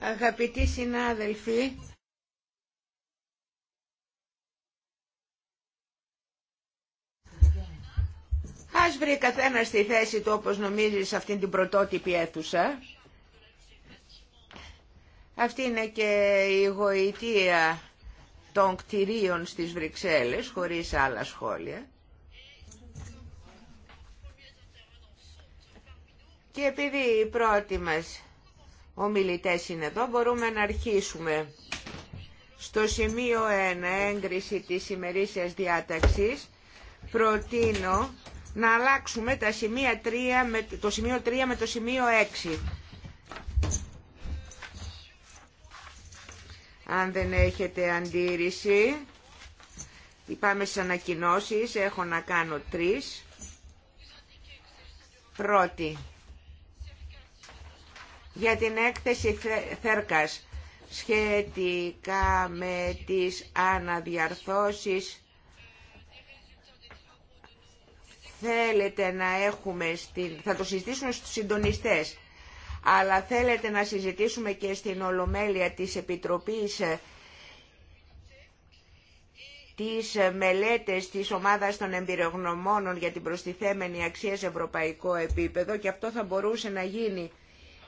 Αγαπητοί συνάδελφοι, ας βρει καθένα στη θέση του όπως νομίζει σε αυτήν την πρωτότυπη αίθουσα. Αυτή είναι και η γοητεία των κτηρίων στις Βρυξέλλες, χωρίς άλλα σχόλια. Και επειδή οι πρώτοι μας ομιλητές είναι εδώ, μπορούμε να αρχίσουμε. Στο σημείο 1, έγκριση της ημερήσιας διάταξης, προτείνω να αλλάξουμε τα σημεία 3 με, το σημείο 3 με το σημείο 6. Αν δεν έχετε αντίρρηση, πάμε στις ανακοινώσεις, έχω να κάνω τρεις. Πρώτη, για την έκθεση Θέρκας σχετικά με τις αναδιαρθώσεις θέλετε να έχουμε, στην... θα το συζητήσουμε στους συντονιστές, αλλά θέλετε να συζητήσουμε και στην Ολομέλεια της Επιτροπής ε, τις ε, μελέτες της ομάδας των εμπειρογνωμόνων για την προστιθέμενη αξία σε ευρωπαϊκό επίπεδο και αυτό θα μπορούσε να γίνει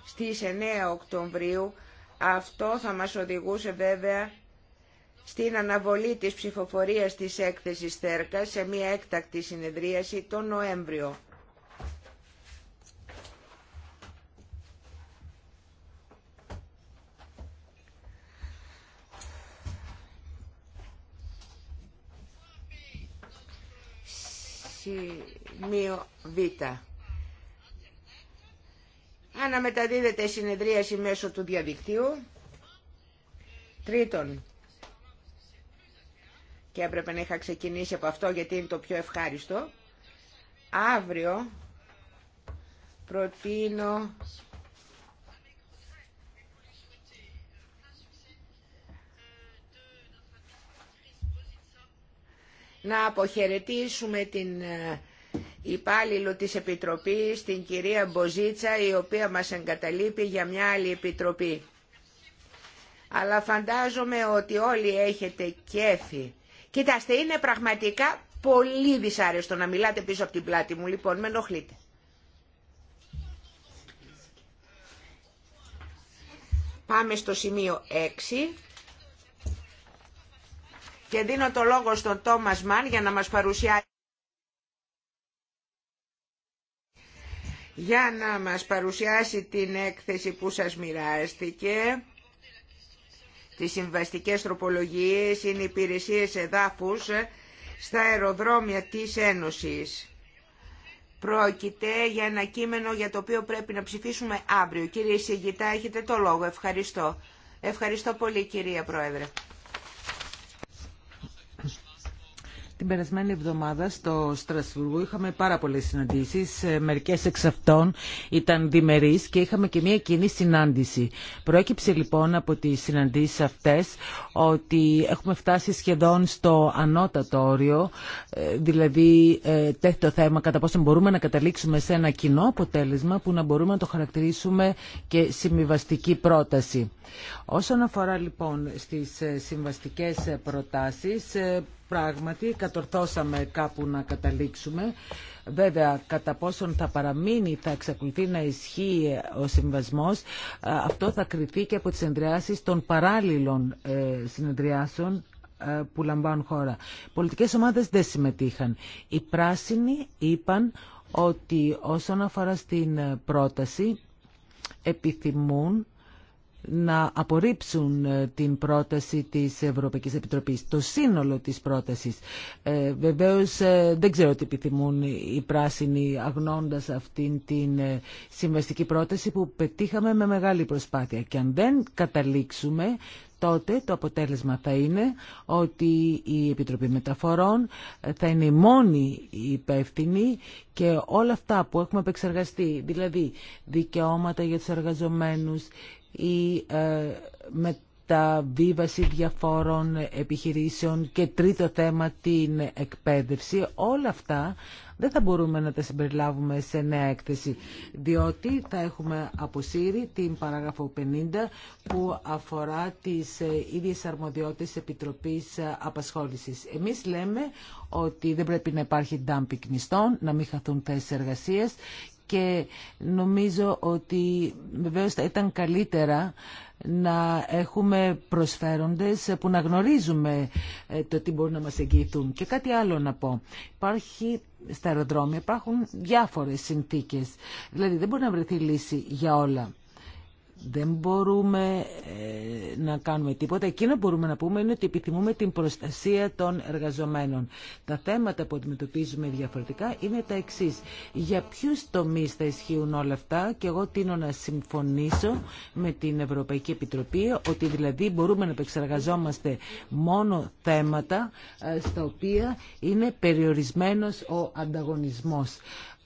στις 9 Οκτωβρίου. Αυτό θα μας οδηγούσε βέβαια στην αναβολή της ψηφοφορίας της έκθεσης Θέρκα σε μια έκτακτη συνεδρίαση τον Νοέμβριο. Σημείο Β. Αναμεταδίδεται η συνεδρίαση μέσω του διαδικτύου. Τρίτον, και έπρεπε να είχα ξεκινήσει από αυτό γιατί είναι το πιο ευχάριστο, αύριο προτείνω να αποχαιρετήσουμε την ε, υπάλληλου της Επιτροπής, την κυρία Μποζίτσα, η οποία μας εγκαταλείπει για μια άλλη Επιτροπή. Αλλά φαντάζομαι ότι όλοι έχετε κέφι. Κοιτάστε, είναι πραγματικά πολύ δυσάρεστο να μιλάτε πίσω από την πλάτη μου, λοιπόν, με ενοχλείτε. Πάμε στο σημείο 6 και δίνω το λόγο στον Τόμας Μαν για να μας παρουσιάσει για να μας παρουσιάσει την έκθεση που σας μοιράστηκε. Τις συμβαστικές τροπολογίες είναι υπηρεσίες εδάφους στα αεροδρόμια της Ένωσης. Πρόκειται για ένα κείμενο για το οποίο πρέπει να ψηφίσουμε αύριο. Κύριε Σιγητά, έχετε το λόγο. Ευχαριστώ. Ευχαριστώ πολύ κυρία Πρόεδρε. Την περασμένη εβδομάδα στο Στρασβουργό είχαμε πάρα πολλές συναντήσεις. Ε, μερικές εξ αυτών ήταν διμερείς και είχαμε και μια κοινή συνάντηση. Προέκυψε λοιπόν από τις συναντήσεις αυτές ότι έχουμε φτάσει σχεδόν στο ανώτατο όριο, ε, δηλαδή ε, τέτοιο το θέμα κατά πόσο μπορούμε να καταλήξουμε σε ένα κοινό αποτέλεσμα που να μπορούμε να το χαρακτηρίσουμε και συμβιβαστική πρόταση. Όσον αφορά λοιπόν στις συμβαστικές προτάσεις, Πράγματι, κατορθώσαμε κάπου να καταλήξουμε. Βέβαια, κατά πόσον θα παραμείνει, θα εξακολουθεί να ισχύει ο συμβασμός. Ε, αυτό θα κριθεί και από τις συνεδριάσεις των παράλληλων ε, συνεδριάσεων ε, που λαμβάνουν χώρα. Πολιτικές ομάδες δεν συμμετείχαν. Οι πράσινοι είπαν ότι όσον αφορά στην πρόταση επιθυμούν να απορρίψουν ε, την πρόταση της Ευρωπαϊκής Επιτροπής, το σύνολο της πρότασης. Ε, βεβαίως ε, δεν ξέρω τι επιθυμούν οι πράσινοι αγνώντας αυτήν την ε, συμβαστική πρόταση που πετύχαμε με μεγάλη προσπάθεια. Και αν δεν καταλήξουμε τότε το αποτέλεσμα θα είναι ότι η Επιτροπή Μεταφορών θα είναι η μόνη υπεύθυνη και όλα αυτά που έχουμε επεξεργαστεί, δηλαδή δικαιώματα για τους εργαζομένους, η ε, μεταβίβαση διαφόρων επιχειρήσεων και τρίτο θέμα την εκπαίδευση. Όλα αυτά δεν θα μπορούμε να τα συμπεριλάβουμε σε νέα έκθεση, διότι θα έχουμε αποσύρει την παράγραφο 50 που αφορά τις ε, ίδιες αρμοδιότητες Επιτροπής ε, Απασχόλησης. Εμείς λέμε ότι δεν πρέπει να υπάρχει dumping μισθών, να μην χαθούν θέσεις εργασίας και νομίζω ότι βεβαίως θα ήταν καλύτερα να έχουμε προσφέροντες που να γνωρίζουμε ε, το τι μπορούν να μας εγγυηθούν. Και κάτι άλλο να πω. Υπάρχει στα αεροδρόμια υπάρχουν διάφορες συνθήκες. Δηλαδή δεν μπορεί να βρεθεί λύση για όλα δεν μπορούμε ε, να κάνουμε τίποτα. Εκείνο που μπορούμε να πούμε είναι ότι επιθυμούμε την προστασία των εργαζομένων. Τα θέματα που αντιμετωπίζουμε διαφορετικά είναι τα εξή. Για ποιου τομεί θα ισχύουν όλα αυτά και εγώ τίνω να συμφωνήσω με την Ευρωπαϊκή Επιτροπή ότι δηλαδή μπορούμε να επεξεργαζόμαστε μόνο θέματα ε, στα οποία είναι περιορισμένος ο ανταγωνισμός.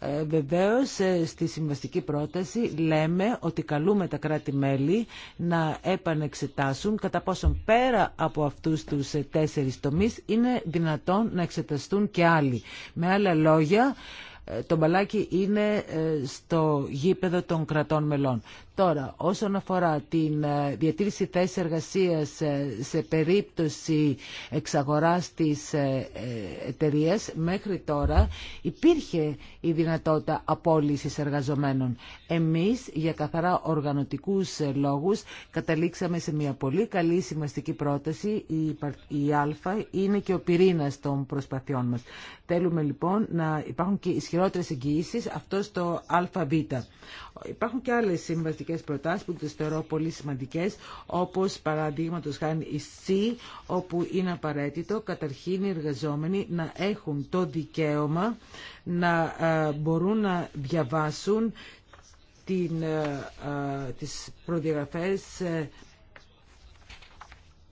Ε, βεβαίως ε, στη συμβαστική πρόταση λέμε ότι καλούμε τα κράτη-μέλη να επανεξετάσουν κατά πόσον πέρα από αυτούς τους ε, τέσσερις τομείς είναι δυνατόν να εξεταστούν και άλλοι. Με άλλα λόγια, το μπαλάκι είναι στο γήπεδο των κρατών μελών. Τώρα, όσον αφορά την ε, διατήρηση θέση εργασίας ε, σε περίπτωση εξαγοράς της ε, εταιρεία, μέχρι τώρα υπήρχε η δυνατότητα απόλυση εργαζομένων. Εμείς, για καθαρά οργανωτικούς λόγους, καταλήξαμε σε μια πολύ καλή σημαστική πρόταση. Η Α είναι και ο πυρήνα των προσπαθειών μας. Θέλουμε λοιπόν να υπάρχουν και ισχυρότερε εγγυήσεις, αυτό στο ΑΒ. Υπάρχουν και άλλε συμβαστικές προτάσεις που τι θεωρώ πολύ σημαντικέ, όπω παραδείγματο χάνει η ΣΥ όπου είναι απαραίτητο καταρχήν οι εργαζόμενοι να έχουν το δικαίωμα να ε, μπορούν να διαβάσουν την, ε, ε, τις προδιαγραφές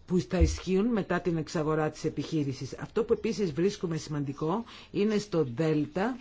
που θα ισχύουν μετά την εξαγορά της επιχείρησης. Αυτό που επίσης βρίσκουμε σημαντικό είναι στο ΔΕΛΤΑ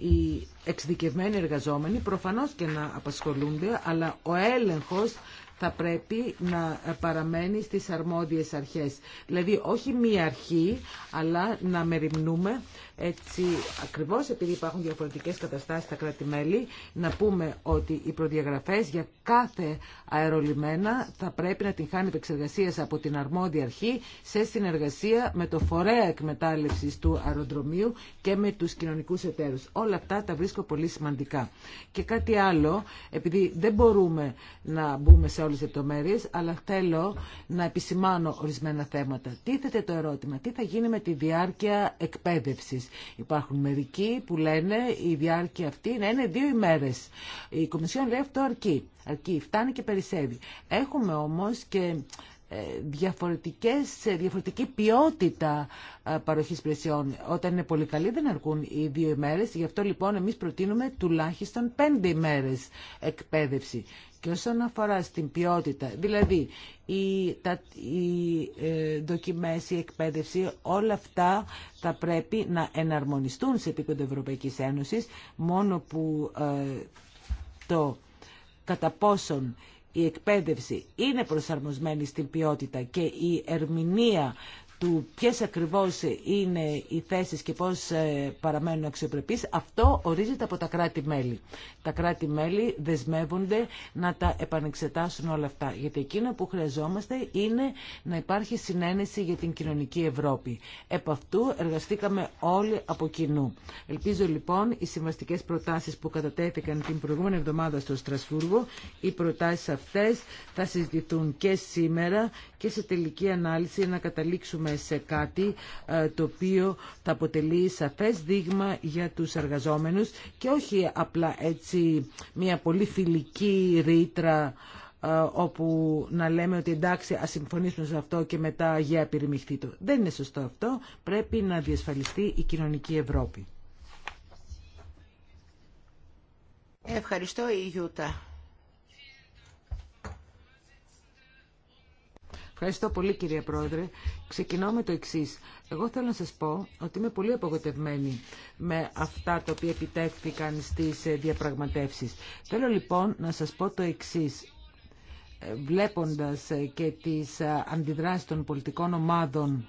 οι εξειδικευμένοι εργαζόμενοι προφανώς και να απασχολούνται, αλλά ο έλεγχος θα πρέπει να παραμένει στις αρμόδιες αρχές. Δηλαδή όχι μία αρχή, αλλά να μεριμνούμε έτσι, ακριβώς επειδή υπάρχουν διαφορετικές καταστάσεις στα κράτη-μέλη, να πούμε ότι οι προδιαγραφές για κάθε αερολιμένα θα πρέπει να την χάνει επεξεργασία από την αρμόδια αρχή σε συνεργασία με το φορέα εκμετάλλευσης του αεροδρομίου και με τους κοινωνικούς εταίρους. Όλα αυτά τα βρίσκω πολύ σημαντικά. Και κάτι άλλο, επειδή δεν μπορούμε να μπούμε σε όλες τις λεπτομέρειες, αλλά θέλω να επισημάνω ορισμένα θέματα. Τίθεται το ερώτημα, τι θα γίνει με τη διάρκεια εκπαίδευση. Υπάρχουν μερικοί που λένε η διάρκεια αυτή να είναι δύο ημέρες. Η Κομισιόν λέει αυτό αρκεί. αρκεί. Φτάνει και περισσεύει. Έχουμε όμως και ε, διαφορετικές, διαφορετική ποιότητα ε, παροχής πλαισιών. Όταν είναι πολύ καλή δεν αρκούν οι δύο ημέρες, γι' αυτό λοιπόν εμείς προτείνουμε τουλάχιστον πέντε ημέρες εκπαίδευση. Και όσον αφορά στην ποιότητα, δηλαδή οι, τα, ε, δοκιμές, η εκπαίδευση, όλα αυτά θα πρέπει να εναρμονιστούν σε επίπεδο Ευρωπαϊκής Ένωσης, μόνο που ε, το κατά πόσον η εκπαίδευση είναι προσαρμοσμένη στην ποιότητα και η ερμηνεία του ποιες ακριβώς είναι οι θέσεις και πώς ε, παραμένουν αξιοπρεπείς, αυτό ορίζεται από τα κράτη-μέλη. Τα κράτη-μέλη δεσμεύονται να τα επανεξετάσουν όλα αυτά, γιατί εκείνο που χρειαζόμαστε είναι να υπάρχει συνένεση για την κοινωνική Ευρώπη. Επ' αυτού εργαστήκαμε όλοι από κοινού. Ελπίζω λοιπόν οι συμβαστικές προτάσεις που κατατέθηκαν την προηγούμενη εβδομάδα στο Στρασβούργο, οι προτάσεις αυτές θα συζητηθούν και σήμερα και σε τελική ανάλυση να καταλήξουμε σε κάτι ε, το οποίο θα αποτελεί σαφές δείγμα για τους εργαζόμενους και όχι απλά έτσι μια πολύ φιλική ρήτρα ε, όπου να λέμε ότι εντάξει ας συμφωνήσουμε σε αυτό και μετά για yeah, του. το. Δεν είναι σωστό αυτό. Πρέπει να διασφαλιστεί η κοινωνική Ευρώπη. Ευχαριστώ η Ιούτα. Ευχαριστώ πολύ κυρία Πρόεδρε. Ξεκινώ με το εξή. Εγώ θέλω να σας πω ότι είμαι πολύ απογοητευμένη με αυτά τα οποία επιτέχθηκαν στις ε, διαπραγματεύσεις. Θέλω λοιπόν να σας πω το εξή ε, βλέποντας ε, και τις αντιδράσεις των πολιτικών ομάδων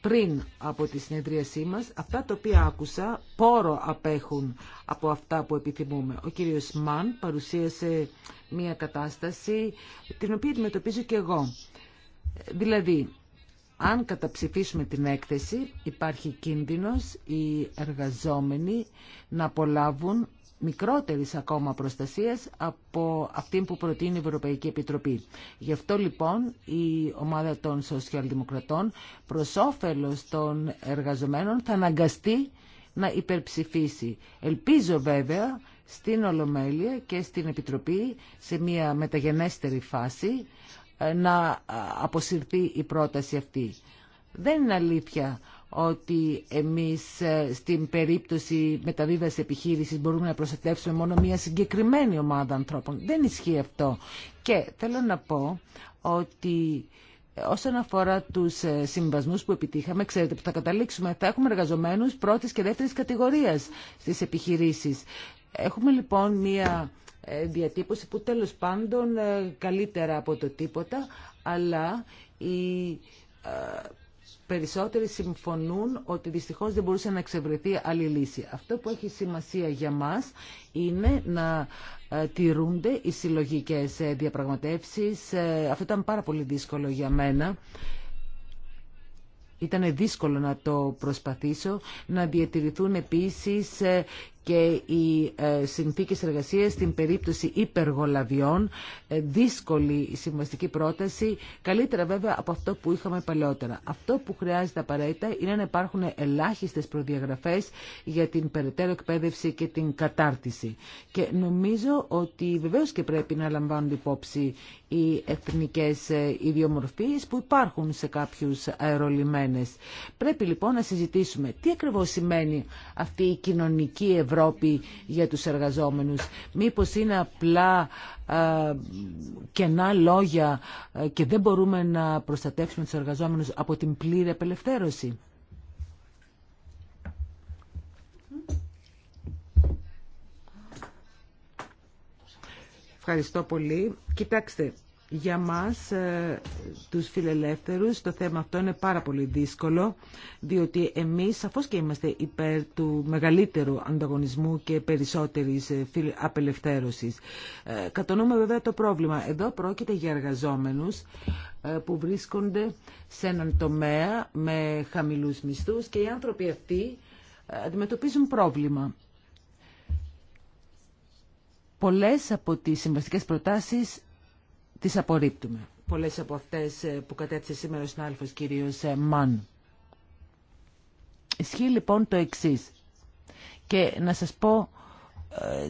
πριν από τη συνεδρίασή μας, αυτά τα οποία άκουσα πόρο απέχουν από αυτά που επιθυμούμε. Ο κύριος Μαν παρουσίασε μια κατάσταση την οποία αντιμετωπίζω και εγώ. Δηλαδή, αν καταψηφίσουμε την έκθεση, υπάρχει κίνδυνος οι εργαζόμενοι να απολαύουν μικρότερης ακόμα προστασίας από αυτήν που προτείνει η Ευρωπαϊκή Επιτροπή. Γι' αυτό λοιπόν η ομάδα των σοσιαλδημοκρατών προς όφελος των εργαζομένων θα αναγκαστεί να υπερψηφίσει. Ελπίζω βέβαια στην Ολομέλεια και στην Επιτροπή σε μια μεταγενέστερη φάση να αποσυρθεί η πρόταση αυτή. Δεν είναι αλήθεια ότι εμείς ε, στην περίπτωση μεταβίβασης επιχείρησης μπορούμε να προστατεύσουμε μόνο μια συγκεκριμένη ομάδα ανθρώπων. Δεν ισχύει αυτό. Και θέλω να πω ότι ε, όσον αφορά τους ε, συμβασμούς που επιτύχαμε, ξέρετε που θα καταλήξουμε, θα έχουμε εργαζομένους πρώτης και δεύτερης κατηγορίας στις επιχειρήσεις. Έχουμε λοιπόν μια ε, διατύπωση που τέλος πάντων ε, καλύτερα από το τίποτα, αλλά οι ε, περισσότεροι συμφωνούν ότι δυστυχώς δεν μπορούσε να εξευρεθεί άλλη λύση. Αυτό που έχει σημασία για μας είναι να τηρούνται οι συλλογικές διαπραγματεύσεις. Αυτό ήταν πάρα πολύ δύσκολο για μένα. Ήταν δύσκολο να το προσπαθήσω, να διατηρηθούν επίσης και οι ε, συνθήκες εργασίας στην περίπτωση υπεργολαβιών, ε, δύσκολη η συμβαστική πρόταση, καλύτερα βέβαια από αυτό που είχαμε παλαιότερα. Αυτό που χρειάζεται απαραίτητα είναι να υπάρχουν ελάχιστες προδιαγραφές για την περαιτέρω εκπαίδευση και την κατάρτιση. Και νομίζω ότι βεβαίως και πρέπει να λαμβάνουν υπόψη οι εθνικές ε, ιδιομορφίες που υπάρχουν σε κάποιους αερολιμένες. Πρέπει λοιπόν να συζητήσουμε τι ακριβώς σημαίνει αυτή η κοινωνική Ευρώπη Ευρώπη για τους εργαζόμενους. Μήπως είναι απλά κενά λόγια και δεν μπορούμε να προστατεύσουμε τους εργαζόμενους από την πλήρη απελευθέρωση. Ευχαριστώ πολύ. Κοιτάξτε, για μας, ε, τους φιλελεύθερους, το θέμα αυτό είναι πάρα πολύ δύσκολο, διότι εμείς σαφώς και είμαστε υπέρ του μεγαλύτερου ανταγωνισμού και περισσότερης ε, απελευθέρωσης. Ε, Κατονούμε βέβαια το πρόβλημα. Εδώ πρόκειται για εργαζόμενους που βρίσκονται σε έναν τομέα με χαμηλούς μισθούς και οι άνθρωποι αυτοί αντιμετωπίζουν πρόβλημα. Πολλές από τις συμβαστικές προτάσεις τις απορρίπτουμε. Πολλές από αυτές ε, που κατέθεσε σήμερα ο συνάδελφος κύριος ε, Μαν. Ισχύει λοιπόν το εξής. Και να σας πω ε,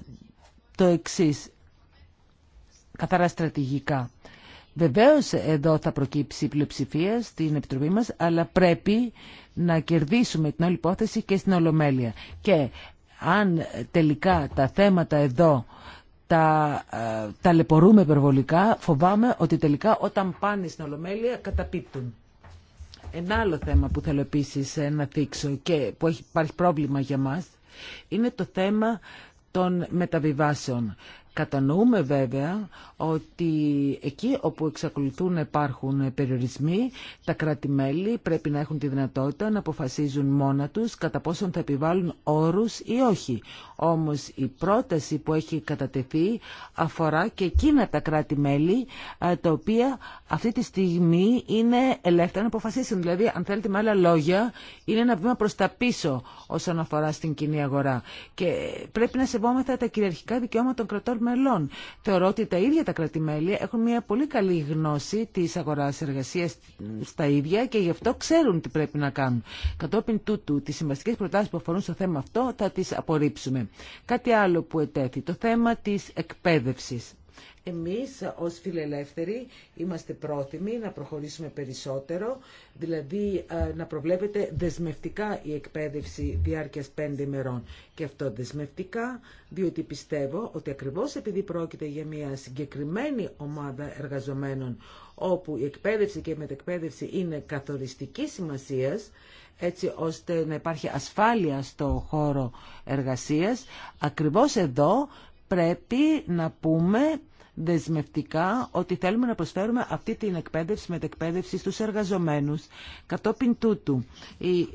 το εξής, καθαρά στρατηγικά. Βεβαίως εδώ θα προκύψει η πλειοψηφία στην Επιτροπή μας, αλλά πρέπει να κερδίσουμε την όλη υπόθεση και στην Ολομέλεια. Και αν τελικά τα θέματα εδώ τα ε, ταλαιπωρούμε υπερβολικά, φοβάμαι ότι τελικά όταν πάνε στην Ολομέλεια καταπίπτουν. Ένα άλλο θέμα που θέλω επίσης ε, να θίξω και που έχει, υπάρχει πρόβλημα για μας είναι το θέμα των μεταβιβάσεων. Κατανοούμε βέβαια ότι εκεί όπου εξακολουθούν να υπάρχουν περιορισμοί, τα κράτη-μέλη πρέπει να έχουν τη δυνατότητα να αποφασίζουν μόνα τους κατά πόσον θα επιβάλλουν όρους ή όχι. Όμως η πρόταση που έχει κατατεθεί αφορά και εκείνα τα κράτη-μέλη ε, τα οποία αυτή τη στιγμή είναι ελεύθερα να αποφασίσουν. Δηλαδή, αν θέλετε με άλλα λόγια, είναι ένα βήμα προς τα πίσω όσον αφορά στην κοινή αγορά. Και πρέπει να σεβόμεθα τα κυριαρχικά δικαιώματα των κρατών Θεωρώ ότι τα ίδια τα κρατημέλη έχουν μια πολύ καλή γνώση τη αγορά εργασία στα ίδια και γι' αυτό ξέρουν τι πρέπει να κάνουν. Κατόπιν τούτου, τι συμβαστικές προτάσει που αφορούν στο θέμα αυτό θα τι απορρίψουμε. Κάτι άλλο που ετέθη, το θέμα της εκπαίδευση. Εμείς ως φιλελεύθεροι είμαστε πρόθυμοι να προχωρήσουμε περισσότερο, δηλαδή ε, να προβλέπεται δεσμευτικά η εκπαίδευση διάρκειας πέντε ημερών. Και αυτό δεσμευτικά, διότι πιστεύω ότι ακριβώς επειδή πρόκειται για μια συγκεκριμένη ομάδα εργαζομένων, όπου η εκπαίδευση και η μετεκπαίδευση είναι καθοριστική σημασίας, έτσι ώστε να υπάρχει ασφάλεια στο χώρο εργασίας. Ακριβώς εδώ πρέπει να πούμε δεσμευτικά ότι θέλουμε να προσφέρουμε αυτή την εκπαίδευση εκπαίδευση στους εργαζομένους. Κατόπιν τούτου, η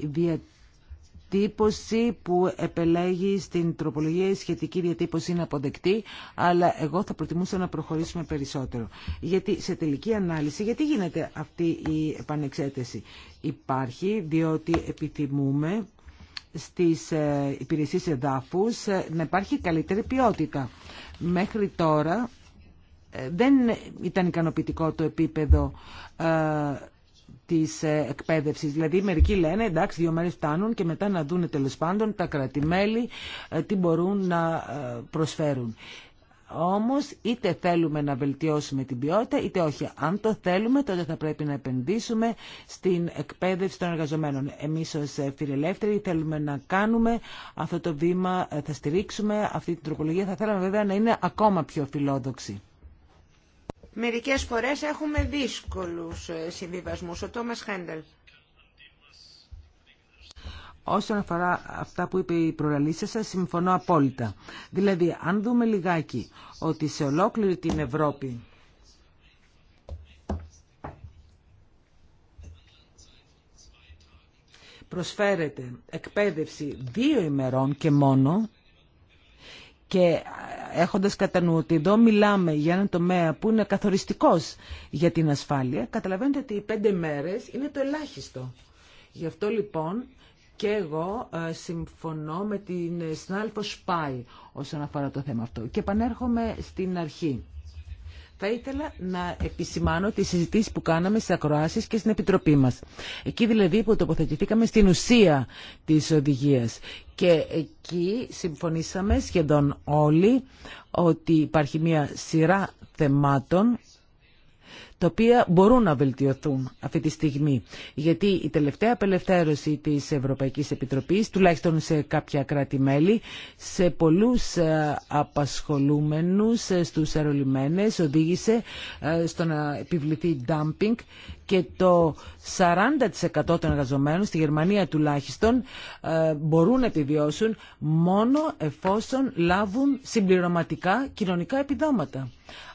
διατύπωση που επελέγει στην τροπολογία, η σχετική διατύπωση είναι αποδεκτή, αλλά εγώ θα προτιμούσα να προχωρήσουμε περισσότερο. Γιατί σε τελική ανάλυση, γιατί γίνεται αυτή η επανεξέταση. Υπάρχει διότι επιθυμούμε στις ε, υπηρεσίες εδάφους ε, να υπάρχει καλύτερη ποιότητα. Μέχρι τώρα ε, δεν ήταν ικανοποιητικό το επίπεδο της εκπαίδευσης. Δηλαδή μερικοί λένε εντάξει δύο μέρες φτάνουν και μετά να δούνε τέλο πάντων τα κρατημέλη τι μπορούν να προσφέρουν. Όμως είτε θέλουμε να βελτιώσουμε την ποιότητα είτε όχι. Αν το θέλουμε τότε θα πρέπει να επενδύσουμε στην εκπαίδευση των εργαζομένων. Εμείς ως φιλελεύθεροι θέλουμε να κάνουμε αυτό το βήμα, θα στηρίξουμε αυτή την τροπολογία. Θα θέλαμε βέβαια να είναι ακόμα πιο φιλόδοξη. Μερικές φορές έχουμε δύσκολους ε, συμβιβασμούς. Ο Τόμας Χέντελ. Όσον αφορά αυτά που είπε η προραλήσια σας, συμφωνώ απόλυτα. Δηλαδή, αν δούμε λιγάκι ότι σε ολόκληρη την Ευρώπη προσφέρεται εκπαίδευση δύο ημερών και μόνο και έχοντας κατά νου ότι εδώ μιλάμε για έναν τομέα που είναι καθοριστικός για την ασφάλεια, καταλαβαίνετε ότι οι πέντε μέρες είναι το ελάχιστο. Γι' αυτό λοιπόν και εγώ ε, συμφωνώ με την συνάδελφο Σπάι όσον αφορά το θέμα αυτό. Και επανέρχομαι στην αρχή. Θα ήθελα να επισημάνω τις συζητήσεις που κάναμε στις ακροάσεις και στην Επιτροπή μας. Εκεί δηλαδή που τοποθετηθήκαμε στην ουσία της οδηγίας. Και εκεί συμφωνήσαμε σχεδόν όλοι ότι υπάρχει μια σειρά θεμάτων τα οποία μπορούν να βελτιωθούν αυτή τη στιγμή. Γιατί η τελευταία απελευθέρωση της Ευρωπαϊκής Επιτροπής, τουλάχιστον σε κάποια κράτη-μέλη, σε πολλούς ε, απασχολούμενους ε, στους αερολιμένες οδήγησε ε, στο να επιβληθεί dumping και το 40% των εργαζομένων, στη Γερμανία τουλάχιστον, ε, μπορούν να επιβιώσουν μόνο εφόσον λάβουν συμπληρωματικά κοινωνικά επιδόματα.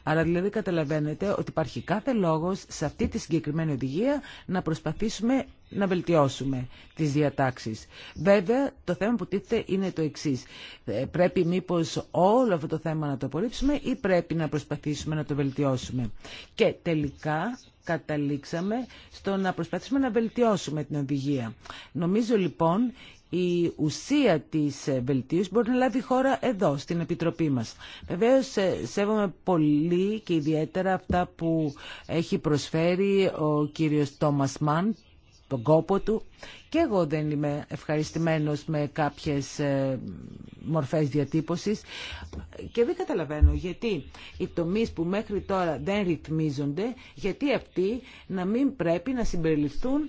Άρα δηλαδή καταλαβαίνετε ότι υπάρχει κάθε λόγος σε αυτή τη συγκεκριμένη οδηγία να προσπαθήσουμε να βελτιώσουμε τις διατάξεις. Βέβαια, το θέμα που τίθεται είναι το εξής. Ε, πρέπει μήπως όλο αυτό το θέμα να το απορρίψουμε ή πρέπει να προσπαθήσουμε να το βελτιώσουμε. Και τελικά καταλήξαμε στο να προσπαθήσουμε να βελτιώσουμε την οδηγία. Νομίζω λοιπόν η ουσία της ε, βελτίωσης μπορεί να λάβει χώρα εδώ, στην Επιτροπή μας. Βεβαίω ε, σέβομαι πολύ και ιδιαίτερα αυτά που έχει προσφέρει ο κύριος Τόμας Μαν, τον κόπο του. Και εγώ δεν είμαι ευχαριστημένος με κάποιες ε, μορφές διατύπωσης και δεν καταλαβαίνω γιατί οι τομείς που μέχρι τώρα δεν ρυθμίζονται, γιατί αυτοί να μην πρέπει να συμπεριληφθούν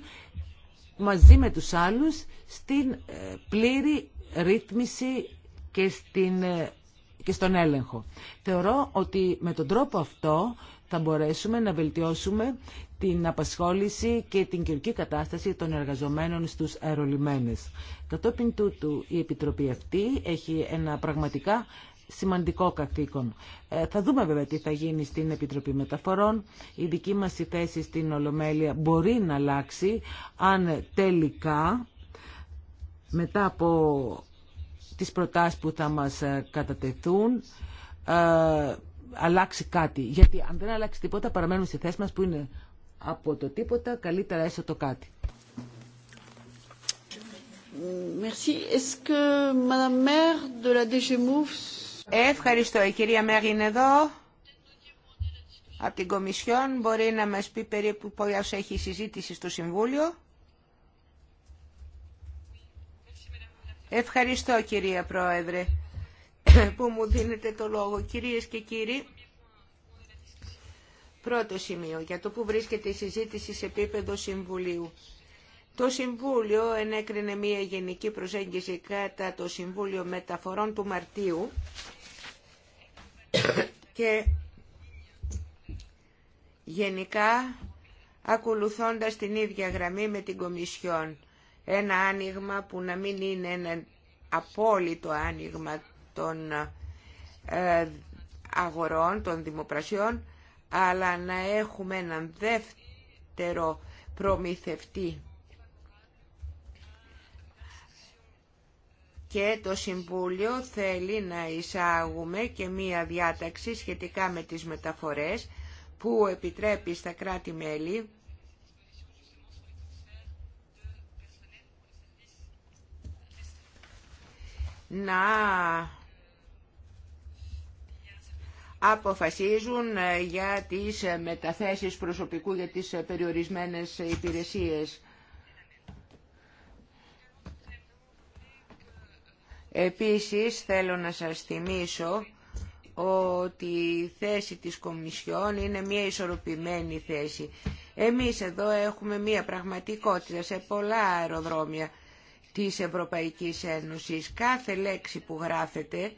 μαζί με τους άλλους στην ε, πλήρη ρύθμιση και, στην, ε, και στον έλεγχο. Θεωρώ ότι με τον τρόπο αυτό θα μπορέσουμε να βελτιώσουμε την απασχόληση και την κυρκή κατάσταση των εργαζομένων στους αερολιμένες. Κατόπιν τούτου η Επιτροπή αυτή έχει ένα πραγματικά σημαντικό καθήκον. Ε, θα δούμε βέβαια τι θα γίνει στην Επιτροπή Μεταφορών. Η δική μας θέση στην Ολομέλεια μπορεί να αλλάξει αν τελικά μετά από τις προτάσεις που θα μας ε, κατατεθούν ε, αλλάξει κάτι. Γιατί αν δεν αλλάξει τίποτα παραμένουμε στη θέση μας που είναι από το τίποτα καλύτερα έστω το κάτι. Ευχαριστώ. Η κυρία Μέρ είναι εδώ. Από την Κομισιόν μπορεί να μας πει περίπου πόσο έχει η συζήτηση στο Συμβούλιο. Ευχαριστώ κυρία Πρόεδρε που μου δίνετε το λόγο. Κυρίες και κύριοι, πρώτο σημείο για το που βρίσκεται η συζήτηση σε επίπεδο Συμβουλίου. Το Συμβούλιο ενέκρινε μια γενική προσέγγιση κατά το Συμβούλιο Μεταφορών του Μαρτίου και γενικά ακολουθώντας την ίδια γραμμή με την Κομισιόν. Ένα άνοιγμα που να μην είναι ένα απόλυτο άνοιγμα των ε, αγορών, των δημοπρασιών, αλλά να έχουμε έναν δεύτερο προμηθευτή. Και το Συμβούλιο θέλει να εισάγουμε και μία διάταξη σχετικά με τις μεταφορές που επιτρέπει στα κράτη-μέλη να αποφασίζουν ε, για τις ε, μεταθέσεις προσωπικού για τις ε, περιορισμένες υπηρεσίες. Επίσης θέλω να σας θυμίσω ότι η θέση της Κομισιόν είναι μια ισορροπημένη θέση. Εμείς εδώ έχουμε μια πραγματικότητα σε πολλά αεροδρόμια της Ευρωπαϊκής Ένωσης. Κάθε λέξη που γράφεται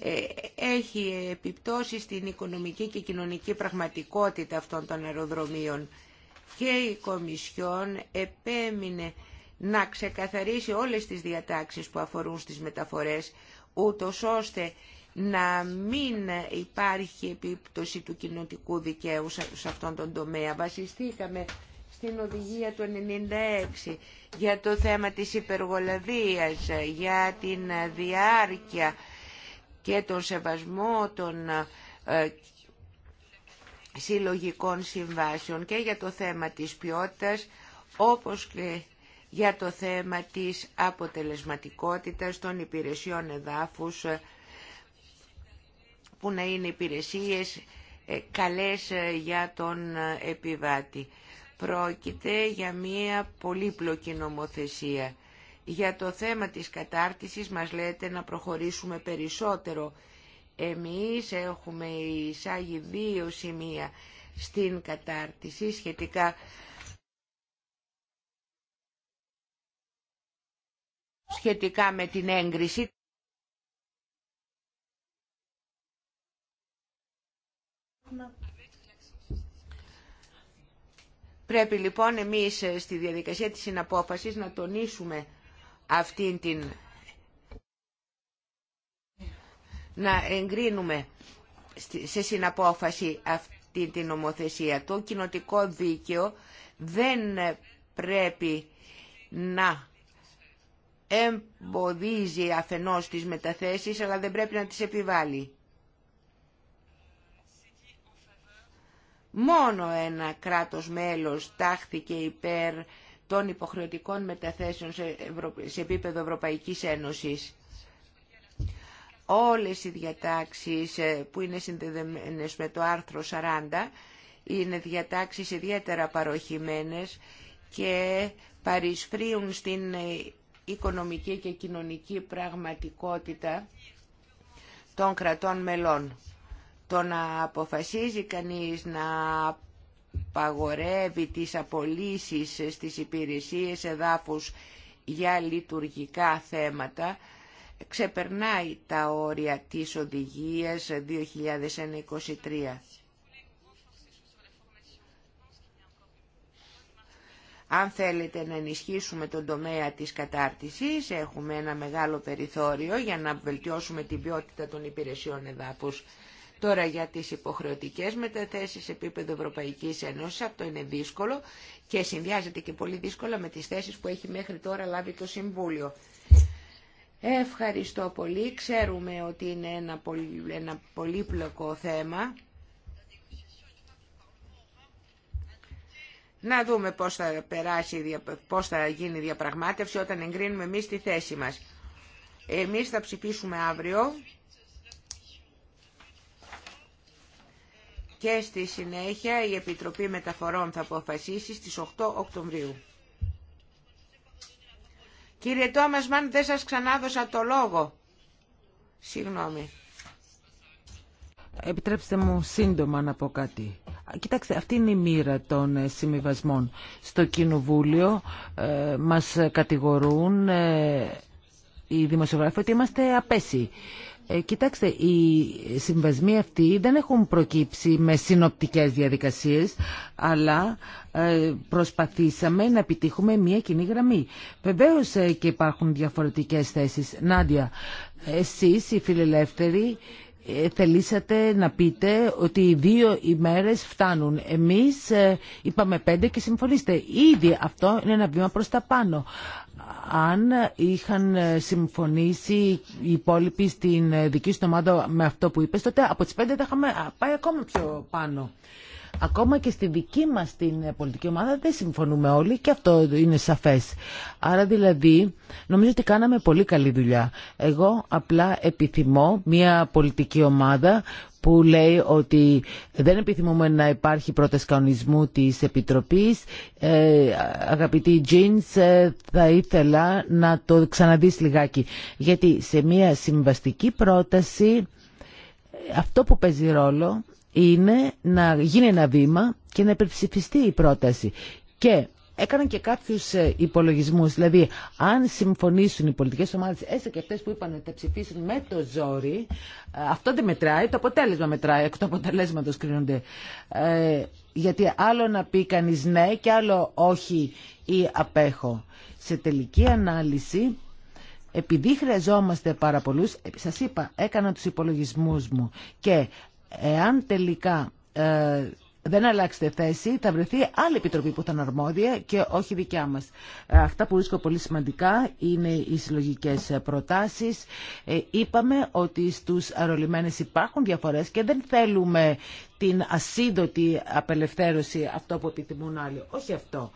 ε, έχει επιπτώσει στην οικονομική και κοινωνική πραγματικότητα αυτών των αεροδρομίων και η Κομισιόν επέμεινε να ξεκαθαρίσει όλες τις διατάξεις που αφορούν στις μεταφορές ούτως ώστε να μην υπάρχει επίπτωση του κοινωτικού δικαίου σε αυτόν τον τομέα. Βασιστήκαμε στην οδηγία του 96 για το θέμα της υπεργολαβίας, για την διάρκεια και τον σεβασμό των ε, συλλογικών συμβάσεων και για το θέμα της ποιότητας όπως και για το θέμα της αποτελεσματικότητας των υπηρεσιών εδάφους ε, που να είναι υπηρεσίες ε, καλές για τον επιβάτη. Πρόκειται για μία πολύπλοκη νομοθεσία για το θέμα της κατάρτισης μας λέτε να προχωρήσουμε περισσότερο. Εμείς έχουμε εισάγει δύο σημεία στην κατάρτιση σχετικά σχετικά με την έγκριση Πρέπει λοιπόν εμείς στη διαδικασία της συναπόφασης να τονίσουμε αυτήν την... να εγκρίνουμε σε συναπόφαση αυτή την νομοθεσία. Το κοινοτικό δίκαιο δεν πρέπει να εμποδίζει αφενός τις μεταθέσεις, αλλά δεν πρέπει να τις επιβάλλει. Μόνο ένα κράτος μέλος τάχθηκε υπέρ των υποχρεωτικών μεταθέσεων σε, επίπεδο Ευρωπαϊκής Ένωσης. Όλες οι διατάξεις ε, που είναι συνδεδεμένες με το άρθρο 40 είναι διατάξεις ιδιαίτερα παροχημένες και παρισφρίουν στην ε, οικονομική και κοινωνική πραγματικότητα των κρατών μελών. Το να αποφασίζει κανείς να απαγορεύει τις απολύσεις στις υπηρεσίες εδάφους για λειτουργικά θέματα ξεπερνάει τα όρια της οδηγίας 2023. Αν θέλετε να ενισχύσουμε τον τομέα της κατάρτισης, έχουμε ένα μεγάλο περιθώριο για να βελτιώσουμε την ποιότητα των υπηρεσιών εδάφους. Τώρα για τις υποχρεωτικές μεταθέσεις σε επίπεδο Ευρωπαϊκής Ένωσης, αυτό είναι δύσκολο και συνδυάζεται και πολύ δύσκολα με τις θέσεις που έχει μέχρι τώρα λάβει το Συμβούλιο. Ευχαριστώ πολύ. Ξέρουμε ότι είναι ένα, πολύ, ένα πολύπλοκο θέμα. Να δούμε πώς θα, περάσει, πώς θα γίνει η διαπραγμάτευση όταν εγκρίνουμε εμείς τη θέση μας. Εμείς θα ψηφίσουμε αύριο. και στη συνέχεια η Επιτροπή Μεταφορών θα αποφασίσει στις 8 Οκτωβρίου. Κύριε Τόμας Μαν, δεν σας ξανάδωσα το λόγο. Συγγνώμη. Επιτρέψτε μου σύντομα να πω κάτι. Κοιτάξτε, αυτή είναι η μοίρα των ε, συμβιβασμών. Στο Κοινοβούλιο ε, μας κατηγορούν ε, οι δημοσιογράφοι ότι είμαστε απέσιοι. Ε, Κοιτάξτε, οι συμβασμοί αυτοί δεν έχουν προκύψει με συνοπτικές διαδικασίες, αλλά ε, προσπαθήσαμε να επιτύχουμε μια κοινή γραμμή. Βεβαίως ε, και υπάρχουν διαφορετικές θέσεις. Νάντια, εσείς οι φιλελεύθεροι θελήσατε να πείτε ότι οι δύο ημέρες φτάνουν. Εμείς είπαμε πέντε και συμφωνήστε. Ήδη αυτό είναι ένα βήμα προς τα πάνω αν είχαν συμφωνήσει οι υπόλοιποι στην δική σου ομάδα με αυτό που είπες, τότε από τις πέντε θα είχαμε πάει ακόμα πιο πάνω. Ακόμα και στη δική μας την πολιτική ομάδα δεν συμφωνούμε όλοι και αυτό είναι σαφές. Άρα δηλαδή νομίζω ότι κάναμε πολύ καλή δουλειά. Εγώ απλά επιθυμώ μια πολιτική ομάδα που λέει ότι δεν επιθυμούμε να υπάρχει πρόταση κανονισμού της Επιτροπής. Ε, αγαπητή Τζίνς, ε, θα ήθελα να το ξαναδείς λιγάκι. Γιατί σε μια συμβαστική πρόταση αυτό που παίζει ρόλο είναι να γίνει ένα βήμα και να υπερψηφιστεί η πρόταση. Και έκαναν και κάποιου ε, υπολογισμού, Δηλαδή, αν συμφωνήσουν οι πολιτικές ομάδες, έστω και αυτέ που είπαν ότι θα ψηφίσουν με το ζόρι, ε, αυτό δεν μετράει, το αποτέλεσμα μετράει, εκ του αποτελέσματο κρίνονται. Ε, γιατί άλλο να πει κανεί ναι και άλλο όχι ή απέχω. Σε τελική ανάλυση, επειδή χρειαζόμαστε πάρα πολλού, σα είπα, έκανα του υπολογισμού μου και εάν τελικά ε, δεν αλλάξετε θέση, θα βρεθεί άλλη επιτροπή που θα είναι αρμόδια και όχι δικιά μα. Ε, αυτά που βρίσκω πολύ σημαντικά είναι οι συλλογικέ ε, προτάσει. Ε, είπαμε ότι στου αρολιμένε υπάρχουν διαφορέ και δεν θέλουμε την ασύντοτη απελευθέρωση, αυτό που επιθυμούν άλλοι. Όχι αυτό.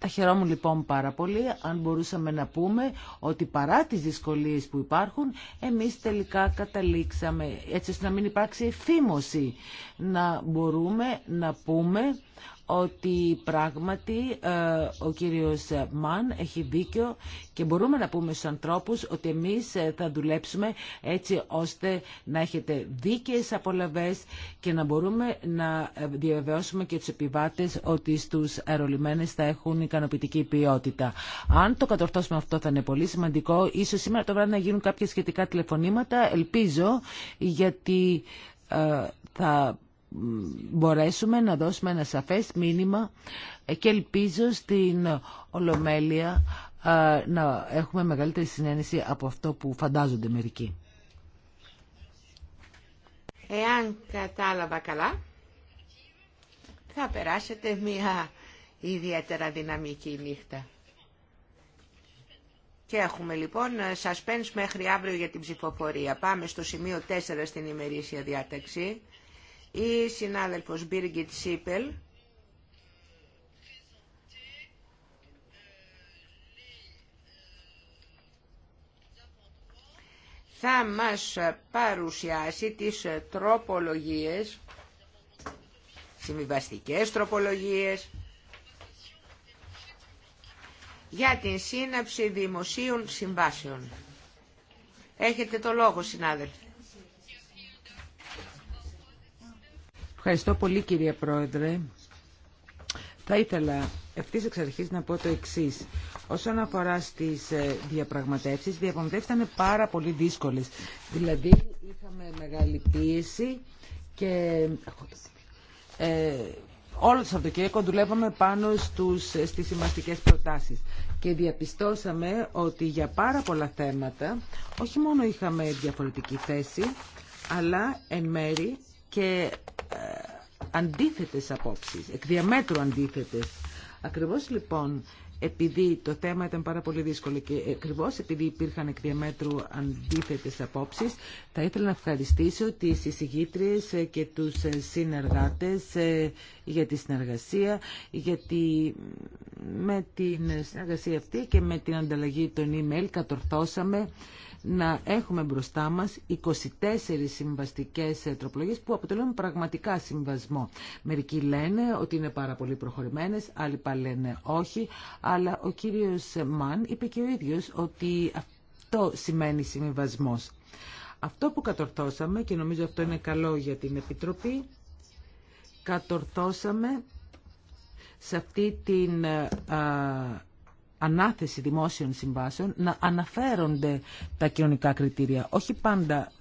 Τα χαιρόμουν λοιπόν πάρα πολύ αν μπορούσαμε να πούμε ότι παρά τις δυσκολίες που υπάρχουν εμείς τελικά καταλήξαμε έτσι ώστε να μην υπάρξει εφήμωση να μπορούμε να πούμε ότι πράγματι ε, ο κύριος Μαν έχει δίκιο και μπορούμε να πούμε στους ανθρώπους ότι εμείς ε, θα δουλέψουμε έτσι ώστε να έχετε δίκαιες απολαβές και να μπορούμε να ε, διαβεβαιώσουμε και τους επιβάτες ότι στους αερολιμένες θα έχουν ικανοποιητική ποιότητα. Αν το κατορθώσουμε αυτό θα είναι πολύ σημαντικό. Ίσως σήμερα το βράδυ να γίνουν κάποια σχετικά τηλεφωνήματα. Ελπίζω γιατί θα μπορέσουμε να δώσουμε ένα σαφές μήνυμα και ελπίζω στην Ολομέλεια να έχουμε μεγαλύτερη συνένεση από αυτό που φαντάζονται μερικοί. Εάν κατάλαβα καλά, θα περάσετε μια ιδιαίτερα δυναμική νύχτα. Και έχουμε λοιπόν σας μέχρι αύριο για την ψηφοφορία. Πάμε στο σημείο 4 στην ημερήσια διάταξη η συνάδελφος Μπίργκιτ Σίπελ θα μας παρουσιάσει τις τροπολογίες, συμβιβαστικές τροπολογίες, για την σύναψη δημοσίων συμβάσεων. Έχετε το λόγο, συνάδελφοι. Ευχαριστώ πολύ κύριε Πρόεδρε. Θα ήθελα ευθύς εξ αρχής να πω το εξής. Όσον αφορά στις ε, διαπραγματεύσεις, οι διαπραγματεύσεις ήταν πάρα πολύ δύσκολες. Δηλαδή είχαμε μεγάλη πίεση και ε, όλο το Σαββατοκύριακο δουλεύαμε πάνω στους, ε, στις προτάσει. προτάσεις και διαπιστώσαμε ότι για πάρα πολλά θέματα όχι μόνο είχαμε διαφορετική θέση αλλά εν μέρη και ε, αντίθετες απόψεις, εκ διαμέτρου αντίθετες. Ακριβώς λοιπόν επειδή το θέμα ήταν πάρα πολύ δύσκολο και ακριβώ επειδή υπήρχαν εκδιαμέτρου διαμέτρου αντίθετες απόψεις, θα ήθελα να ευχαριστήσω τις εισηγήτριες ε, και τους ε, συνεργάτες για τη συνεργασία, γιατί με την συνεργασία αυτή και με την ανταλλαγή των email κατορθώσαμε να έχουμε μπροστά μας 24 συμβαστικές ε, τροπολογίες που αποτελούν πραγματικά συμβασμό. Μερικοί λένε ότι είναι πάρα πολύ προχωρημένες, άλλοι πάλι όχι, αλλά ο κύριος Μαν είπε και ο ίδιος ότι αυτό σημαίνει συμβασμός. Αυτό που κατορθώσαμε, και νομίζω αυτό είναι καλό για την Επιτροπή, κατορθώσαμε σε αυτή την ε, ανάθεση δημόσιων συμβάσεων να αναφέρονται τα κοινωνικά κριτήρια. Όχι πάντα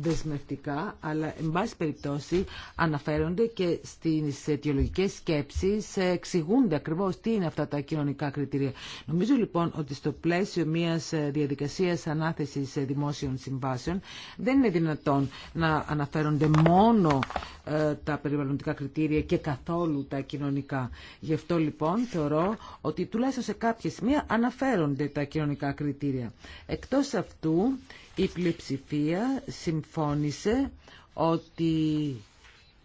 δεσμευτικά, αλλά εν πάση περιπτώσει αναφέρονται και στις αιτιολογικές σκέψεις, εξηγούνται ακριβώς τι είναι αυτά τα κοινωνικά κριτήρια. Νομίζω λοιπόν ότι στο πλαίσιο μιας διαδικασίας ανάθεσης δημόσιων συμβάσεων δεν είναι δυνατόν να αναφέρονται μόνο ε, τα περιβαλλοντικά κριτήρια και καθόλου τα κοινωνικά. Γι' αυτό λοιπόν θεωρώ ότι τουλάχιστον σε κάποια σημεία αναφέρονται τα κοινωνικά κριτήρια. Εκτός αυτού η πλειοψηφία συμφώνησε ότι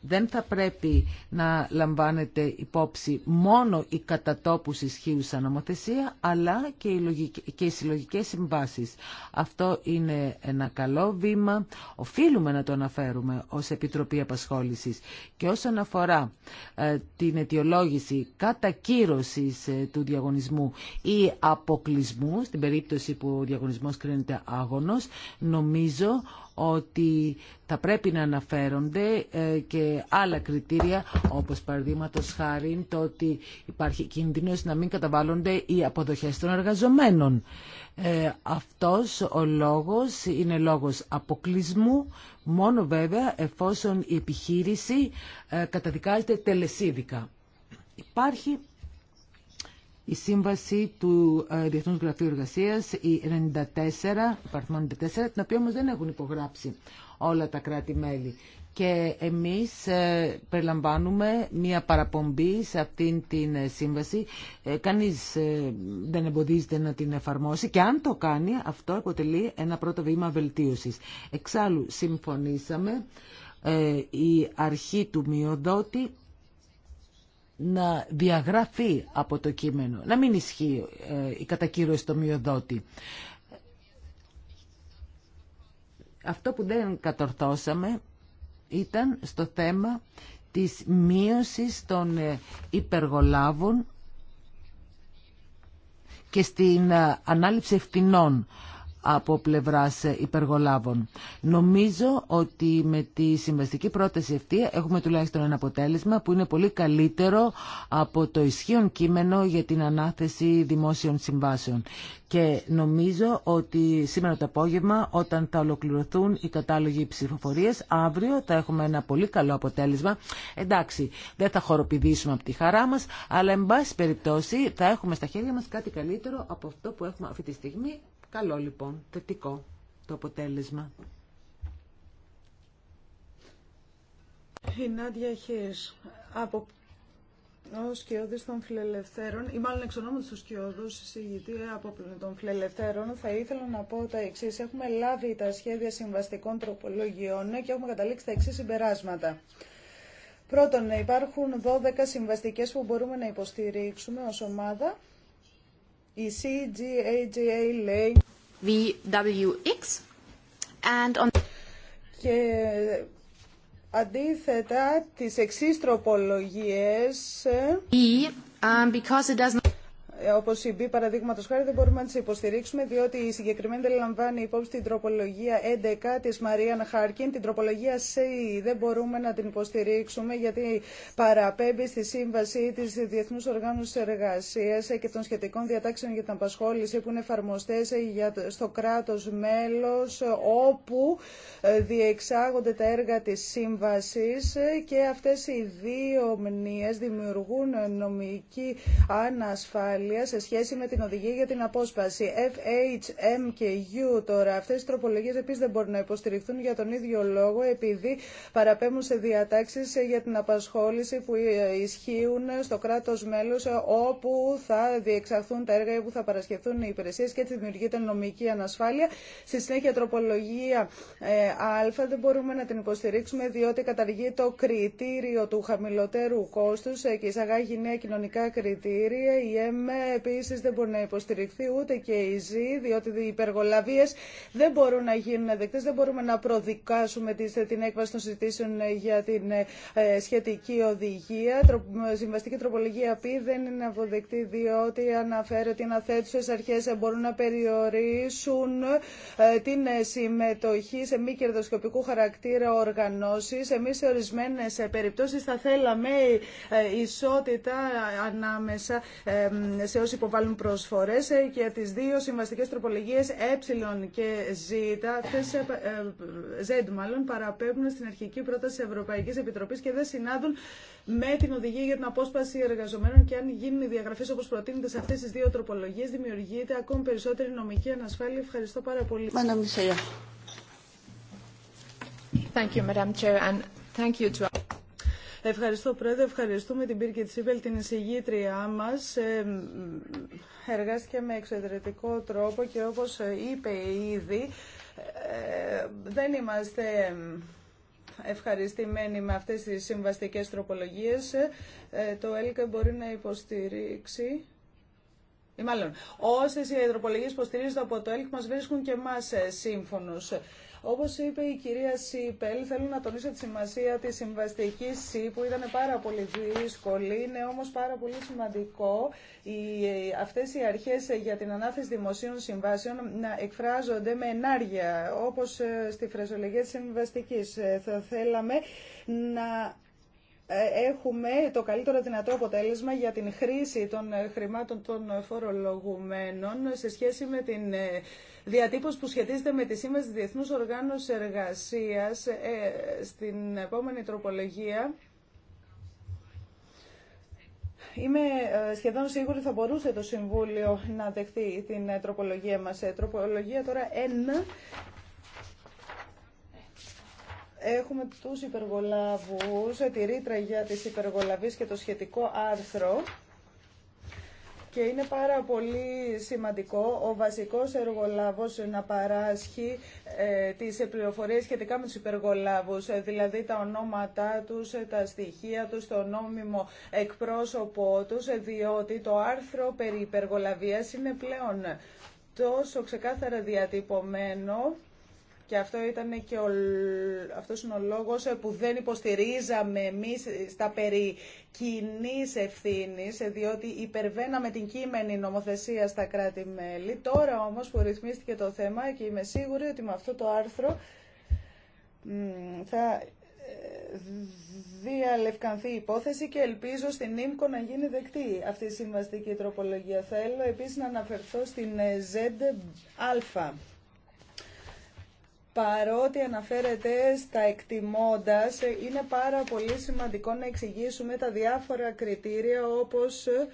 δεν θα πρέπει να λαμβάνεται υπόψη μόνο η κατατόπουση ισχύουσα νομοθεσία, αλλά και οι, λογικές, και οι συλλογικές συμβάσεις. Αυτό είναι ένα καλό βήμα. Οφείλουμε να το αναφέρουμε ως Επιτροπή Απασχόλησης. Και όσον αφορά ε, την αιτιολόγηση κατακύρωσης ε, του διαγωνισμού ή αποκλεισμού, στην περίπτωση που ο διαγωνισμός κρίνεται άγωνος, νομίζω ότι θα πρέπει να αναφέρονται ε, και άλλα κριτήρια, όπως παραδείγματο χάρη το ότι υπάρχει κίνδυνος να μην καταβάλλονται οι αποδοχές των εργαζομένων. Ε, αυτός ο λόγος είναι λόγος αποκλεισμού, μόνο βέβαια εφόσον η επιχείρηση ε, καταδικάζεται τελεσίδικα. Υπάρχει η σύμβαση του ε, Διεθνού Γραφείου Εργασία η 94, 94, την οποία όμω δεν έχουν υπογράψει όλα τα κράτη-μέλη. Και εμείς ε, περιλαμβάνουμε μια παραπομπή σε αυτήν την ε, σύμβαση. Κανείς δεν εμποδίζεται να την εφαρμόσει και αν το κάνει αυτό αποτελεί ένα πρώτο βήμα βελτίωσης. Εξάλλου συμφωνήσαμε η αρχή του μειοδότη να διαγραφεί από το κείμενο, να μην ισχύει ε, η κατακύρωση στο μειοδότη. Αυτό που δεν κατορθώσαμε ήταν στο θέμα της μείωσης των ε, υπεργολάβων και στην ε, ανάληψη ευθυνών από πλευράς υπεργολάβων. Νομίζω ότι με τη συμβαστική πρόταση αυτή έχουμε τουλάχιστον ένα αποτέλεσμα που είναι πολύ καλύτερο από το ισχύον κείμενο για την ανάθεση δημόσιων συμβάσεων. Και νομίζω ότι σήμερα το απόγευμα όταν θα ολοκληρωθούν οι κατάλογοι ψηφοφορίες αύριο θα έχουμε ένα πολύ καλό αποτέλεσμα. Εντάξει, δεν θα χοροπηδήσουμε από τη χαρά μας, αλλά εν πάση περιπτώσει θα έχουμε στα χέρια μας κάτι καλύτερο από αυτό που έχουμε αυτή τη στιγμή Καλό λοιπόν, θετικό το αποτέλεσμα. Η Νάντια Χίρς, από ο σκιώδης των φιλελευθέρων, ή μάλλον εξ ονόματος του σκιώδου, συζητητή από των φιλελευθέρων, θα ήθελα να πω τα εξή. Έχουμε λάβει τα σχέδια συμβαστικών τροπολογιών και έχουμε καταλήξει τα εξή συμπεράσματα. Πρώτον, υπάρχουν 12 συμβαστικές που μπορούμε να υποστηρίξουμε ως ομάδα η CGAGA λέει VWX and on... και αντίθετα τις εξής τροπολογίες ε, E, um, because it does not... Ε, Όπω η B παραδείγματο χάρη δεν μπορούμε να τι υποστηρίξουμε διότι η συγκεκριμένη δεν λαμβάνει υπόψη την τροπολογία 11 τη Μαρία Χάρκιν, την τροπολογία C δεν μπορούμε να την υποστηρίξουμε γιατί παραπέμπει στη σύμβαση τη Διεθνού Οργάνωση εργασία και των σχετικών διατάξεων για την απασχόληση που είναι εφαρμοστέ στο κράτο μέλο, όπου ε, διεξάγονται τα έργα τη σύμβαση. και αυτέ οι δύο μνήε δημιουργούν νομική ανασφάλεια σε σχέση με την οδηγία για την απόσπαση. FHM και U τώρα. Αυτέ οι τροπολογίε επίση δεν μπορούν να υποστηριχθούν για τον ίδιο λόγο, επειδή παραπέμπουν σε διατάξει για την απασχόληση που ισχύουν στο κράτο μέλο όπου θα διεξαχθούν τα έργα ή που θα παρασκευθούν οι υπηρεσίε και έτσι δημιουργείται νομική ανασφάλεια. Στη συνέχεια, τροπολογία ε, Α δεν μπορούμε να την υποστηρίξουμε, διότι καταργεί το κριτήριο του χαμηλότερου κόστου ε, και εισαγάγει νέα κοινωνικά κριτήρια. Η ΕΜΕ Επίση, δεν μπορεί να υποστηριχθεί ούτε και η ΖΗ, διότι οι υπεργολαβίε δεν μπορούν να γίνουν δεκτέ. δεν μπορούμε να προδικάσουμε την έκβαση των συζητήσεων για την ε, σχετική οδηγία. Συμβαστική τροπολογία πει δεν είναι αποδεκτή, διότι αναφέρεται ότι οι αναθέτουσες αρχές μπορούν να περιορίσουν ε, την ε, συμμετοχή σε μη κερδοσκοπικού χαρακτήρα οργανώσει. Εμεί σε ορισμένες περιπτώσεις θα θέλαμε ισότητα ανάμεσα σε όσοι υποβάλλουν προσφορές ε, και τι δύο συμβαστικέ τροπολογίες ε και ε, ε, ζ. μάλλον παραπέμπουν στην αρχική πρόταση Ευρωπαϊκής Επιτροπής και δεν συνάδουν με την οδηγία για την απόσπαση εργαζομένων και αν γίνουν οι διαγραφές όπως προτείνεται σε αυτές τις δύο τροπολογίες δημιουργείται ακόμη περισσότερη νομική ανασφάλεια. Ευχαριστώ πάρα πολύ. Thank you, Madam and thank you to... Ευχαριστώ Πρόεδρε, ευχαριστούμε την Πύρκη Τσίπελ, την εισηγήτριά μας. Ε, εργάστηκε με εξαιρετικό τρόπο και όπως είπε ήδη, ε, δεν είμαστε ευχαριστημένοι με αυτές τις συμβαστικές τροπολογίες. Ε, το ΕΛΚΑ μπορεί να υποστηρίξει ή μάλλον, όσε οι τροπολογίε υποστηρίζονται από το ΕΛΚ μα βρίσκουν και εμά σύμφωνος. Όπως είπε η κυρία Σίπελ, θέλω να τονίσω τη σημασία της συμβαστική ΣΥ που ήταν πάρα πολύ δύσκολη. Είναι όμως πάρα πολύ σημαντικό αυτέ αυτές οι αρχές για την ανάθεση δημοσίων συμβάσεων να εκφράζονται με ενάργεια, όπως ε, στη φρεσολογία τη συμβαστική. Ε, θα θέλαμε να ε, έχουμε το καλύτερο δυνατό αποτέλεσμα για την χρήση των χρημάτων των φορολογουμένων σε σχέση με την διατύπωση που σχετίζεται με τη Σύμβαση Διεθνούς Οργάνωσης Εργασίας ε, στην επόμενη τροπολογία. Είμαι ε, σχεδόν σίγουρη θα μπορούσε το Συμβούλιο να δεχθεί την ε, τροπολογία μας. Τροπολογία τώρα 1. Έχουμε τους υπεργολάβους, τη ρήτρα για τις υπεργολαβείς και το σχετικό άρθρο και είναι πάρα πολύ σημαντικό ο βασικός εργολάβος να παράσχει ε, τις πληροφορίες σχετικά με τους υπεργολάβους, ε, δηλαδή τα ονόματά τους, ε, τα στοιχεία τους, το νόμιμο εκπρόσωπό τους, ε, διότι το άρθρο περί υπεργολαβίας είναι πλέον τόσο ξεκάθαρα διατυπωμένο και αυτό ήταν και ο, αυτός είναι ο λόγος ε, που δεν υποστηρίζαμε εμείς ε, στα περί κοινής ευθύνης, ε, διότι υπερβαίναμε την κείμενη νομοθεσία στα κράτη-μέλη. Τώρα όμως που ρυθμίστηκε το θέμα και είμαι σίγουρη ότι με αυτό το άρθρο θα διαλευκανθεί η υπόθεση και ελπίζω στην ΙΜΚΟ να γίνει δεκτή αυτή η συμβαστική τροπολογία. Θέλω επίσης να αναφερθώ στην αλφα παρότι αναφέρεται στα εκτιμώντας, είναι πάρα πολύ σημαντικό να εξηγήσουμε τα διάφορα κριτήρια όπως ε,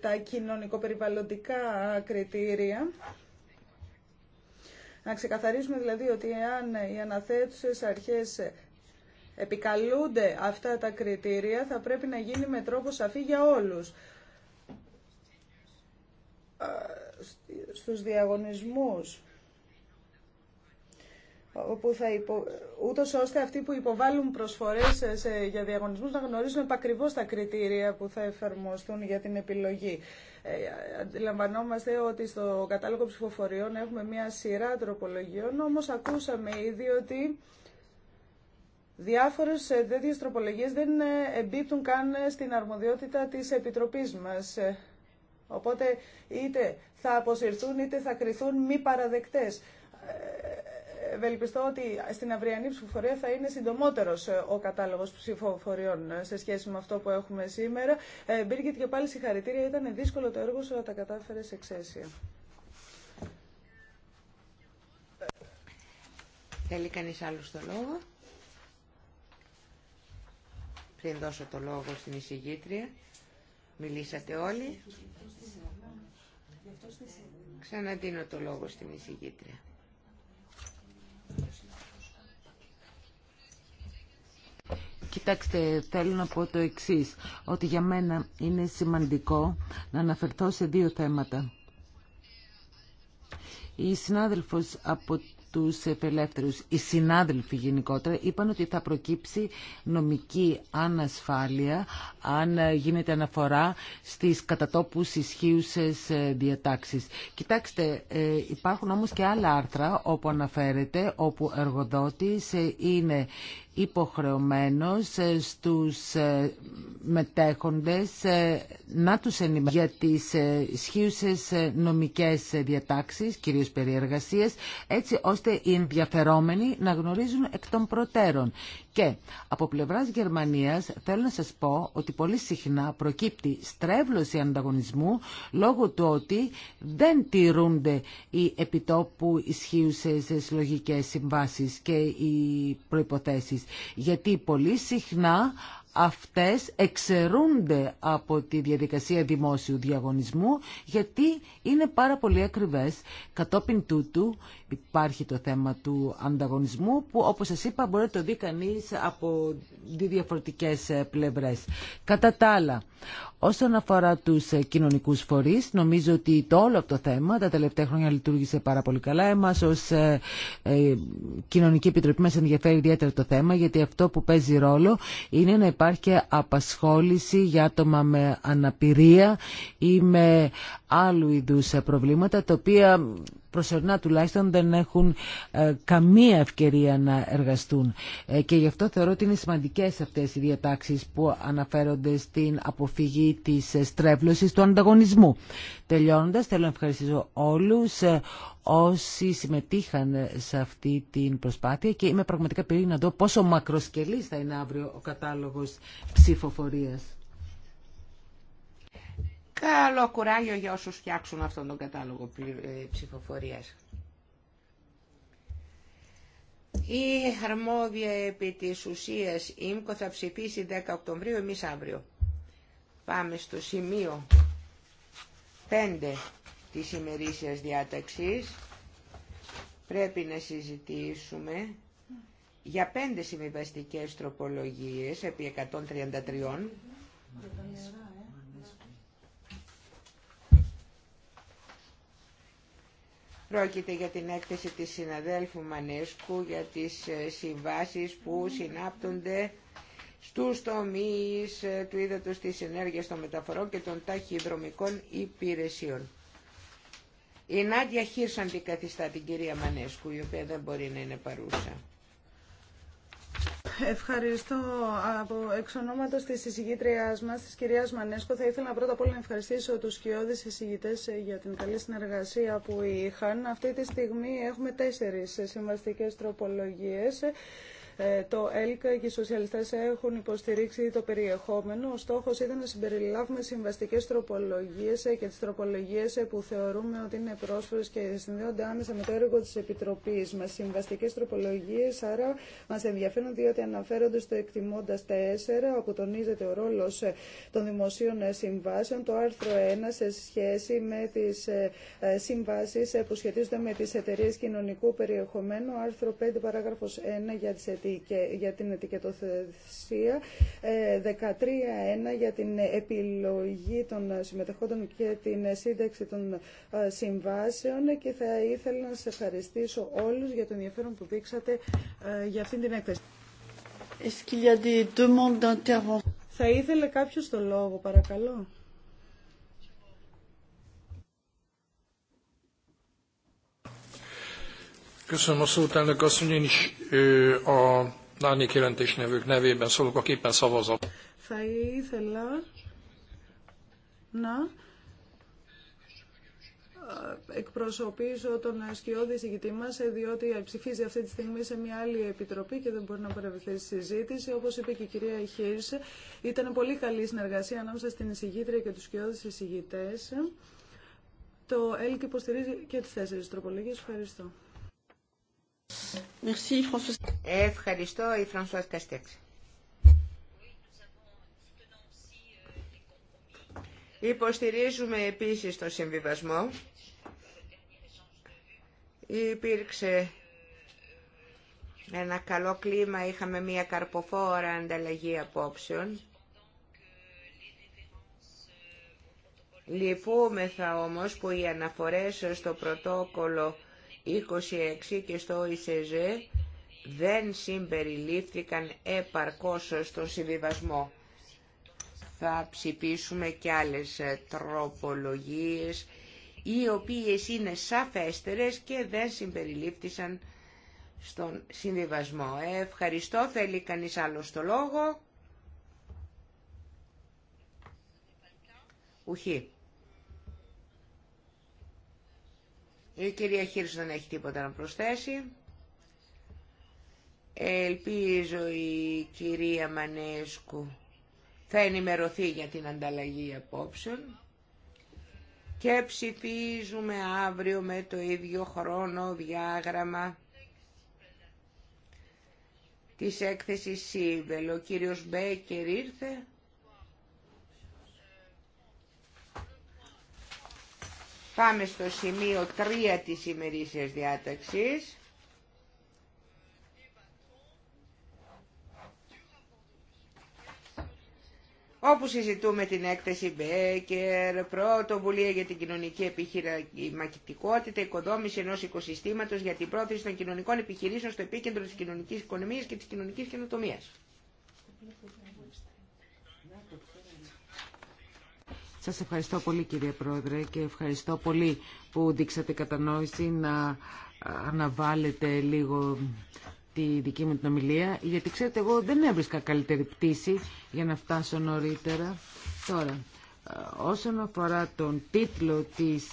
τα κοινωνικοπεριβαλλοντικά κριτήρια. Να ξεκαθαρίσουμε δηλαδή ότι αν οι αναθέτουσες αρχές επικαλούνται αυτά τα κριτήρια, θα πρέπει να γίνει με τρόπο σαφή για όλους. Στους διαγωνισμούς όπου θα υπο... ούτως ώστε αυτοί που υποβάλλουν προσφορές για διαγωνισμούς να γνωρίζουν ακριβώ τα κριτήρια που θα εφαρμοστούν για την επιλογή. Ε, αντιλαμβανόμαστε ότι στο κατάλογο ψηφοφοριών έχουμε μια σειρά τροπολογιών, όμως ακούσαμε ήδη ότι διάφορες ε, τέτοιες τροπολογίες δεν ε, εμπίπτουν καν στην αρμοδιότητα της Επιτροπής μας. Ε, οπότε είτε θα αποσυρθούν είτε θα κρυθούν μη παραδεκτές ευελπιστώ ότι στην αυριανή ψηφοφορία θα είναι συντομότερο ε, ο κατάλογος ψηφοφοριών ε, σε σχέση με αυτό που έχουμε σήμερα. Ε, Μπίργκετ και πάλι συγχαρητήρια, ήταν δύσκολο το έργο σου, αλλά τα κατάφερε σε εξαίσια. Θέλει κανείς άλλο το λόγο. Πριν δώσω το λόγο στην εισηγήτρια, μιλήσατε όλοι. Ξαναδίνω το λόγο στην εισηγήτρια. Κοιτάξτε, θέλω να πω το εξής, ότι για μένα είναι σημαντικό να αναφερθώ σε δύο θέματα. Η συνάδελφος από τους οι συνάδελφοι γενικότερα, είπαν ότι θα προκύψει νομική ανασφάλεια αν γίνεται αναφορά στις κατατόπους ισχύουσες ε, διατάξεις. Κοιτάξτε, ε, υπάρχουν όμως και άλλα άρθρα όπου αναφέρεται, όπου εργοδότης ε, είναι υποχρεωμένος ε, στους ε, μετέχοντες ε, να τους ενημερώσει για τις ισχύουσες νομικές διατάξεις, κυρίως περιεργασίες, έτσι ώστε οι ενδιαφερόμενοι να γνωρίζουν εκ των προτέρων. Και από πλευράς Γερμανίας θέλω να σας πω ότι πολύ συχνά προκύπτει στρέβλωση ανταγωνισμού λόγω του ότι δεν τηρούνται οι επιτόπου ισχύουσες λογικές συμβάσεις και οι προϋποθέσεις. Γιατί πολύ συχνά αυτές εξαιρούνται από τη διαδικασία δημόσιου διαγωνισμού γιατί είναι πάρα πολύ ακριβές. Κατόπιν τούτου υπάρχει το θέμα του ανταγωνισμού που όπως σας είπα μπορεί να το δει κανεί από δύο διαφορετικές ε, πλευρές. Κατά τα άλλα, όσον αφορά τους ε, κοινωνικούς φορείς, νομίζω ότι το όλο αυτό το θέμα τα τελευταία χρόνια λειτουργήσε πάρα πολύ καλά. Εμάς ως ε, ε, Κοινωνική Επιτροπή μας ενδιαφέρει ιδιαίτερα το θέμα γιατί αυτό που παίζει ρόλο είναι να υπάρχει απασχόληση για άτομα με αναπηρία ή με άλλου είδους προβλήματα τα οποία προσωρινά τουλάχιστον δεν έχουν ε, καμία ευκαιρία να εργαστούν. Ε, και γι' αυτό θεωρώ ότι είναι σημαντικές αυτές οι διατάξεις που αναφέρονται στην αποφυγή της ε, στρέβλωσης του ανταγωνισμού. Τελειώνοντας, θέλω να ευχαριστήσω όλους όσοι συμμετείχαν σε αυτή την προσπάθεια και είμαι πραγματικά περίεργη να δω πόσο μακροσκελής θα είναι αύριο ο κατάλογος ψηφοφορίας. Καλό κουράγιο για όσους φτιάξουν αυτόν τον κατάλογο ε, ψηφοφορίας. Η αρμόδια επί της ουσίας ΙΜΚΟ θα ψηφίσει 10 Οκτωβρίου, εμείς αύριο. Πάμε στο σημείο 5 της ημερήσιας διάταξης. Πρέπει να συζητήσουμε για 5 συμβιβαστικές τροπολογίες επί 133. Πρόκειται για την έκθεση της συναδέλφου Μανέσκου για τις ε, συμβάσεις που συνάπτονται στους τομείς ε, του ύδατος της ενέργειας των μεταφορών και των ταχυδρομικών υπηρεσιών. Η Νάντια την καθιστά την κυρία Μανέσκου, η οποία δεν μπορεί να είναι παρούσα. Ευχαριστώ. Από εξ ονόματο τη εισηγήτριά μα, τη κυρία Μανέσκο, θα ήθελα πρώτα απ' όλα να ευχαριστήσω του σκιώδει εισηγητέ ε, για την καλή συνεργασία που είχαν. Αυτή τη στιγμή έχουμε τέσσερι συμβαστικέ τροπολογίε ε, ε, το ΕΛΚΑ και οι σοσιαλιστές έχουν υποστηρίξει το περιεχόμενο. Ο στόχος ήταν να συμπεριλάβουμε συμβαστικές τροπολογίες ε, και τις τροπολογίες ε, που θεωρούμε ότι είναι πρόσφορες και συνδέονται άμεσα με το έργο της Επιτροπής μας. Συμβαστικές τροπολογίες, άρα μας ενδιαφέρουν διότι αναφέρονται στο εκτιμώντας 4, όπου τονίζεται ο ρόλος των δημοσίων συμβάσεων, το άρθρο 1 σε σχέση με τις συμβάσεις που σχετίζονται με τις εταιρείε κοινωνικού περιεχομένου, άρθρο 5 παράγραφος 1 για τις εταιρείε για την ετικετοθεσία, 13.1 ε, για την επιλογή των συμμετεχόντων και την σύνταξη των ε, συμβάσεων και θα ήθελα να σας ευχαριστήσω όλους για το ενδιαφέρον που δείξατε ε, για αυτήν την έκθεση. Θα ήθελε κάποιος το λόγο, παρακαλώ. Köszönöm a szót, elnök asszony. Én is a nevében szólok, aki éppen Θα ήθελα να εκπροσωπήσω τον ασκιώδη συγκητή μα, ε, διότι ψηφίζει αυτή τη στιγμή σε μια άλλη επιτροπή και δεν μπορεί να παρευθεί στη συζήτηση. Όπω είπε και η κυρία Χίρ, ήταν πολύ καλή συνεργασία ανάμεσα στην εισηγήτρια και του σκιώδη εισηγητέ. Το ΕΛΚ υποστηρίζει και τι τέσσερι τροπολογίε. Ευχαριστώ. Ευχαριστώ η Φρανσουάς Καστέξ. Υποστηρίζουμε επίσης το συμβιβασμό. Υπήρξε ένα καλό κλίμα, είχαμε μια καρποφόρα ανταλλαγή απόψεων. Λυπούμεθα όμως που οι αναφορές στο πρωτόκολλο 26 και στο ΙΣΕΖ δεν συμπεριλήφθηκαν επαρκώς στον συμβιβασμό. Θα ψηφίσουμε και άλλες τροπολογίες οι οποίες είναι σαφέστερες και δεν συμπεριλήφθησαν στον συμβιβασμό. Ευχαριστώ. Θέλει κανείς άλλο το λόγο. Ουχή. Η κυρία Χίρς δεν έχει τίποτα να προσθέσει. Ελπίζω η κυρία Μανέσκου θα ενημερωθεί για την ανταλλαγή απόψεων και ψηφίζουμε αύριο με το ίδιο χρόνο διάγραμμα της έκθεσης Σίβελ. Ο κύριος Μπέκερ ήρθε. Πάμε στο σημείο 3 της ημερήσιας διάταξης. όπου συζητούμε την έκθεση Μπέκερ, πρωτοβουλία για την κοινωνική επιχειρηματικότητα, οικοδόμηση ενός οικοσυστήματος για την πρόθεση των κοινωνικών επιχειρήσεων στο επίκεντρο της κοινωνικής οικονομίας και της κοινωνικής καινοτομίας. Σας ευχαριστώ πολύ κύριε Πρόεδρε και ευχαριστώ πολύ που δείξατε κατανόηση να αναβάλλετε λίγο τη δική μου την ομιλία, γιατί ξέρετε εγώ δεν έβρισκα καλύτερη πτήση για να φτάσω νωρίτερα. Τώρα, όσον αφορά τον τίτλο της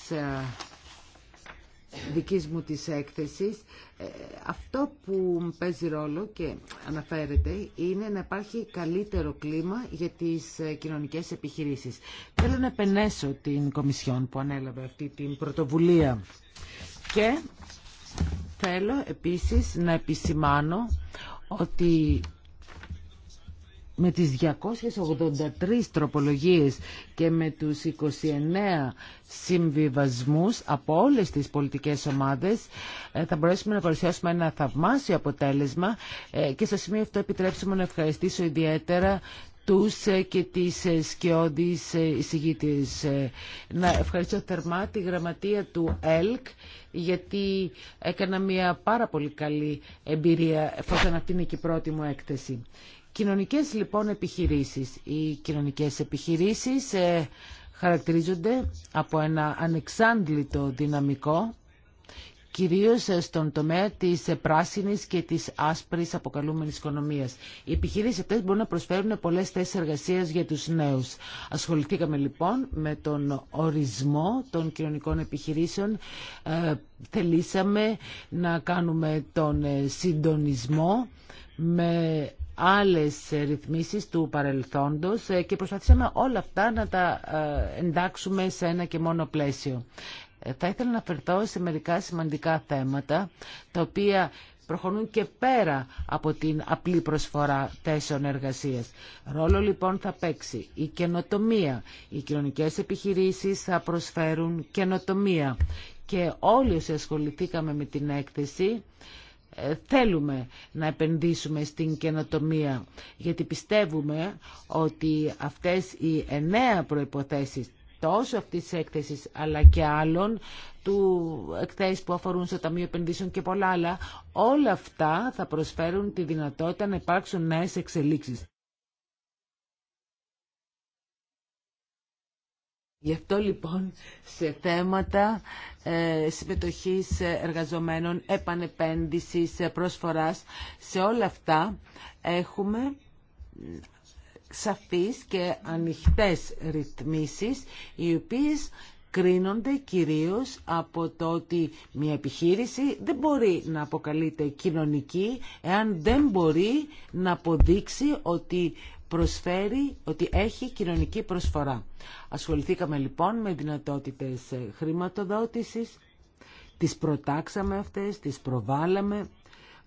δικής μου της έκθεσης, ε, αυτό που παίζει ρόλο και αναφέρεται είναι να υπάρχει καλύτερο κλίμα για τις ε, κοινωνικές επιχειρήσεις. Θέλω να επενέσω την Κομισιόν που ανέλαβε αυτή την πρωτοβουλία και θέλω επίσης να επισημάνω ότι με τις 283 τροπολογίες και με τους 29 συμβιβασμούς από όλες τις πολιτικές ομάδες ε, θα μπορέσουμε να παρουσιάσουμε ένα θαυμάσιο αποτέλεσμα ε, και στο σημείο αυτό επιτρέψουμε να ευχαριστήσω ιδιαίτερα τους ε, και τις σκιώδεις εισηγήτες. Να ευχαριστώ θερμά τη γραμματεία του ΕΛΚ γιατί έκανα μια πάρα πολύ καλή εμπειρία εφόσον αυτή είναι και η πρώτη μου έκθεση. Κοινωνικές λοιπόν επιχειρήσεις. Οι κοινωνικές επιχειρήσεις ε, χαρακτηρίζονται από ένα ανεξάντλητο δυναμικό κυρίως ε, στον τομέα της ε, πράσινης και της άσπρης αποκαλούμενης οικονομίας. Οι επιχειρήσεις αυτές μπορούν να προσφέρουν πολλές θέσεις εργασίας για τους νέους. Ασχοληθήκαμε λοιπόν με τον ορισμό των κοινωνικών επιχειρήσεων. θελήσαμε να κάνουμε τον συντονισμό με άλλες ρυθμίσεις του παρελθόντος ε, και προσπαθήσαμε όλα αυτά να τα ε, εντάξουμε σε ένα και μόνο πλαίσιο. Ε, θα ήθελα να φερθώ σε μερικά σημαντικά θέματα, τα οποία προχωρούν και πέρα από την απλή προσφορά θέσεων εργασίας. Ρόλο λοιπόν θα παίξει η καινοτομία. Οι κοινωνικές επιχειρήσεις θα προσφέρουν καινοτομία. Και όλοι όσοι ασχοληθήκαμε με την έκθεση θέλουμε να επενδύσουμε στην καινοτομία γιατί πιστεύουμε ότι αυτές οι εννέα προϋποθέσεις τόσο αυτής της έκθεσης αλλά και άλλων του εκθέσεις που αφορούν στο Ταμείο Επενδύσεων και πολλά άλλα όλα αυτά θα προσφέρουν τη δυνατότητα να υπάρξουν νέες εξελίξεις. Γι' αυτό λοιπόν σε θέματα ε, εργαζομένων, επανεπένδυσης, ε, προσφοράς, σε όλα αυτά έχουμε σαφείς και ανοιχτές ρυθμίσεις οι οποίες κρίνονται κυρίως από το ότι μια επιχείρηση δεν μπορεί να αποκαλείται κοινωνική εάν δεν μπορεί να αποδείξει ότι προσφέρει ότι έχει κοινωνική προσφορά. Ασχοληθήκαμε λοιπόν με δυνατότητες ε, χρηματοδότησης, τις προτάξαμε αυτές, τις προβάλαμε,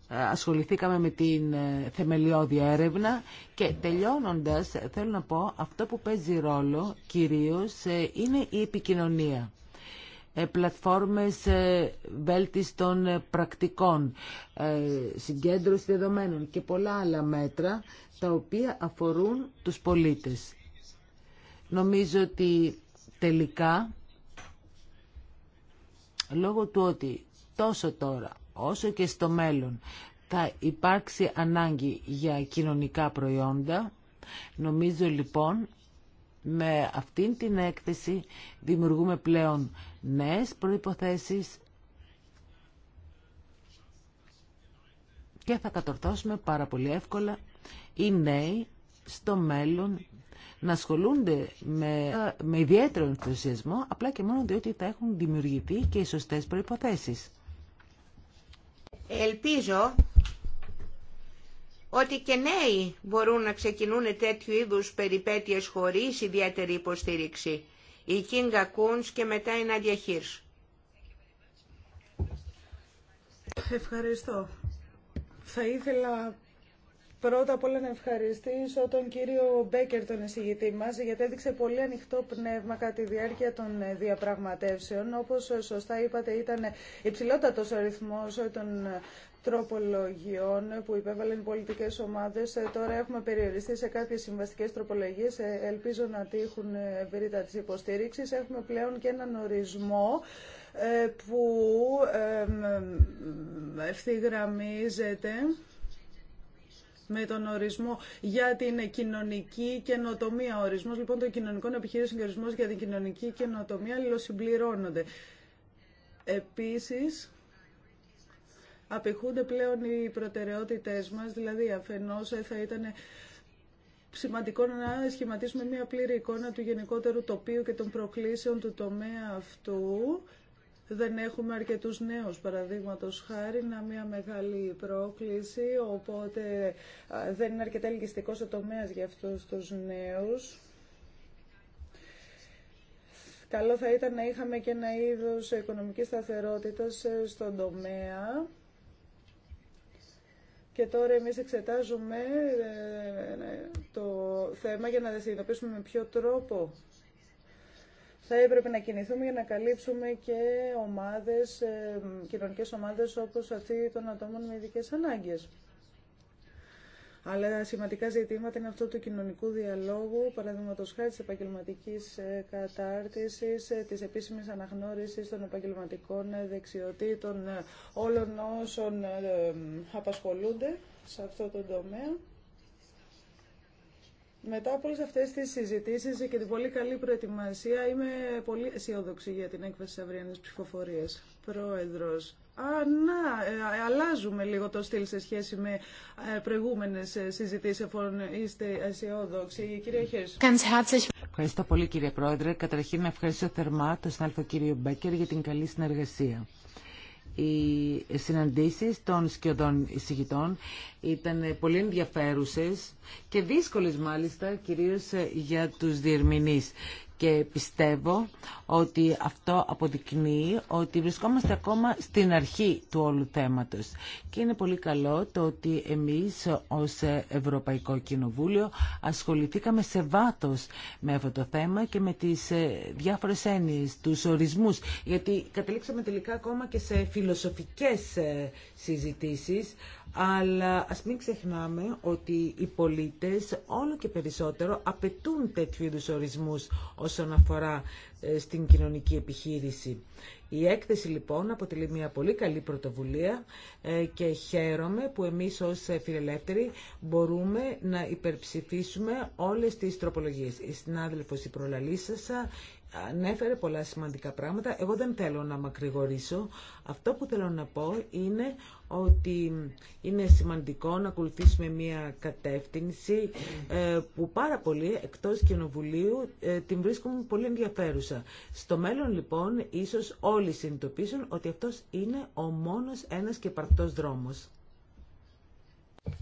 ε, ασχοληθήκαμε με την ε, θεμελιώδη έρευνα και τελειώνοντας θέλω να πω αυτό που παίζει ρόλο κυρίως είναι η επικοινωνία. Ε, πλατφόρμες ε, βέλτιστων ε, πρακτικών, συγκέντρωση δεδομένων και πολλά άλλα μέτρα τα οποία αφορούν τους πολίτες. Νομίζω ότι τελικά, λόγω του ότι τόσο τώρα όσο και στο μέλλον θα υπάρξει ανάγκη για κοινωνικά προϊόντα, νομίζω λοιπόν με αυτήν την έκθεση δημιουργούμε πλέον νέες προϋποθέσεις και θα κατορθώσουμε πάρα πολύ εύκολα οι νέοι στο μέλλον να ασχολούνται με, ε, με ιδιαίτερο ενθουσιασμό απλά και μόνο διότι θα έχουν δημιουργηθεί και οι σωστές προϋποθέσεις. Ελπίζω ότι και νέοι μπορούν να ξεκινούν τέτοιου είδους περιπέτειες χωρίς ιδιαίτερη υποστήριξη η Κίνγκα Κούντς και μετά η Νάντια Χίρς. Ευχαριστώ. Θα ήθελα πρώτα απ' όλα να ευχαριστήσω τον κύριο Μπέκερ, τον εισηγητή μας, γιατί έδειξε πολύ ανοιχτό πνεύμα κατά τη διάρκεια των διαπραγματεύσεων. Όπως σωστά είπατε, ήταν υψηλότατος ο ρυθμός των τροπολογιών που υπέβαλαν οι πολιτικές ομάδες. Ε, τώρα έχουμε περιοριστεί σε κάποιες συμβαστικές τροπολογίες. Ε, ελπίζω να τύχουν ευρύτητα της υποστήριξης. Έχουμε πλέον και έναν ορισμό ε, που ευθυγραμμίζεται με τον ορισμό για την κοινωνική καινοτομία. Ο ορισμός λοιπόν των κοινωνικών επιχειρήσεων και ορισμός για την κοινωνική καινοτομία αλληλοσυμπληρώνονται. Επίσης, απηχούνται πλέον οι προτεραιότητές μας, δηλαδή αφενός ε, θα ήταν σημαντικό να σχηματίσουμε μια πλήρη εικόνα του γενικότερου τοπίου και των προκλήσεων του τομέα αυτού. Δεν έχουμε αρκετούς νέους, παραδείγματος χάρη, να μια μεγάλη πρόκληση, οπότε δεν είναι αρκετά ελκυστικός ο τομέας για αυτούς τους νέους. Καλό θα ήταν να είχαμε και ένα είδος οικονομικής σταθερότητας ε, στον τομέα. Και τώρα εμείς εξετάζουμε ε, το θέμα για να συνειδητοποιήσουμε με ποιο τρόπο θα έπρεπε να κινηθούμε για να καλύψουμε και ομάδες, ε, κοινωνικές ομάδες όπως αυτή των ατόμων με ειδικές ανάγκες. Αλλά σημαντικά ζητήματα είναι αυτό του κοινωνικού διαλόγου, παραδείγματο χάρη τη επαγγελματική ε, κατάρτιση, ε, τη επίσημη αναγνώριση των επαγγελματικών ε, δεξιοτήτων όλων όσων απασχολούνται σε αυτό το τομέα. Μετά από όλες αυτές τις συζητήσεις και την πολύ καλή προετοιμασία είμαι πολύ αισιόδοξη για την έκβαση της αυριανής ψηφοφορίας. Πρόεδρος. Α, να, ε, αλλάζουμε λίγο το στυλ σε σχέση με ε, προηγούμενες ε, συζητήσεις εφόσον είστε αισιόδοξοι. Κύριε Χέρς. Ευχαριστώ πολύ κύριε Πρόεδρε. Καταρχήν να ευχαριστώ θερμά τον συνάδελφο κύριο Μπέκερ για την καλή συνεργασία οι συναντήσεις των σκιωδών εισηγητών ήταν πολύ ενδιαφέρουσες και δύσκολες μάλιστα κυρίως για τους διερμηνείς και πιστεύω ότι αυτό αποδεικνύει ότι βρισκόμαστε ακόμα στην αρχή του όλου θέματος. Και είναι πολύ καλό το ότι εμείς ως Ευρωπαϊκό Κοινοβούλιο ασχοληθήκαμε σε βάθος με αυτό το θέμα και με τις ε, διάφορες έννοιες, τους ορισμούς, γιατί καταλήξαμε τελικά ακόμα και σε φιλοσοφικές ε, συζητήσεις, αλλά ας μην ξεχνάμε ότι οι πολίτες όλο και περισσότερο απαιτούν τέτοιου είδου ορισμούς όσον αφορά ε, στην κοινωνική επιχείρηση. Η έκθεση λοιπόν αποτελεί μια πολύ καλή πρωτοβουλία ε, και χαίρομαι που εμείς ως φιλελεύθεροι μπορούμε να υπερψηφίσουμε όλες τις τροπολογίες. Η συνάδελφος η προλαλήσασα ανέφερε πολλά σημαντικά πράγματα. Εγώ δεν θέλω να μακρηγορήσω. Αυτό που θέλω να πω είναι ότι είναι σημαντικό να ακολουθήσουμε μια κατεύθυνση ε, που πάρα πολύ εκτός κοινοβουλίου ε, την βρίσκουμε πολύ ενδιαφέρουσα. Στο μέλλον λοιπόν ίσως όλοι συνειδητοποιήσουν ότι αυτός είναι ο μόνος ένας και παρτός δρόμος.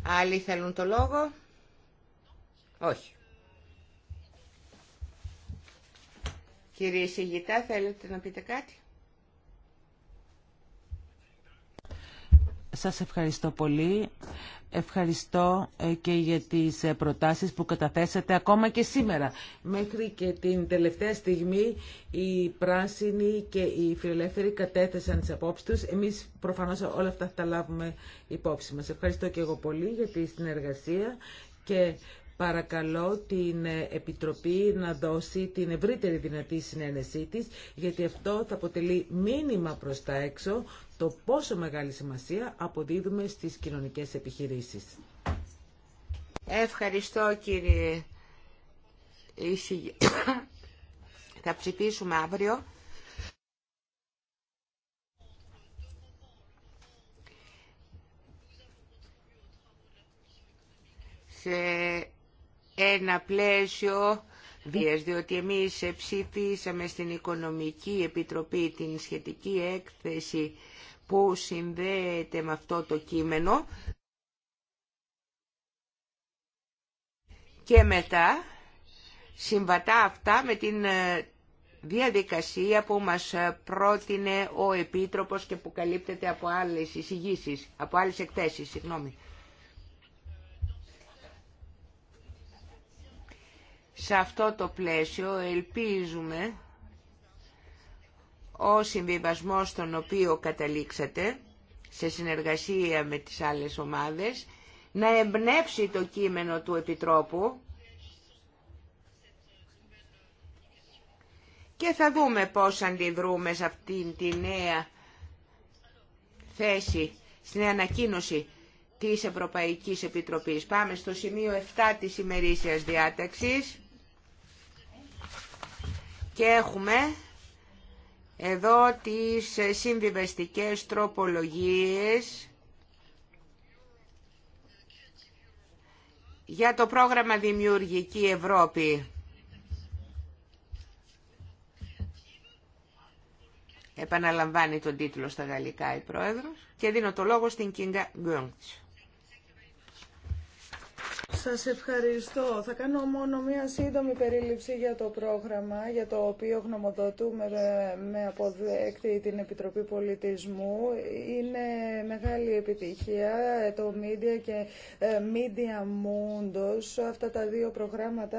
Άλλοι θέλουν το λόγο. Όχι. Κύριε Σιγητά, θέλετε να πείτε κάτι. Σας ευχαριστώ πολύ. Ευχαριστώ ε, και για τις ε, προτάσεις που καταθέσατε ακόμα και σήμερα. Μέχρι και την τελευταία στιγμή οι πράσινοι και οι φιλελεύθεροι κατέθεσαν τις απόψεις τους. Εμείς προφανώς όλα αυτά θα τα λάβουμε υπόψη μας. Ευχαριστώ και εγώ πολύ για τη συνεργασία και παρακαλώ την ε, Επιτροπή να δώσει την ευρύτερη δυνατή συνένεσή της, γιατί αυτό θα αποτελεί μήνυμα προς τα έξω το πόσο μεγάλη σημασία αποδίδουμε στις κοινωνικές επιχειρήσεις. Ευχαριστώ κύριε Θα ψηφίσουμε αύριο. Σε ένα πλαίσιο διότι εμείς ψηφίσαμε στην Οικονομική Επιτροπή την σχετική έκθεση που συνδέεται με αυτό το κείμενο και μετά συμβατά αυτά με την ε, διαδικασία που μας ε, πρότεινε ο Επίτροπος και που καλύπτεται από άλλες εισηγήσεις, από άλλες εκθέσεις, Σε αυτό το πλαίσιο ελπίζουμε ο συμβιβασμός στον οποίο καταλήξατε σε συνεργασία με τις άλλες ομάδες να εμπνεύσει το κείμενο του Επιτρόπου και θα δούμε πώς αντιδρούμε σε αυτήν τη νέα θέση, στην ανακοίνωση της Ευρωπαϊκής Επιτροπής. Πάμε στο σημείο 7 της ημερήσιας διάταξης και έχουμε εδώ τις συνδυαστικές τροπολογίες για το πρόγραμμα Δημιουργική Ευρώπη. Επαναλαμβάνει τον τίτλο στα γαλλικά η Πρόεδρος και δίνω το λόγο στην Κίνγκα Γκόντς. Σας ευχαριστώ. Θα κάνω μόνο μία σύντομη περίληψη για το πρόγραμμα, για το οποίο γνωμοδοτούμε με αποδέκτη την Επιτροπή Πολιτισμού. Είναι μεγάλη επιτυχία το Media και ε, Media Mundos. Αυτά τα δύο προγράμματα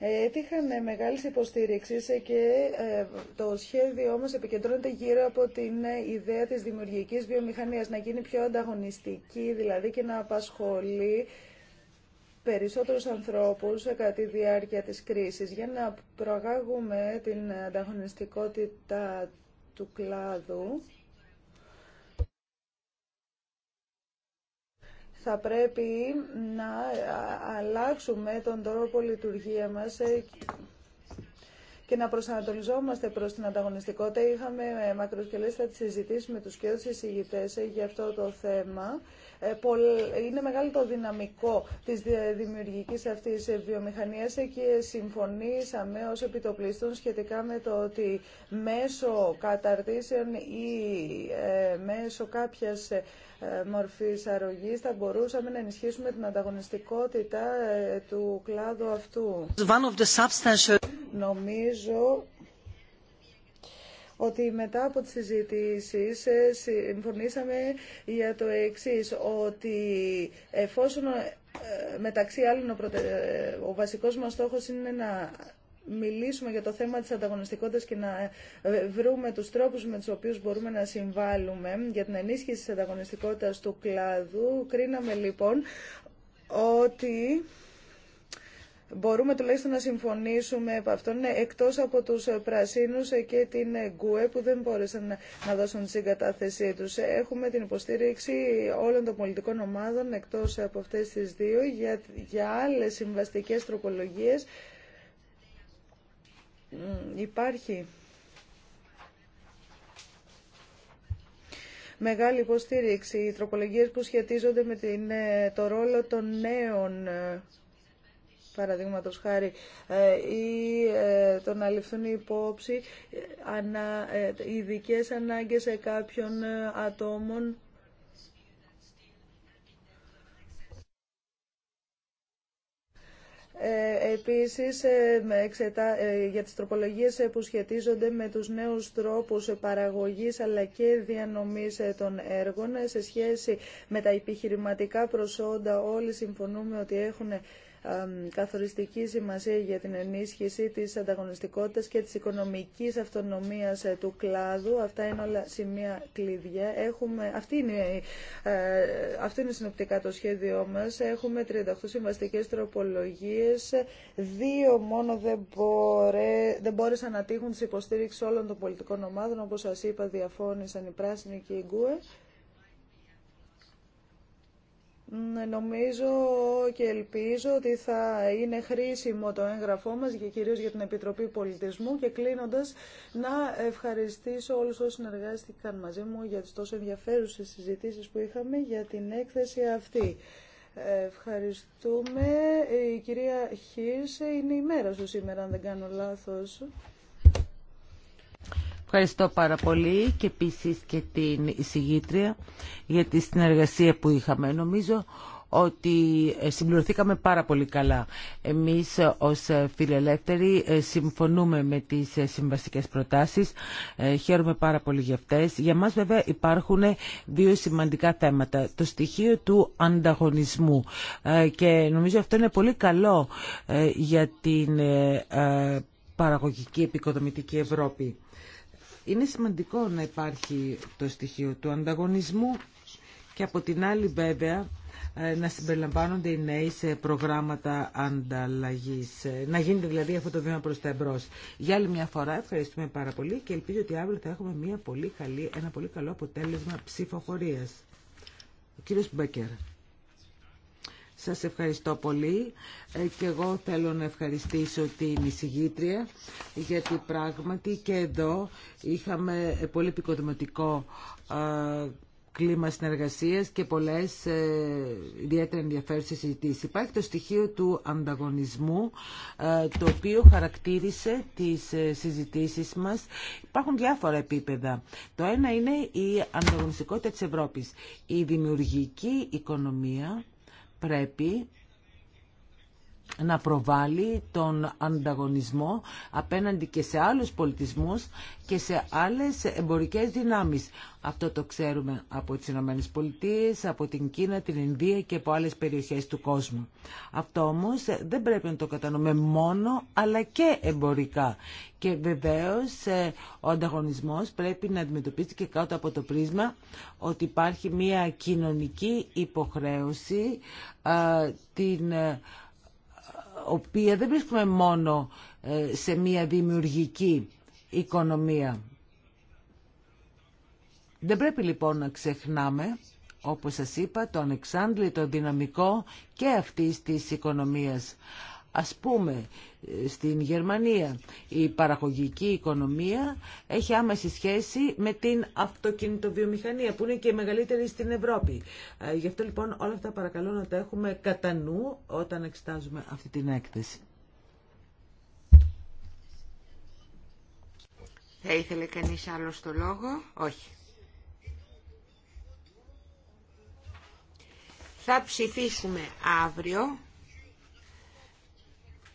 ε, έτυχαν μεγάλες υποστήριξεις και ε, το σχέδιό μας επικεντρώνεται γύρω από την ε, ιδέα της δημιουργικής βιομηχανίας, να γίνει πιο ανταγωνιστική δηλαδή και να απασχολεί περισσότερους ανθρώπους κατά τη διάρκεια της κρίσης για να προαγάγουμε την ανταγωνιστικότητα του κλάδου. θα πρέπει να αλλάξουμε τον τρόπο λειτουργία μας και να προσανατολιζόμαστε προς την ανταγωνιστικότητα. Είχαμε μακροσκελέστατη συζητήσουμε με τους και τους για αυτό το θέμα. Ε, είναι μεγάλο το δυναμικό της δημιουργικής αυτής βιομηχανίας και συμφωνήσαμε ω επιτοπλιστών σχετικά με το ότι μέσω καταρτήσεων ή ε, μέσω κάποιας ε, μορφής αρρωγής θα μπορούσαμε να ενισχύσουμε την ανταγωνιστικότητα του κλάδου αυτού. Νομίζω ότι μετά από τις συζητήσεις ε, συμφωνήσαμε για το εξής, ότι εφόσον ε, μεταξύ άλλων ο βασικός μας στόχος είναι να μιλήσουμε για το θέμα της ανταγωνιστικότητας και να ε, βρούμε τους τρόπους με τους οποίους μπορούμε να συμβάλλουμε για την ενίσχυση της ανταγωνιστικότητας του κλάδου. Κρίναμε λοιπόν ότι μπορούμε τουλάχιστον να συμφωνήσουμε από αυτόν, ναι, εκτός από τους ε, πρασίνους ε, και την ε, ΓΚΟΕ που δεν μπόρεσαν να δώσουν τη συγκατάθεσή τους. Έχουμε την υποστήριξη όλων των πολιτικών ομάδων εκτός από αυτές τις δύο για, για άλλες συμβαστικές τροπολογίες. Υπάρχει μεγάλη υποστήριξη, οι τροπολογίες που σχετίζονται με την, το ρόλο των νέων παραδείγματο χάρη, ε, ή ε, το να ληφθούν υπόψη ε, ανα, ειδικέ ανάγκες σε κάποιων ατόμων. Επίσης, για τις τροπολογίες που σχετίζονται με τους νέους τρόπους παραγωγής αλλά και διανομής των έργων σε σχέση με τα επιχειρηματικά προσόντα, όλοι συμφωνούμε ότι έχουν καθοριστική σημασία για την ενίσχυση της ανταγωνιστικότητας και της οικονομικής αυτονομίας ε, του κλάδου. Αυτά είναι όλα σημεία κλειδιά. Έχουμε, αυτή είναι, ε, αυτό είναι συνοπτικά το σχέδιό μας. Έχουμε 38 συμβαστικές τροπολογίες. Δύο μόνο δεν, μπορέ, δεν μπόρεσαν να τύχουν τις υποστήριξη όλων των πολιτικών ομάδων. Όπως σας είπα διαφώνησαν οι πράσινοι και οι γκουε. Ναι, νομίζω και ελπίζω ότι θα είναι χρήσιμο το έγγραφό μας και κυρίως για την Επιτροπή Πολιτισμού και κλείνοντας να ευχαριστήσω όλους όσους συνεργάστηκαν μαζί μου για τις τόσο ενδιαφέρουσες συζητήσεις που είχαμε για την έκθεση αυτή. Ευχαριστούμε. Η κυρία Χίρσε είναι η μέρα σου σήμερα, αν δεν κάνω λάθος. Ευχαριστώ πάρα πολύ και επίση και την εισηγήτρια για τη συνεργασία που είχαμε. Νομίζω ότι ε, συμπληρωθήκαμε πάρα πολύ καλά. Εμείς ε, ως ε, φιλελεύθεροι συμφωνούμε με τις συμβαστικές προτάσεις. Χαίρομαι πάρα πολύ για αυτές. Για μας βέβαια υπάρχουν δύο σημαντικά θέματα. Το στοιχείο του ανταγωνισμού και νομίζω αυτό είναι πολύ καλό για την παραγωγική επικοδομητική Ευρώπη. Είναι σημαντικό να υπάρχει το στοιχείο του ανταγωνισμού και από την άλλη βέβαια ε, να συμπεριλαμβάνονται οι νέοι σε προγράμματα ανταλλαγής. Ε, να γίνεται δηλαδή αυτό το βήμα προς τα εμπρός. Για άλλη μια φορά ευχαριστούμε πάρα πολύ και ελπίζω ότι αύριο θα έχουμε μια πολύ καλή, ένα πολύ καλό αποτέλεσμα ψηφοφορίας. Ο κύριος Μπέκερ. Σας ευχαριστώ πολύ ε, και εγώ θέλω να ευχαριστήσω την εισηγήτρια γιατί πράγματι και εδώ είχαμε πολύ επικοδηματικό ε, κλίμα συνεργασία και πολλές ε, ιδιαίτερα ενδιαφέρουσε συζητήσει. Υπάρχει το στοιχείο του ανταγωνισμού, ε, το οποίο χαρακτήρισε τις ε, μας. μα. Υπάρχουν διάφορα επίπεδα. Το ένα είναι η ανταγωνιστικότητα της Ευρώπης. Η δημιουργική οικονομία πρέπει να προβάλλει τον ανταγωνισμό απέναντι και σε άλλους πολιτισμούς και σε άλλες εμπορικές δυνάμεις. Αυτό το ξέρουμε από τις Ηνωμένες Πολιτείες, από την Κίνα, την Ινδία και από άλλες περιοχές του κόσμου. Αυτό όμως δεν πρέπει να το κατανοούμε μόνο, αλλά και εμπορικά. Και βεβαίως ε, ο ανταγωνισμός πρέπει να αντιμετωπίσει και κάτω από το πρίσμα ότι υπάρχει μια κοινωνική υποχρέωση ε, την ε, οποία δεν βρίσκουμε μόνο ε, σε μια δημιουργική οικονομία. Δεν πρέπει λοιπόν να ξεχνάμε, όπως σας είπα, τον εξάντλητο δυναμικό και αυτής της οικονομίας. Ας πούμε, ε, στην Γερμανία η παραγωγική οικονομία έχει άμεση σχέση με την αυτοκινητοβιομηχανία που είναι και η μεγαλύτερη στην Ευρώπη. Ε, γι' αυτό λοιπόν όλα αυτά παρακαλώ να τα έχουμε κατά νου όταν εξετάζουμε αυτή την έκθεση. Θα ήθελε κανείς άλλο το λόγο. Όχι. Θα ψηφίσουμε αύριο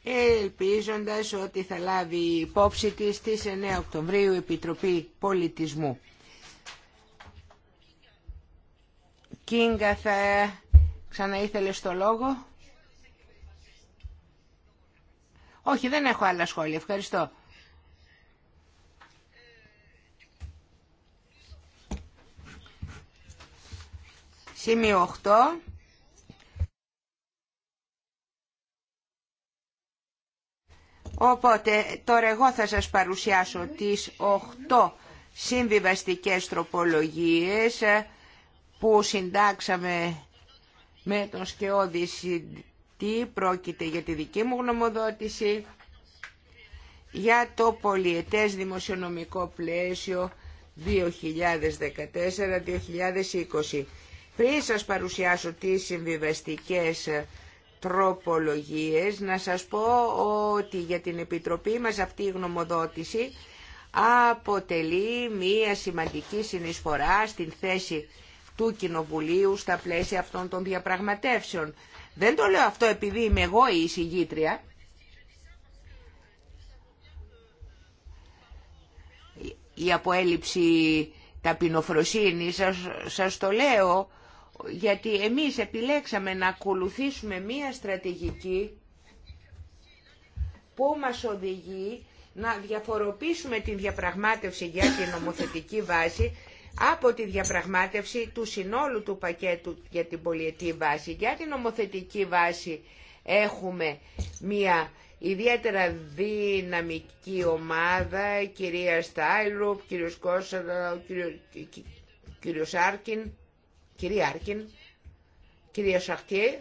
ελπίζοντας ότι θα λάβει υπόψη της στις 9 Οκτωβρίου Επιτροπή Πολιτισμού. Κίνγκα θα ξαναήθελε στο λόγο. Όχι, δεν έχω άλλα σχόλια. Ευχαριστώ. Σημείο 8. Οπότε τώρα εγώ θα σας παρουσιάσω τις 8 συμβιβαστικές τροπολογίες ε, που συντάξαμε με τον Σκεώδη τι πρόκειται για τη δική μου γνωμοδότηση για το πολιετές δημοσιονομικό πλαίσιο 2014-2020. Πριν σας παρουσιάσω τις συμβιβαστικές τροπολογίες. Να σας πω ότι για την Επιτροπή μας αυτή η γνωμοδότηση αποτελεί μία σημαντική συνεισφορά στην θέση του Κοινοβουλίου στα πλαίσια αυτών των διαπραγματεύσεων. Δεν το λέω αυτό επειδή είμαι εγώ η εισηγήτρια. Η αποέλλειψη ταπεινοφροσύνη σας, σας το λέω γιατί εμείς επιλέξαμε να ακολουθήσουμε μία στρατηγική που μας οδηγεί να διαφοροποιήσουμε την διαπραγμάτευση για την νομοθετική βάση από τη διαπραγμάτευση του συνόλου του πακέτου για την πολιτική βάση. Για την νομοθετική βάση έχουμε μία ιδιαίτερα δυναμική ομάδα, κυρία Στάιλρουπ, κύριος Κώστα, κύριο, Άρκιν, κυρία Άρκιν, κύριε Σαρτιέ,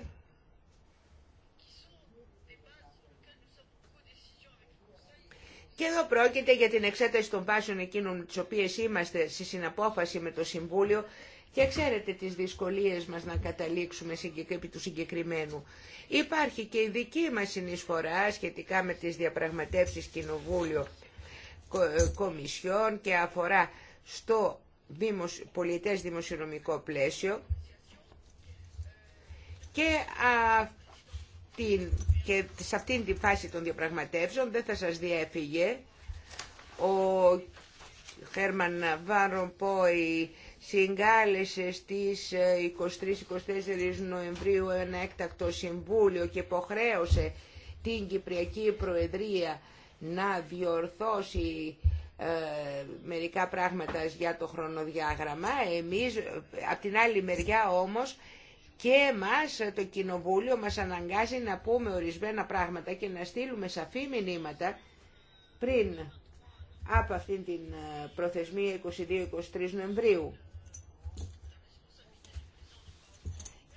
Και εδώ πρόκειται για την εξέταση των βάσεων εκείνων τις οποίες είμαστε στη συναπόφαση με το Συμβούλιο και ξέρετε τις δυσκολίες μας να καταλήξουμε επί του συγκεκριμένου. Υπάρχει και η δική μας συνεισφορά σχετικά με τις διαπραγματεύσεις Κοινοβούλιο Κομισιόν και αφορά στο πολιτές δημοσιονομικό πλαίσιο και, την και σε αυτήν τη φάση των διαπραγματεύσεων δεν θα σας διέφυγε ο Χέρμαν Βάρον Πόη συγκάλεσε στις 23-24 ε, Νοεμβρίου ένα έκτακτο συμβούλιο και υποχρέωσε την Κυπριακή Προεδρία να διορθώσει ε, μερικά πράγματα για το χρονοδιάγραμμα. Εμείς, από την άλλη μεριά όμως, και εμάς το Κοινοβούλιο μας αναγκάζει να πούμε ορισμένα πράγματα και να στείλουμε σαφή μηνύματα πριν από αυτήν την ε, προθεσμία 22-23 Νοεμβρίου.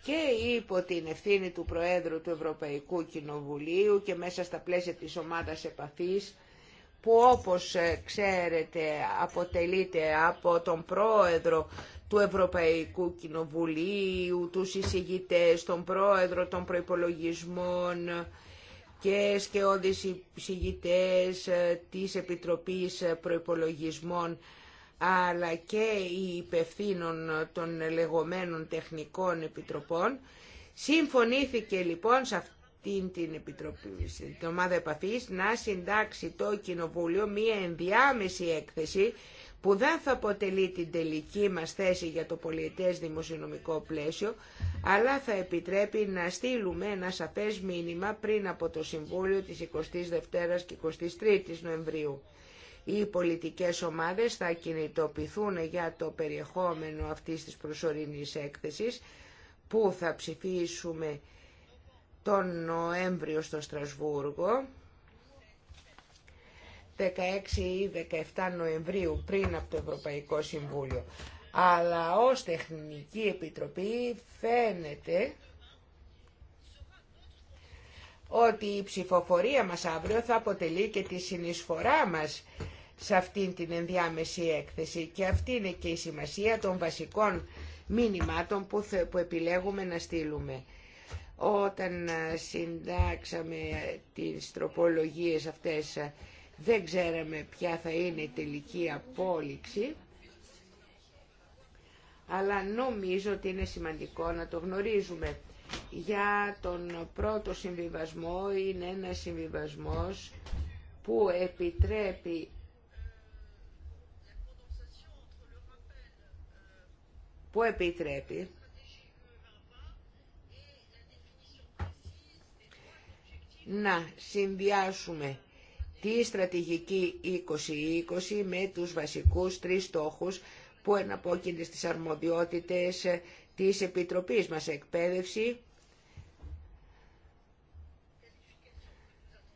και υπό την ευθύνη του Προέδρου του Ευρωπαϊκού Κοινοβουλίου και μέσα στα πλαίσια της ομάδας επαφής που όπως ε, ξέρετε αποτελείται από τον πρόεδρο του Ευρωπαϊκού Κοινοβουλίου, τους εισηγητές, τον πρόεδρο των προϋπολογισμών και σκεώδης εισηγητές ε, της Επιτροπής Προϋπολογισμών αλλά και οι υπευθύνων των λεγόμενων τεχνικών επιτροπών. Συμφωνήθηκε λοιπόν σε την επιτροπή, ομάδα επαφής, να συντάξει το Κοινοβούλιο μία ενδιάμεση έκθεση που δεν θα αποτελεί την τελική μας θέση για το πολιετές δημοσιονομικό πλαίσιο, αλλά θα επιτρέπει να στείλουμε ένα σαφές μήνυμα πριν από το Συμβούλιο της 22ης και 23 η Νοεμβρίου. Οι πολιτικές ομάδες θα κινητοποιηθούν για το περιεχόμενο αυτής της προσωρινής έκθεσης, που θα ψηφίσουμε τον Νοέμβριο στο Στρασβούργο, 16 ή 17 Νοεμβρίου πριν από το Ευρωπαϊκό Συμβούλιο. Αλλά ως Τεχνική Επιτροπή φαίνεται ότι η ψηφοφορία μας αύριο θα αποτελεί και τη συνεισφορά μας σε αυτήν την ενδιάμεση έκθεση και αυτή είναι και η σημασία των βασικών μήνυμάτων που, που επιλέγουμε να στείλουμε. Όταν συντάξαμε τις τροπολογίες αυτές δεν ξέραμε ποια θα είναι η τελική απόλυξη, αλλά νομίζω ότι είναι σημαντικό να το γνωρίζουμε. Για τον πρώτο συμβιβασμό είναι ένα συμβιβασμός που επιτρέπει που επιτρέπει να συνδυάσουμε τη στρατηγική 2020 με τους βασικούς τρεις στόχους που εναπόκεινται στις αρμοδιότητες της Επιτροπής μας εκπαίδευση,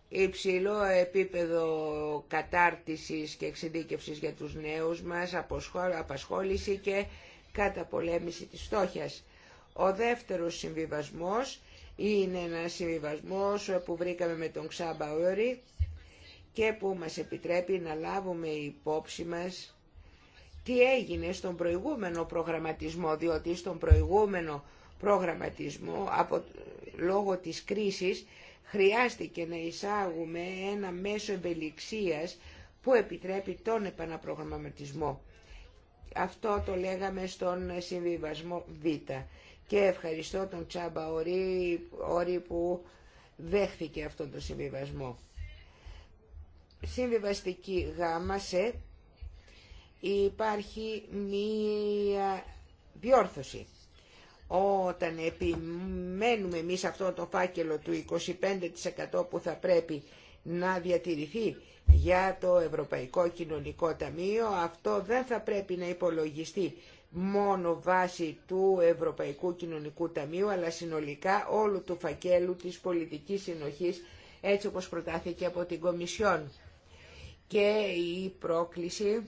υψηλό επίπεδο κατάρτισης και εξειδίκευσης για τους νέους μας, απασχόληση και καταπολέμηση της στόχιας. Ο δεύτερος συμβιβασμός είναι ένα συμβιβασμό που βρήκαμε με τον Ξάμπα και που μας επιτρέπει να λάβουμε υπόψη μας τι έγινε στον προηγούμενο προγραμματισμό, διότι στον προηγούμενο προγραμματισμό, από, λόγω της κρίσης, χρειάστηκε να εισάγουμε ένα μέσο εμπελιξίας που επιτρέπει τον επαναπρογραμματισμό. Αυτό το λέγαμε στον συμβιβασμό Β και ευχαριστώ τον Τσάμπα όρι που δέχθηκε αυτόν τον συμβιβασμό. Συμβιβαστική γάμα σε υπάρχει μία διόρθωση. Όταν επιμένουμε εμείς αυτό το φάκελο του 25% που θα πρέπει να διατηρηθεί για το Ευρωπαϊκό Κοινωνικό Ταμείο, αυτό δεν θα πρέπει να υπολογιστεί μόνο βάση του Ευρωπαϊκού Κοινωνικού Ταμείου, αλλά συνολικά όλου του φακέλου της πολιτικής συνοχής, έτσι όπως προτάθηκε από την Κομισιόν. Και η πρόκληση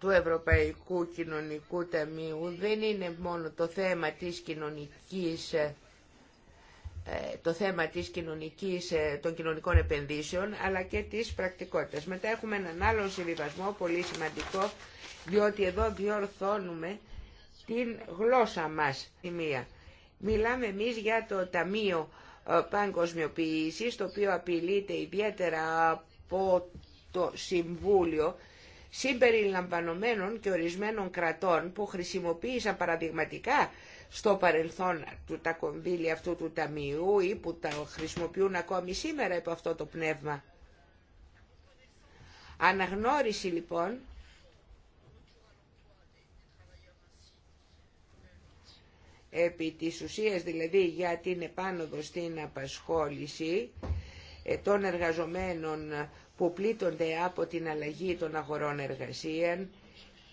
του Ευρωπαϊκού Κοινωνικού Ταμείου δεν είναι μόνο το θέμα της κοινωνικής ε, το θέμα της κοινωνικής, ε, των κοινωνικών επενδύσεων αλλά και της πρακτικότητας. Μετά έχουμε έναν άλλο συμβιβασμό πολύ σημαντικό διότι εδώ διορθώνουμε την γλώσσα μας. Μιλάμε εμείς για το Ταμείο ε, Παγκοσμιοποίησης το οποίο απειλείται ιδιαίτερα από το Συμβούλιο συμπεριλαμβανομένων και ορισμένων κρατών που χρησιμοποίησαν παραδειγματικά στο παρελθόν του τα κονδύλια αυτού του ταμείου ή που τα χρησιμοποιούν ακόμη σήμερα από αυτό το πνεύμα. Αναγνώριση λοιπόν επί της ουσίας δηλαδή για την επάνωδο στην απασχόληση ε, των εργαζομένων που πλήττονται από την αλλαγή των αγορών εργασίαν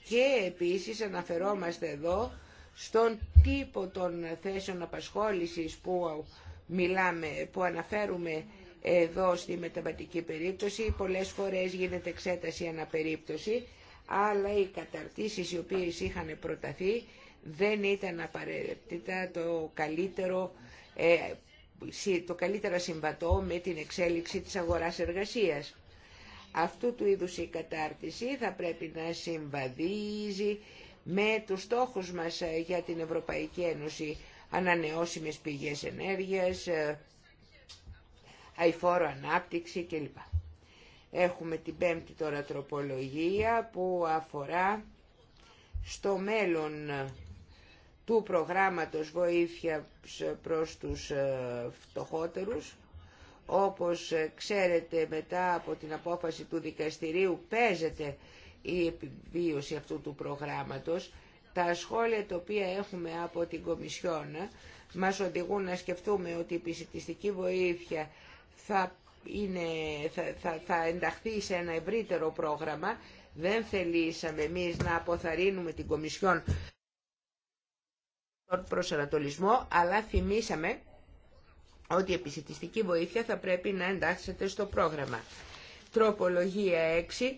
και επίσης αναφερόμαστε εδώ στον τύπο των θέσεων απασχόλησης που, μιλάμε, που αναφέρουμε εδώ στη μεταβατική περίπτωση. Πολλές φορές γίνεται εξέταση αναπερίπτωση, αλλά οι καταρτήσεις οι οποίες είχαν προταθεί δεν ήταν απαραίτητα το καλύτερο, ε, το καλύτερα συμβατό με την εξέλιξη της αγοράς εργασίας. Αυτού του είδους η κατάρτιση θα πρέπει να συμβαδίζει με τους στόχους μας ε, για την Ευρωπαϊκή Ένωση ανανεώσιμες πηγές ενέργειας, ε, αηφόρο ανάπτυξη κλπ. Έχουμε την πέμπτη τώρα τροπολογία που αφορά στο μέλλον του προγράμματος βοήθεια προς τους ε, φτωχότερους. Όπως ξέρετε μετά από την απόφαση του δικαστηρίου παίζεται η επιβίωση αυτού του προγράμματος. Τα σχόλια τα οποία έχουμε από την Κομισιόν μας οδηγούν να σκεφτούμε ότι η επισητιστική βοήθεια θα, είναι, θα, θα, ενταχθεί σε ένα ευρύτερο πρόγραμμα. Δεν θελήσαμε εμείς να αποθαρρύνουμε την Κομισιόν τον προσανατολισμό, αλλά θυμήσαμε ότι η επισητιστική βοήθεια θα πρέπει να εντάξεται στο πρόγραμμα. Τροπολογία 6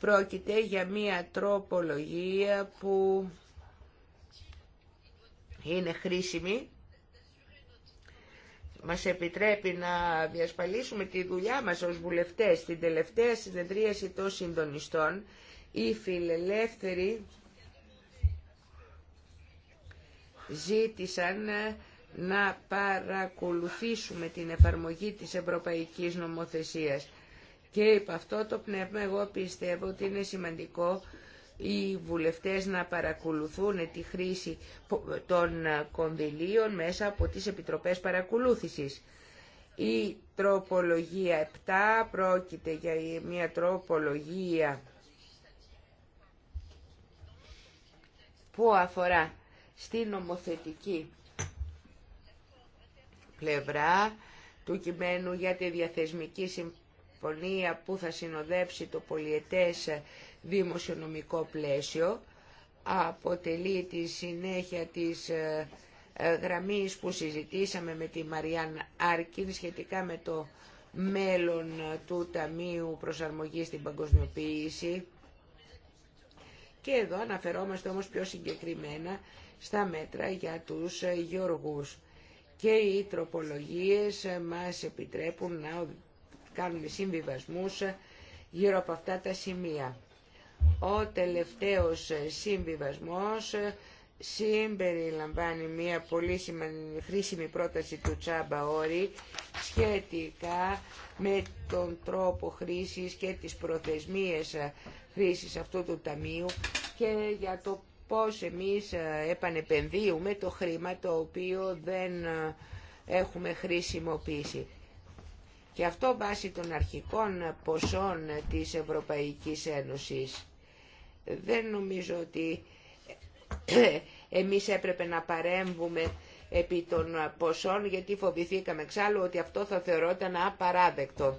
Πρόκειται για μία τροπολογία που είναι χρήσιμη. Μας επιτρέπει να διασφαλίσουμε τη δουλειά μας ως βουλευτές. Στην τελευταία συνεδρίαση των συντονιστών, οι φιλελεύθεροι ζήτησαν να παρακολουθήσουμε την εφαρμογή της ευρωπαϊκής νομοθεσίας. Και από αυτό το πνεύμα εγώ πιστεύω ότι είναι σημαντικό οι βουλευτές να παρακολουθούν τη χρήση των κονδυλίων μέσα από τις επιτροπές παρακολούθησης. Η τροπολογία 7 πρόκειται για μια τροπολογία που αφορά στην νομοθετική πλευρά του κειμένου για τη διαθεσμική συμφωνία που θα συνοδέψει το πολιετές δημοσιονομικό πλαίσιο αποτελεί τη συνέχεια της ε, ε, γραμμής που συζητήσαμε με τη Μαριάν Άρκιν σχετικά με το μέλλον του Ταμείου Προσαρμογής στην Παγκοσμιοποίηση και εδώ αναφερόμαστε όμως πιο συγκεκριμένα στα μέτρα για τους γεωργούς και οι τροπολογίες μας επιτρέπουν να κάνουμε συμβιβασμούς γύρω από αυτά τα σημεία. Ο τελευταίος συμβιβασμός συμπεριλαμβάνει μια πολύ χρήσιμη πρόταση του Τσάμπα Όρη σχετικά με τον τρόπο χρήσης και τις προθεσμίες χρήσης αυτού του ταμείου και για το πώς εμείς επανεπενδύουμε το χρήμα το οποίο δεν έχουμε χρησιμοποιήσει. Και αυτό βάσει των αρχικών ποσών της Ευρωπαϊκής Ένωσης. Δεν νομίζω ότι εμείς έπρεπε να παρέμβουμε επί των ποσών γιατί φοβηθήκαμε εξάλλου ότι αυτό θα θεωρόταν απαράδεκτο.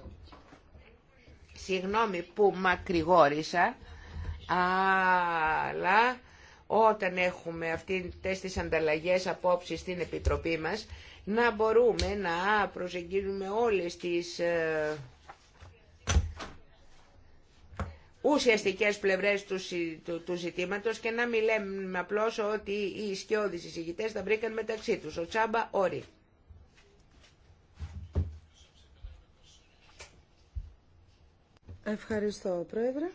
Συγγνώμη που μακρηγόρησα, αλλά όταν έχουμε αυτές τις ανταλλαγές απόψεις στην Επιτροπή μας, να μπορούμε να προσεγγίζουμε όλες τις ε, ουσιαστικές πλευρές του, του, ζητήματος και να μην λέμε απλώς ότι οι ισχυώδεις εισηγητές τα βρήκαν μεταξύ τους. Ο Τσάμπα όρι. Ευχαριστώ, Πρόεδρε.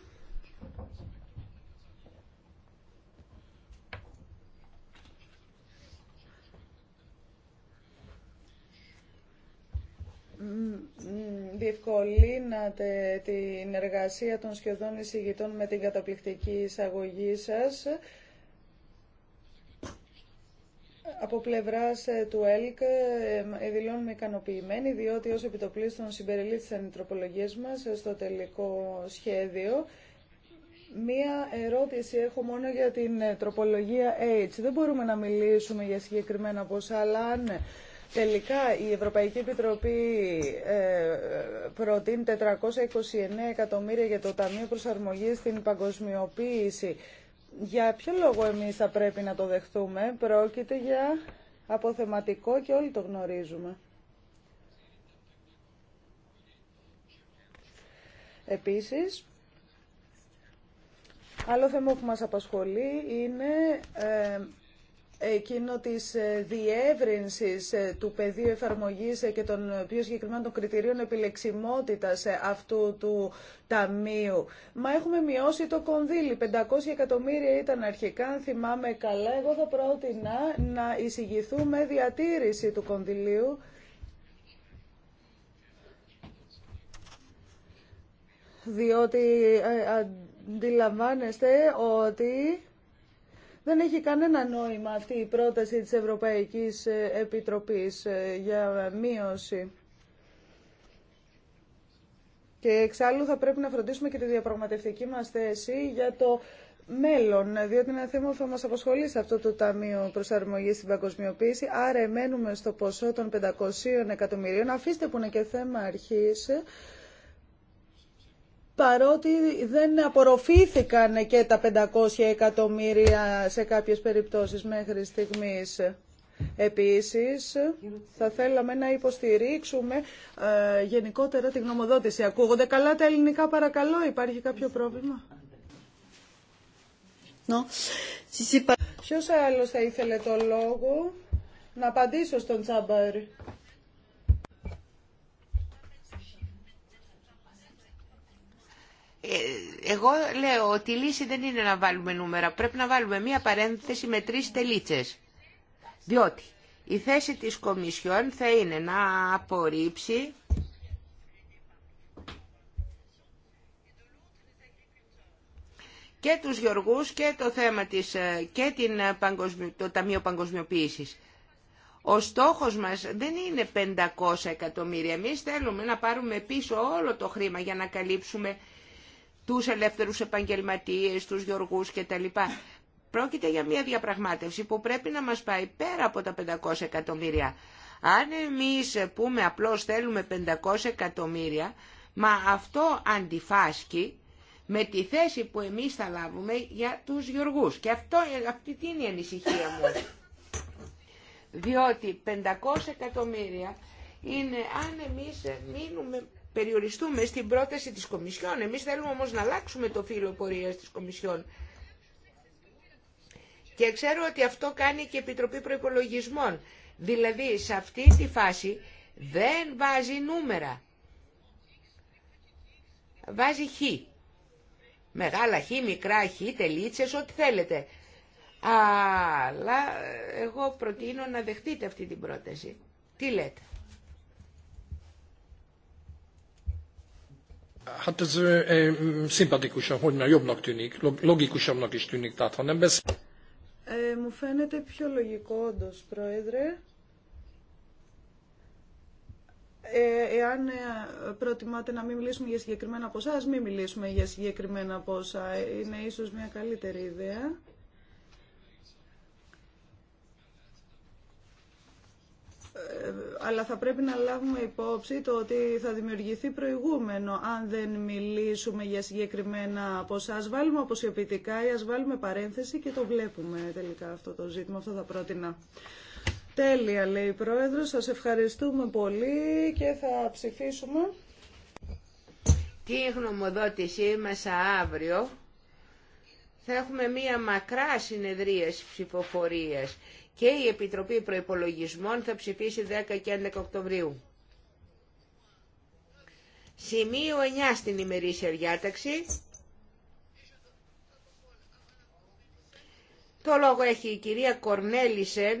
διευκολύνατε την εργασία των σχεδόν εισηγητών με την καταπληκτική εισαγωγή σας. Από πλευρά ε, του ΕΛΚ ε, ε, δηλώνουμε ικανοποιημένοι, διότι ως επιτοπλίστων συμπεριλήφθησαν οι τροπολογίες μας στο τελικό σχέδιο. Μία ερώτηση έχω μόνο για την τροπολογία H. Δεν μπορούμε να μιλήσουμε για συγκεκριμένα ποσά, αλλά αν Τελικά η Ευρωπαϊκή Επιτροπή ε, προτείνει 429 εκατομμύρια για το Ταμείο Προσαρμογής στην Παγκοσμιοποίηση. Για ποιο λόγο εμείς θα πρέπει να το δεχθούμε. Πρόκειται για αποθεματικό και όλοι το γνωρίζουμε. Επίσης, άλλο θέμα που μας απασχολεί είναι ε, εκείνο της ε, διεύρυνσης ε, του πεδίου εφαρμογής ε, και των πιο συγκεκριμένων των κριτηρίων επιλεξιμότητας αυτού του ταμείου. Μα έχουμε μειώσει το κονδύλι. 500 εκατομμύρια ήταν αρχικά, αν θυμάμαι καλά. Εγώ θα πρότεινα να εισηγηθούμε διατήρηση του κονδυλίου. Διότι αντιλαμβάνεστε ότι δεν έχει κανένα νόημα αυτή η πρόταση της Ευρωπαϊκής ε, Επιτροπής ε, για μείωση. Και εξάλλου θα πρέπει να φροντίσουμε και τη διαπραγματευτική μας θέση για το μέλλον, διότι είναι θέμα που θα μας απασχολεί σε αυτό το Ταμείο Προσαρμογής στην Παγκοσμιοποίηση. Άρα εμένουμε στο ποσό των 500 εκατομμυρίων. Αφήστε που είναι και θέμα αρχής παρότι δεν απορροφήθηκαν και τα 500 εκατομμύρια σε κάποιες περιπτώσεις μέχρι στιγμής. Επίσης, θα θέλαμε να υποστηρίξουμε ε, γενικότερα τη γνωμοδότηση. Ακούγονται καλά τα ελληνικά, παρακαλώ. Υπάρχει κάποιο πρόβλημα. No. Ποιος άλλος θα ήθελε το λόγο να απαντήσω στον Τσάμπαρη. Ε, εγώ λέω ότι η λύση δεν είναι να βάλουμε νούμερα. Πρέπει να βάλουμε μία παρένθεση με τρεις τελίτσες. Διότι η θέση της Κομισιόν θα είναι να απορρίψει και τους Γιωργούς και το θέμα της ε, και την, ε, το Ταμείο Παγκοσμιοποίησης. Ο στόχος μας δεν είναι 500 εκατομμύρια. Εμεί θέλουμε να πάρουμε πίσω όλο το χρήμα για να καλύψουμε τους ελεύθερους επαγγελματίες, τους γεωργούς κτλ. Πρόκειται για μια διαπραγμάτευση που πρέπει να μας πάει πέρα από τα 500 εκατομμύρια. Αν εμείς πούμε απλώς θέλουμε 500 εκατομμύρια, μα αυτό αντιφάσκει με τη θέση που εμείς θα λάβουμε για τους γεωργούς. Και αυτό, αυτή είναι η ανησυχία μου. Διότι 500 εκατομμύρια είναι αν εμείς μείνουμε περιοριστούμε στην πρόταση της Κομισιόν. Εμείς θέλουμε όμως να αλλάξουμε το φύλλο πορείας της Κομισιόν. Και ξέρω ότι αυτό κάνει και η Επιτροπή Προϋπολογισμών. Δηλαδή, σε αυτή τη φάση δεν βάζει νούμερα. Βάζει χ. Μεγάλα χ, μικρά χ, τελίτσες, ό,τι θέλετε. Αλλά εγώ προτείνω να δεχτείτε αυτή την πρόταση. Τι λέτε. μου φαίνεται πιο λογικό όντω, Πρόεδρε. εάν ε, προτιμάτε να μην μιλήσουμε για συγκεκριμένα ποσά, ας μην μιλήσουμε για συγκεκριμένα ποσά. Είναι ίσως μια καλύτερη ιδέα. Ε, αλλά θα πρέπει να λάβουμε υπόψη το ότι θα δημιουργηθεί προηγούμενο αν δεν μιλήσουμε για συγκεκριμένα ποσά. Ας βάλουμε αποσιοποιητικά ή ας βάλουμε παρένθεση και το βλέπουμε τελικά αυτό το ζήτημα, αυτό θα πρότεινα. Τέλεια λέει η Πρόεδρος, σας ευχαριστούμε πολύ και θα ψηφίσουμε. Τι γνωμοδότησή μας αύριο θα έχουμε μία μακρά συνεδρίαση ψηφοφορίας και η Επιτροπή Προϋπολογισμών θα ψηφίσει 10 και 11 Οκτωβρίου. Σημείο 9 στην ημερήσια διάταξη. Το λόγο έχει η κυρία Κορνέλισεν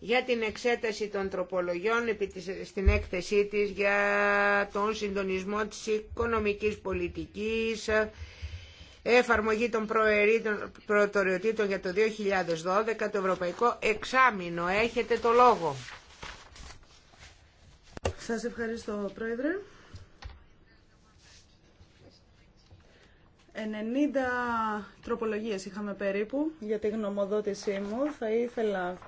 για την εξέταση των τροπολογιών στην έκθεσή της για τον συντονισμό της οικονομικής πολιτικής εφαρμογή των προτεραιοτήτων για το 2012, το Ευρωπαϊκό Εξάμεινο. Έχετε το λόγο. Σας ευχαριστώ, Πρόεδρε. 90 τροπολογίες είχαμε περίπου για τη γνωμοδότησή μου. Θα ήθελα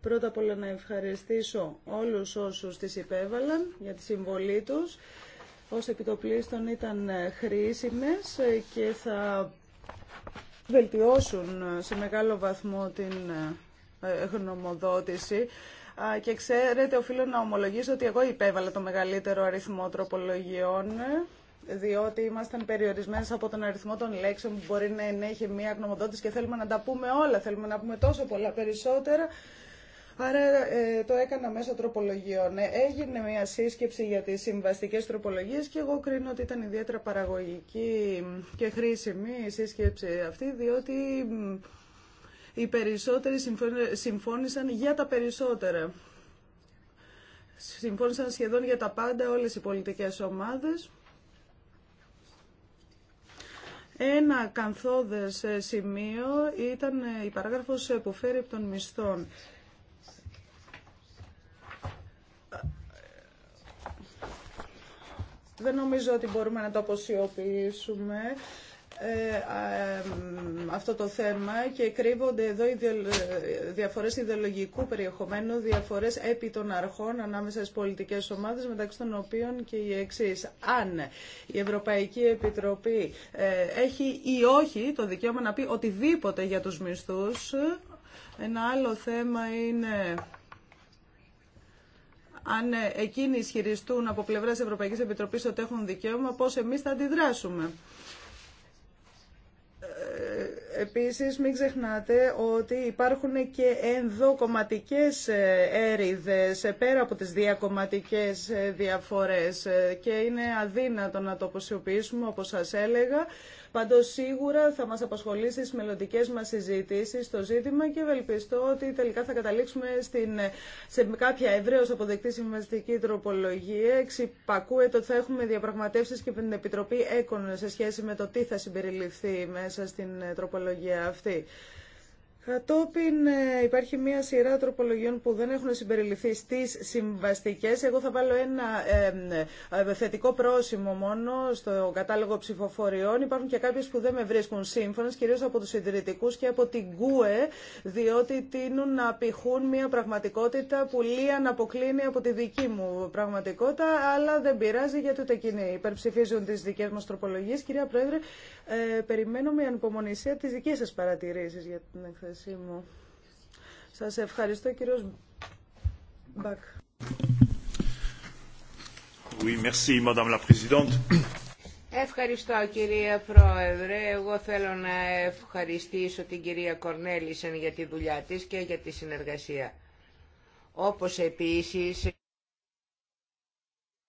πρώτα απ' όλα να ευχαριστήσω όλους όσους τις υπέβαλαν για τη συμβολή τους ως επιτοπλίστων ήταν ε, χρήσιμες ε, και θα βελτιώσουν ε, σε μεγάλο βαθμό την γνωμοδότηση. Και ξέρετε, οφείλω να ομολογήσω ότι εγώ υπέβαλα το μεγαλύτερο αριθμό τροπολογιών, διότι ήμασταν περιορισμένες από τον αριθμό των λέξεων που μπορεί να ενέχει μία γνωμοδότηση και θέλουμε να τα πούμε όλα, θέλουμε να πούμε τόσο πολλά περισσότερα Άρα ε, το έκανα μέσω τροπολογιών. Ε, έγινε μια σύσκεψη για τις συμβαστικές τροπολογίες και εγώ κρίνω ότι ήταν ιδιαίτερα παραγωγική και χρήσιμη η σύσκεψη αυτή, διότι οι περισσότεροι συμφώνησαν για τα περισσότερα. Συμφώνησαν σχεδόν για τα πάντα όλες οι πολιτικές ομάδες. Ένα κανθόδες ε, σημείο ήταν η παράγραφος που φέρει από των μισθών. Δεν νομίζω ότι μπορούμε να το αποσιοποιήσουμε ε, ε, αυτό το θέμα και κρύβονται εδώ οι διαφορές ιδεολογικού περιεχομένου, διαφορές επί των αρχών ανάμεσα στις πολιτικές ομάδες μεταξύ των οποίων και οι εξή. Αν η Ευρωπαϊκή Επιτροπή ε, έχει ή όχι το δικαίωμα να πει οτιδήποτε για τους μισθούς, ένα άλλο θέμα είναι αν ε, εκείνοι ισχυριστούν από πλευρά Ευρωπαϊκή Επιτροπή ότι έχουν δικαίωμα, πώ εμεί θα αντιδράσουμε. Ε, επίσης μην ξεχνάτε ότι υπάρχουν και ενδοκομματικές ε, έρηδες πέρα από τις διακομματικές διαφορές και είναι αδύνατο να το αποσιοποιήσουμε όπως σας έλεγα. Πάντως σίγουρα θα μας απασχολήσει στις μελλοντικέ μας συζητήσεις το ζήτημα και ευελπιστώ ότι τελικά θα καταλήξουμε στην, σε κάποια ευρέως αποδεκτή συμβαστική τροπολογία. Εξυπακούεται ότι θα έχουμε διαπραγματεύσεις και με την Επιτροπή Έκων σε σχέση με το τι θα συμπεριληφθεί μέσα στην τροπολογία αυτή. Κατόπιν ε, υπάρχει μία σειρά τροπολογιών που δεν έχουν συμπεριληφθεί στις συμβαστικές. Εγώ θα βάλω ένα ε, ε, θετικό πρόσημο μόνο στο κατάλογο ψηφοφοριών. Υπάρχουν και κάποιες που δεν με βρίσκουν σύμφωνες, κυρίως από τους συντηρητικούς και από την ΚΟΕ, διότι τείνουν να πηχούν μία πραγματικότητα που λίγαν αποκλίνει από τη δική μου πραγματικότητα, αλλά δεν πειράζει γιατί ούτε εκείνοι υπερψηφίζουν τις δικές μας τροπολογίες. Κυρία Πρόεδρε, ε, περιμένω με ανυπομονησία τις δικές σας παρατηρήσεις για την εκθεσή μου. Σας ευχαριστώ κύριος Μπακ. Oui, merci, Madame la Présidente. Ευχαριστώ κυρία Πρόεδρε. Εγώ θέλω να ευχαριστήσω την κυρία Κορνέλισεν για τη δουλειά της και για τη συνεργασία. Όπως επίσης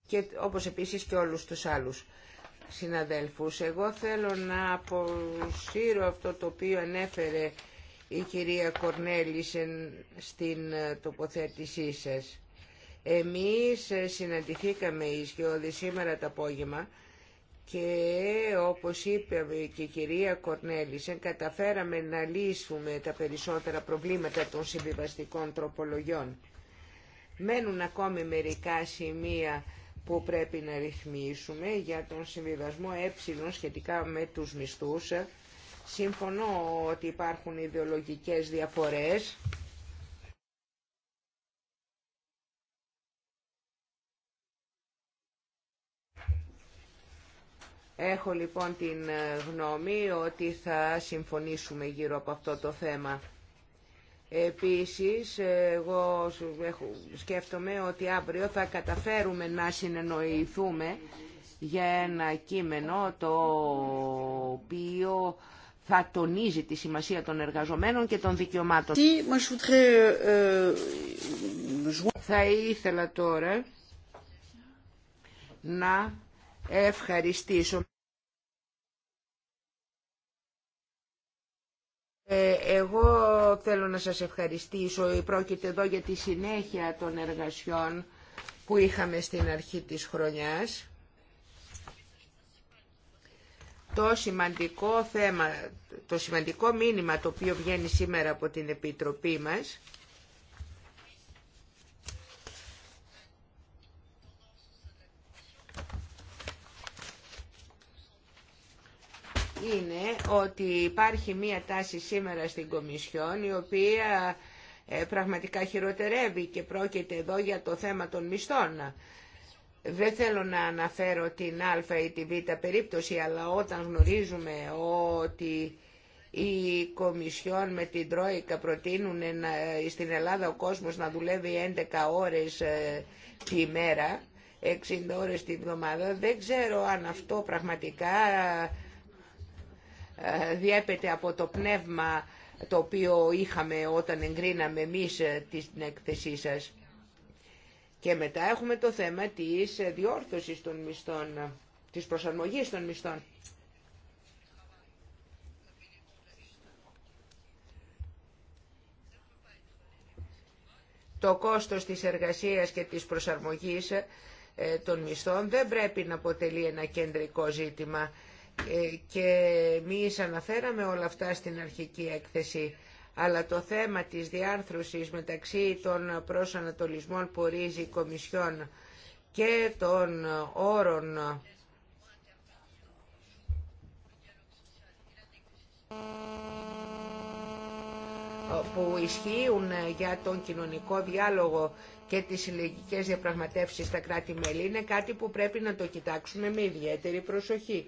και, όπως επίσης και όλους τους άλλους συναδέλφους. Εγώ θέλω να αποσύρω αυτό το οποίο ανέφερε η κυρία Κορνέλησεν στην ε, τοποθέτησή σας. Εμείς ε, συναντηθήκαμε οι σήμερα το απόγευμα και όπως είπε και η κυρία Κορνέλησεν καταφέραμε να λύσουμε τα περισσότερα προβλήματα των συμβιβαστικών τροπολογιών. Μένουν ακόμη μερικά σημεία που πρέπει να ρυθμίσουμε για τον συμβιβασμό ε σχετικά με τους μισθούς. Συμφωνώ ότι υπάρχουν ιδεολογικές διαφορές. Έχω λοιπόν την γνώμη ότι θα συμφωνήσουμε γύρω από αυτό το θέμα. Επίσης, εγώ σκέφτομαι ότι αύριο θα καταφέρουμε να συνεννοηθούμε για ένα κείμενο το οποίο θα τονίζει τη σημασία των εργαζομένων και των δικαιωμάτων. Ε, θα ήθελα τώρα να ευχαριστήσω Ε, εγώ θέλω να σας ευχαριστήσω. Ε, πρόκειται εδώ για τη συνέχεια των εργασιών που είχαμε στην αρχή της χρονιάς. Το σημαντικό θέμα, το σημαντικό μήνυμα το οποίο βγαίνει σήμερα από την Επιτροπή μας είναι ότι υπάρχει μία τάση σήμερα στην Κομισιόν η οποία ε, πραγματικά χειροτερεύει και πρόκειται εδώ για το θέμα των μισθών. Δεν θέλω να αναφέρω την α ή την β περίπτωση, αλλά όταν γνωρίζουμε ότι η Κομισιόν με την Τρόικα προτείνουν στην Ελλάδα ο κόσμος να δουλεύει 11 ώρες ε, τη μέρα, 60 ώρες τη βδομάδα, δεν ξέρω αν αυτό πραγματικά διέπεται από το πνεύμα το οποίο είχαμε όταν εγκρίναμε εμείς ε, την εκθεσή σας. Και μετά έχουμε το θέμα της ε, διόρθωσης των μισθών, ε, της προσαρμογής των μισθών. Το κόστος της εργασίας και της προσαρμογής των μισθών δεν πρέπει να αποτελεί ένα κεντρικό ζήτημα ε, και εμεί αναφέραμε όλα αυτά στην αρχική έκθεση αλλά το θέμα της διάρθρωσης μεταξύ των προσανατολισμών που ορίζει η Κομισιόν και των όρων που ισχύουν για τον κοινωνικό διάλογο και τις συλλογικές διαπραγματεύσεις στα κράτη-μέλη είναι κάτι που πρέπει να το κοιτάξουμε με ιδιαίτερη προσοχή.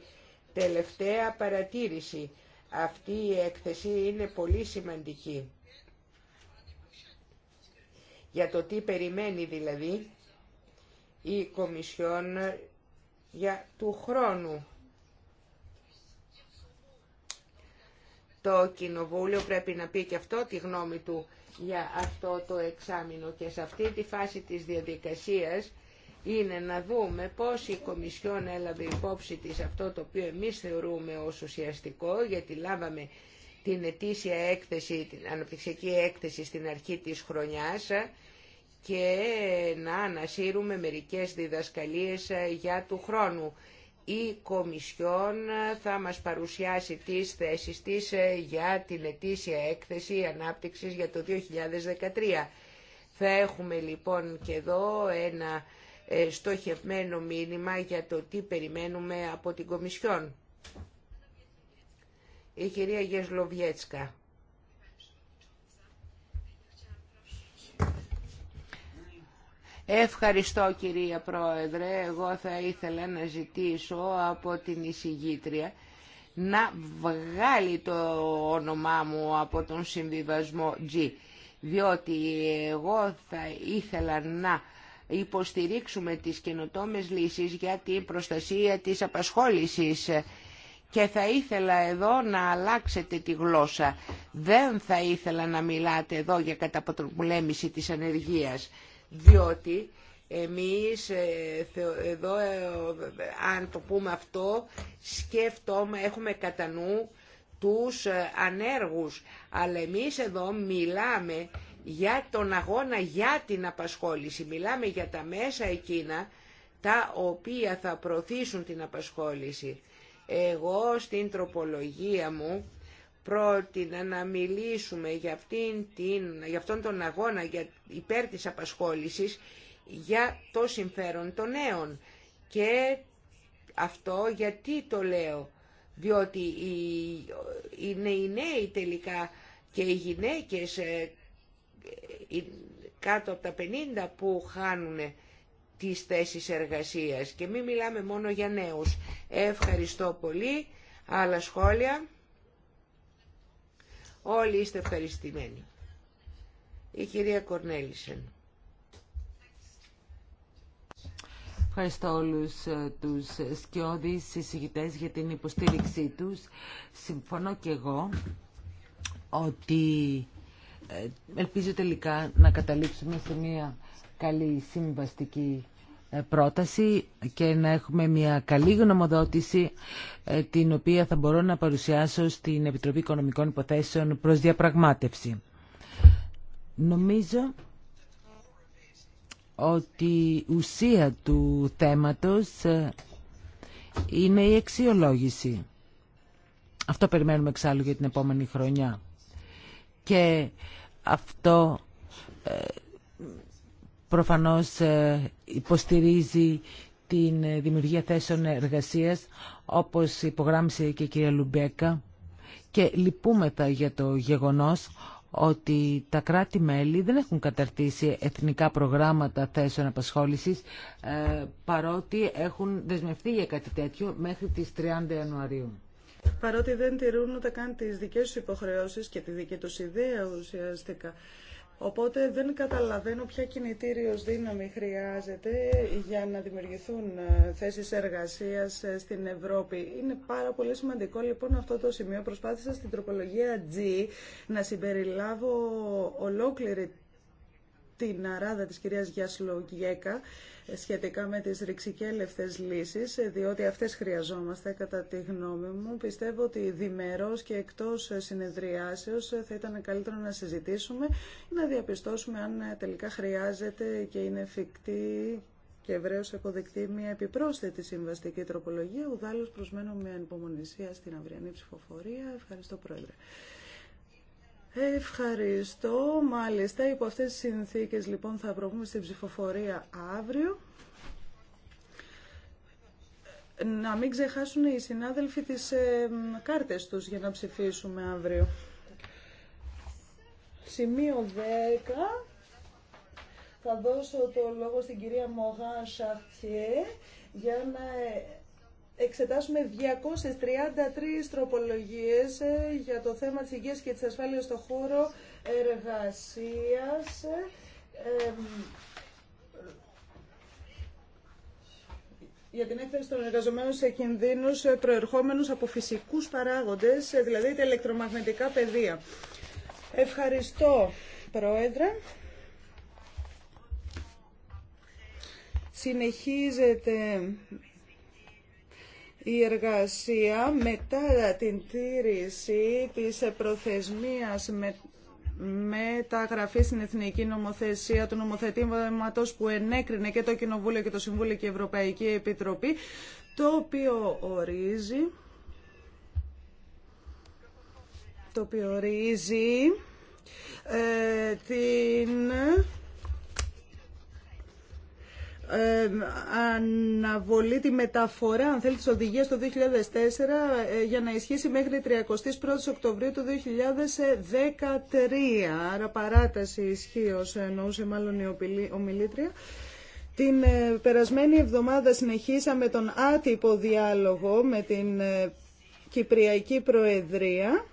Τελευταία παρατήρηση. Αυτή η έκθεση είναι πολύ σημαντική. Για το τι περιμένει δηλαδή η Κομισιόν για του χρόνου. Το Κοινοβούλιο πρέπει να πει και αυτό τη γνώμη του για αυτό το εξάμεινο και σε αυτή τη φάση της διαδικασίας είναι να δούμε πώς η Κομισιόν έλαβε υπόψη της αυτό το οποίο εμείς θεωρούμε ως ουσιαστικό, γιατί λάβαμε την ετήσια έκθεση, την αναπτυξιακή έκθεση στην αρχή της χρονιάς και να ανασύρουμε μερικές διδασκαλίες ε, για του χρόνου. Η Κομισιόν ε, θα μας παρουσιάσει τις θέσεις της ε, για την ετήσια έκθεση ανάπτυξης για το 2013. Θα έχουμε λοιπόν και εδώ ένα ε, στοχευμένο μήνυμα για το τι περιμένουμε από την Κομισιόν. Η κυρία Γεσλοβιέτσκα. Ευχαριστώ κυρία Πρόεδρε. Εγώ θα ήθελα να ζητήσω από την εισηγήτρια να βγάλει το όνομά μου από τον συμβιβασμό G. Διότι εγώ θα ήθελα να υποστηρίξουμε τις καινοτόμες λύσεις για την προστασία της απασχόλησης. Και θα ήθελα εδώ να αλλάξετε τη γλώσσα. Δεν θα ήθελα να μιλάτε εδώ για καταπολέμηση της ανεργίας, διότι εμείς ε, εδώ, ε, αν το πούμε αυτό, σκέφτομαι, έχουμε κατά νου τους ε, ανέργους. Αλλά εμείς εδώ μιλάμε για τον αγώνα για την απασχόληση. Μιλάμε για τα μέσα εκείνα τα οποία θα προωθήσουν την απασχόληση. Εγώ στην τροπολογία μου πρότεινα να μιλήσουμε για, αυτήν την, για αυτόν τον αγώνα για, υπέρ της απασχόλησης για το συμφέρον των νέων. Και αυτό γιατί το λέω. Διότι οι, είναι οι νέοι τελικά και οι γυναίκες ε, ε, ε, κάτω από τα 50 που χάνουν τις θέσεις εργασίας και μην μιλάμε μόνο για νέους. Ευχαριστώ πολύ. Άλλα σχόλια. Όλοι είστε ευχαριστημένοι. Η κυρία Κορνέλησεν. Ευχαριστώ όλους ε, τους σκιώδεις συζητητές για την υποστήριξή τους. Συμφωνώ και εγώ ότι ε, ελπίζω τελικά να καταλήξουμε σε μια καλή συμβαστική ε, πρόταση και να έχουμε μια καλή γνωμοδότηση ε, την οποία θα μπορώ να παρουσιάσω στην Επιτροπή Οικονομικών Υποθέσεων προς διαπραγμάτευση. Νομίζω ότι ουσία του θέματος είναι η αξιολόγηση. Αυτό περιμένουμε εξάλλου για την επόμενη χρονιά. Και αυτό ε, προφανώς ε, υποστηρίζει την δημιουργία θέσεων εργασίας, όπως υπογράμμισε και η κυρία Λουμπέκα. Και λυπούμεθα για το γεγονός ότι τα κράτη-μέλη δεν έχουν καταρτήσει εθνικά προγράμματα θέσεων απασχόλησης ε, παρότι έχουν δεσμευτεί για κάτι τέτοιο μέχρι τις 30 Ιανουαρίου παρότι δεν τηρούν ούτε καν τις δικές τους υποχρεώσεις και τη δική τους ιδέα ουσιαστικά. Οπότε δεν καταλαβαίνω ποια κινητήριος δύναμη χρειάζεται για να δημιουργηθούν ε, θέσεις εργασίας ε, στην Ευρώπη. Είναι πάρα πολύ σημαντικό λοιπόν αυτό το σημείο. Προσπάθησα στην τροπολογία G να συμπεριλάβω ολόκληρη την αράδα της κυρίας Γιασλογιέκα σχετικά με τις ρηξικέλευτες λύσεις, διότι αυτές χρειαζόμαστε κατά τη γνώμη μου. Πιστεύω ότι διμερός και εκτός συνεδριάσεως θα ήταν καλύτερο να συζητήσουμε ή να διαπιστώσουμε αν τελικά χρειάζεται και είναι εφικτή και ευρέως αποδεκτεί μια επιπρόσθετη συμβαστική τροπολογία. Ουδάλλως προσμένω με ανυπομονησία στην αυριανή ψηφοφορία. Ευχαριστώ Πρόεδρε. Ευχαριστώ. Μάλιστα, υπό αυτές τις συνθήκες λοιπόν θα προβούμε στην ψηφοφορία αύριο. Να μην ξεχάσουν οι συνάδελφοι τις ε, κάρτες τους για να ψηφίσουμε αύριο. Σημείο 10. Θα δώσω το λόγο στην κυρία Μογά Σαχτιέ για να ε, εξετάσουμε 233 τροπολογίες ε, για το θέμα της υγείας και της ασφάλειας στον χώρο εργασίας. για την έκθεση των εργαζομένων σε κινδύνους ε, προερχόμενους από φυσικούς παράγοντες, ε, δηλαδή τα ηλεκτρομαγνητικά πεδία. Ευχαριστώ, Πρόεδρε. Συνεχίζεται η εργασία μετά την τήρηση της προθεσμίας με, μεταγραφή στην Εθνική Νομοθεσία του νομοθετήματος που ενέκρινε και το Κοινοβούλιο και το Συμβούλιο και η Ευρωπαϊκή Επιτροπή, το οποίο ορίζει το οποίο ορίζει ε, την Αναβολή τη μεταφορά, αν θέλει, της οδηγίας το 2004 ε, για να ισχύσει μέχρι 31 Οκτωβρίου του 2013. Άρα παράταση ισχύως εννοούσε μάλλον η ομιλήτρια. Την ε, περασμένη εβδομάδα συνεχίσαμε τον άτυπο διάλογο με την ε, Κυπριακή Προεδρία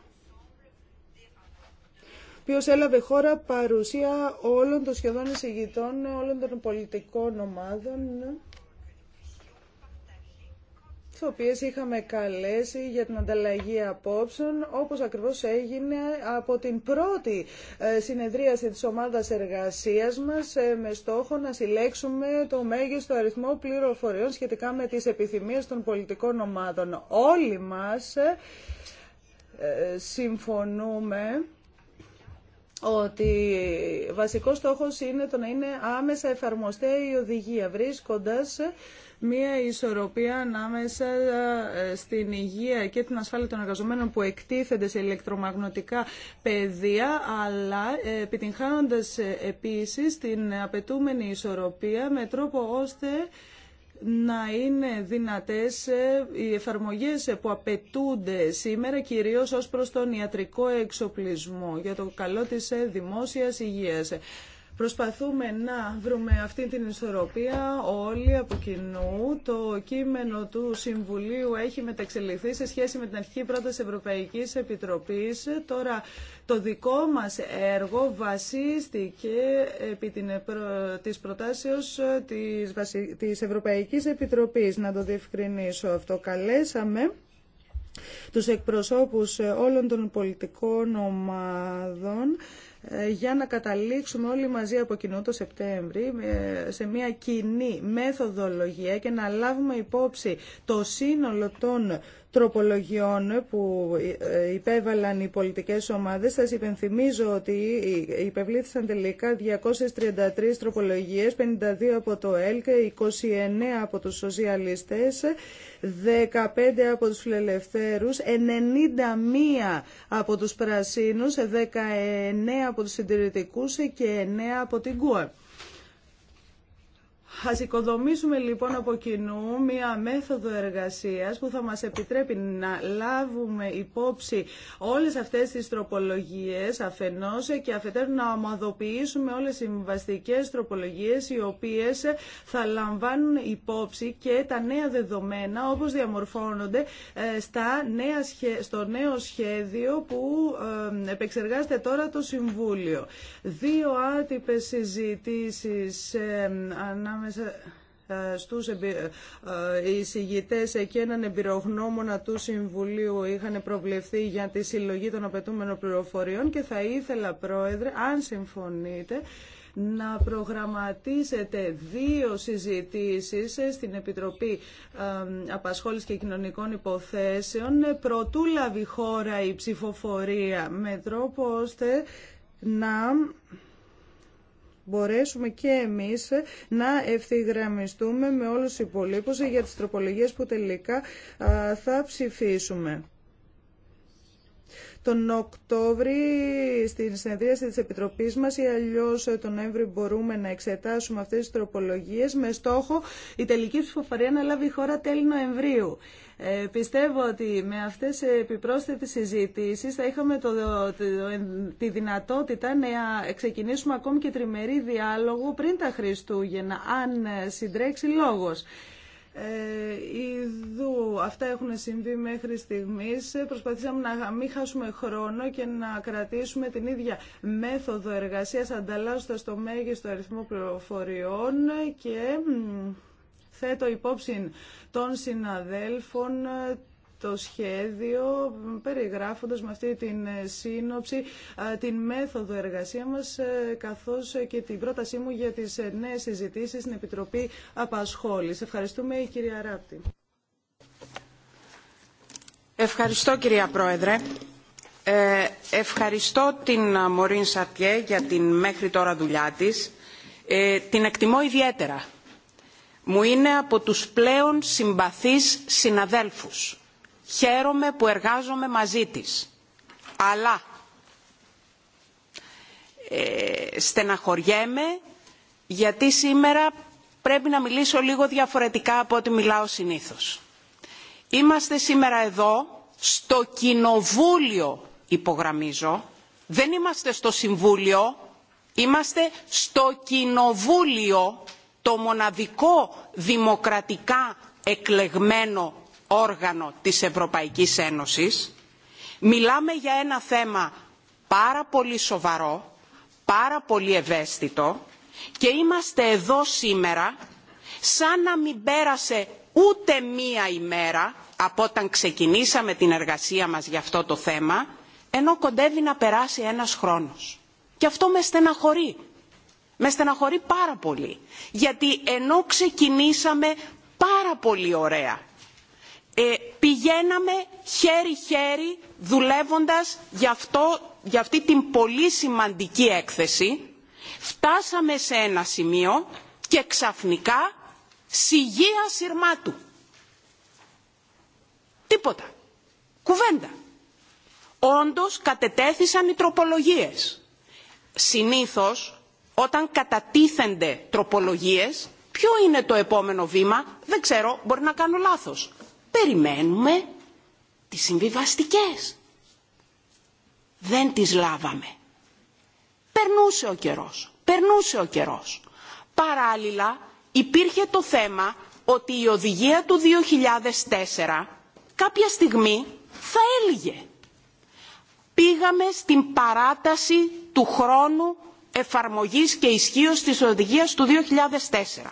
οποίος έλαβε χώρα παρουσία όλων των σχεδόν εισηγητών, όλων των πολιτικών ομάδων, τις οποίες είχαμε καλέσει για την ανταλλαγή απόψεων, όπως ακριβώς έγινε από την πρώτη ε, συνεδρίαση της ομάδας εργασίας μας, ε, με στόχο να συλλέξουμε το μέγιστο αριθμό πληροφοριών σχετικά με τις επιθυμίες των πολιτικών ομάδων. Όλοι μας ε, συμφωνούμε ότι βασικός στόχος είναι το να είναι άμεσα εφαρμοστέ η οδηγία, βρίσκοντας μία ισορροπία ανάμεσα ε, στην υγεία και την ασφάλεια των εργαζομένων που εκτίθενται σε ηλεκτρομαγνωτικά πεδία, αλλά ε, επιτυγχάνοντας ε, επίσης την απαιτούμενη ισορροπία με τρόπο ώστε να είναι δυνατές ε, οι εφαρμογές που απαιτούνται σήμερα κυρίως ως προς τον ιατρικό εξοπλισμό για το καλό της ε, δημόσιας υγείας. Προσπαθούμε να βρούμε αυτή την ισορροπία όλοι από κοινού. Το κείμενο του Συμβουλίου έχει μεταξελιχθεί σε σχέση με την αρχική πρόταση Ευρωπαϊκής Επιτροπής. Τώρα το δικό μας έργο βασίστηκε επί την, της προτάσεως της, της Ευρωπαϊκής Επιτροπής. Να το διευκρινίσω αυτό. Καλέσαμε τους εκπροσώπους όλων των πολιτικών ομάδων ε, για να καταλήξουμε όλοι μαζί από κοινού το Σεπτέμβρη ε, σε μια κοινή μεθοδολογία και να λάβουμε υπόψη το σύνολο των τροπολογιών που ε, υπέβαλαν οι πολιτικές ομάδες. Σας υπενθυμίζω ότι υπευλήθησαν τελικά 233 τροπολογίες, 52 από το ΕΛΚ, 29 από τους σοσιαλιστές, 15 από τους φιλελευθέρους, 91 από τους πρασίνους, 19 από τους συντηρητικούς και 9 από την ΚΟΑ. Ας οικοδομήσουμε λοιπόν από κοινού μία μέθοδο εργασίας που θα μας επιτρέπει να λάβουμε υπόψη όλες αυτές τις τροπολογίες αφενός και αφετέρου να ομαδοποιήσουμε όλες οι συμβαστικές τροπολογίες οι οποίες θα λαμβάνουν υπόψη και τα νέα δεδομένα όπως διαμορφώνονται ε, στα νέα, στο νέο σχέδιο που ε, επεξεργάζεται τώρα το Συμβούλιο. Δύο άτυπες συζητήσεις ε, ανάμεσα Στου ε, στους ε, ε, εισηγητές και έναν εμπειρογνώμονα του Συμβουλίου είχαν προβλεφθεί για τη συλλογή των απαιτούμενων πληροφοριών και θα ήθελα, Πρόεδρε, αν συμφωνείτε, να προγραμματίσετε δύο συζητήσεις στην Επιτροπή Απασχόλησης και Κοινωνικών Υποθέσεων προτού λάβει χώρα η ψηφοφορία με τρόπο ώστε να μπορέσουμε και εμείς να ευθυγραμμιστούμε με όλους τους υπολείπους για τις τροπολογίες που τελικά θα ψηφίσουμε. Τον Οκτώβρη στην συνεδρίαση της Επιτροπής μας ή αλλιώς τον Νοέμβρη μπορούμε να εξετάσουμε αυτές τις τροπολογίες με στόχο η τελική ψηφοφορία να λάβει η χώρα τέλη Νοεμβρίου. Ε, πιστεύω ότι με αυτές τις επιπρόσθετες συζητήσεις θα είχαμε το, τη δυνατότητα να ξεκινήσουμε ακόμη και τριμερή διάλογο πριν τα Χριστούγεννα, αν συντρέξει λόγος. Ε, αυτά έχουν συμβεί μέχρι στιγμής. Προσπαθήσαμε να μην χάσουμε χρόνο και να κρατήσουμε την ίδια μέθοδο εργασίας ανταλλάσσοντας το μέγιστο αριθμό πληροφοριών και θέτω υπόψη των συναδέλφων ε, το σχέδιο, περιγράφοντας με αυτή την ε, σύνοψη ε, την μέθοδο εργασία μας, καθώς και την πρότασή μου για τις νέες συζητήσεις στην Επιτροπή Απασχόλης. Ευχαριστούμε, η κυρία Ράπτη. Ευχαριστώ, κυρία Πρόεδρε. Ε, ευχαριστώ την Μωρήν Σαρτιέ για την μέχρι τώρα δουλειά της. την εκτιμώ ιδιαίτερα μου είναι από τους πλέον συμπαθείς συναδέλφους. Χαίρομαι που εργάζομαι μαζί της. Αλλά ε, στεναχωριέμαι γιατί σήμερα πρέπει να μιλήσω λίγο διαφορετικά από ό,τι μιλάω συνήθως. Είμαστε σήμερα εδώ στο Κοινοβούλιο υπογραμμίζω. Δεν είμαστε στο Συμβούλιο, είμαστε στο Κοινοβούλιο το μοναδικό δημοκρατικά εκλεγμένο όργανο της Ευρωπαϊκής Ένωσης. Μιλάμε για ένα θέμα πάρα πολύ σοβαρό, πάρα πολύ ευαίσθητο και είμαστε εδώ σήμερα σαν να μην πέρασε ούτε μία ημέρα από όταν ξεκινήσαμε την εργασία μας για αυτό το θέμα, ενώ κοντεύει να περάσει ένας χρόνος. Και αυτό με στεναχωρεί με στεναχωρεί πάρα πολύ. Γιατί ενώ ξεκινήσαμε πάρα πολύ ωραία, ε, πηγαίναμε χέρι-χέρι δουλεύοντας για, αυτό, για αυτή την πολύ σημαντική έκθεση, φτάσαμε σε ένα σημείο και ξαφνικά σιγεία σειρμάτου. Τίποτα. Κουβέντα. Όντως κατετέθησαν οι τροπολογίες. Συνήθως όταν κατατίθενται τροπολογίες ποιο είναι το επόμενο βήμα δεν ξέρω μπορεί να κάνω λάθος περιμένουμε τις συμβιβαστικές δεν τις λάβαμε περνούσε ο καιρός περνούσε ο καιρός παράλληλα υπήρχε το θέμα ότι η οδηγία του 2004 κάποια στιγμή θα έλυγε πήγαμε στην παράταση του χρόνου εφαρμογής και ισχύως της οδηγίας του 2004.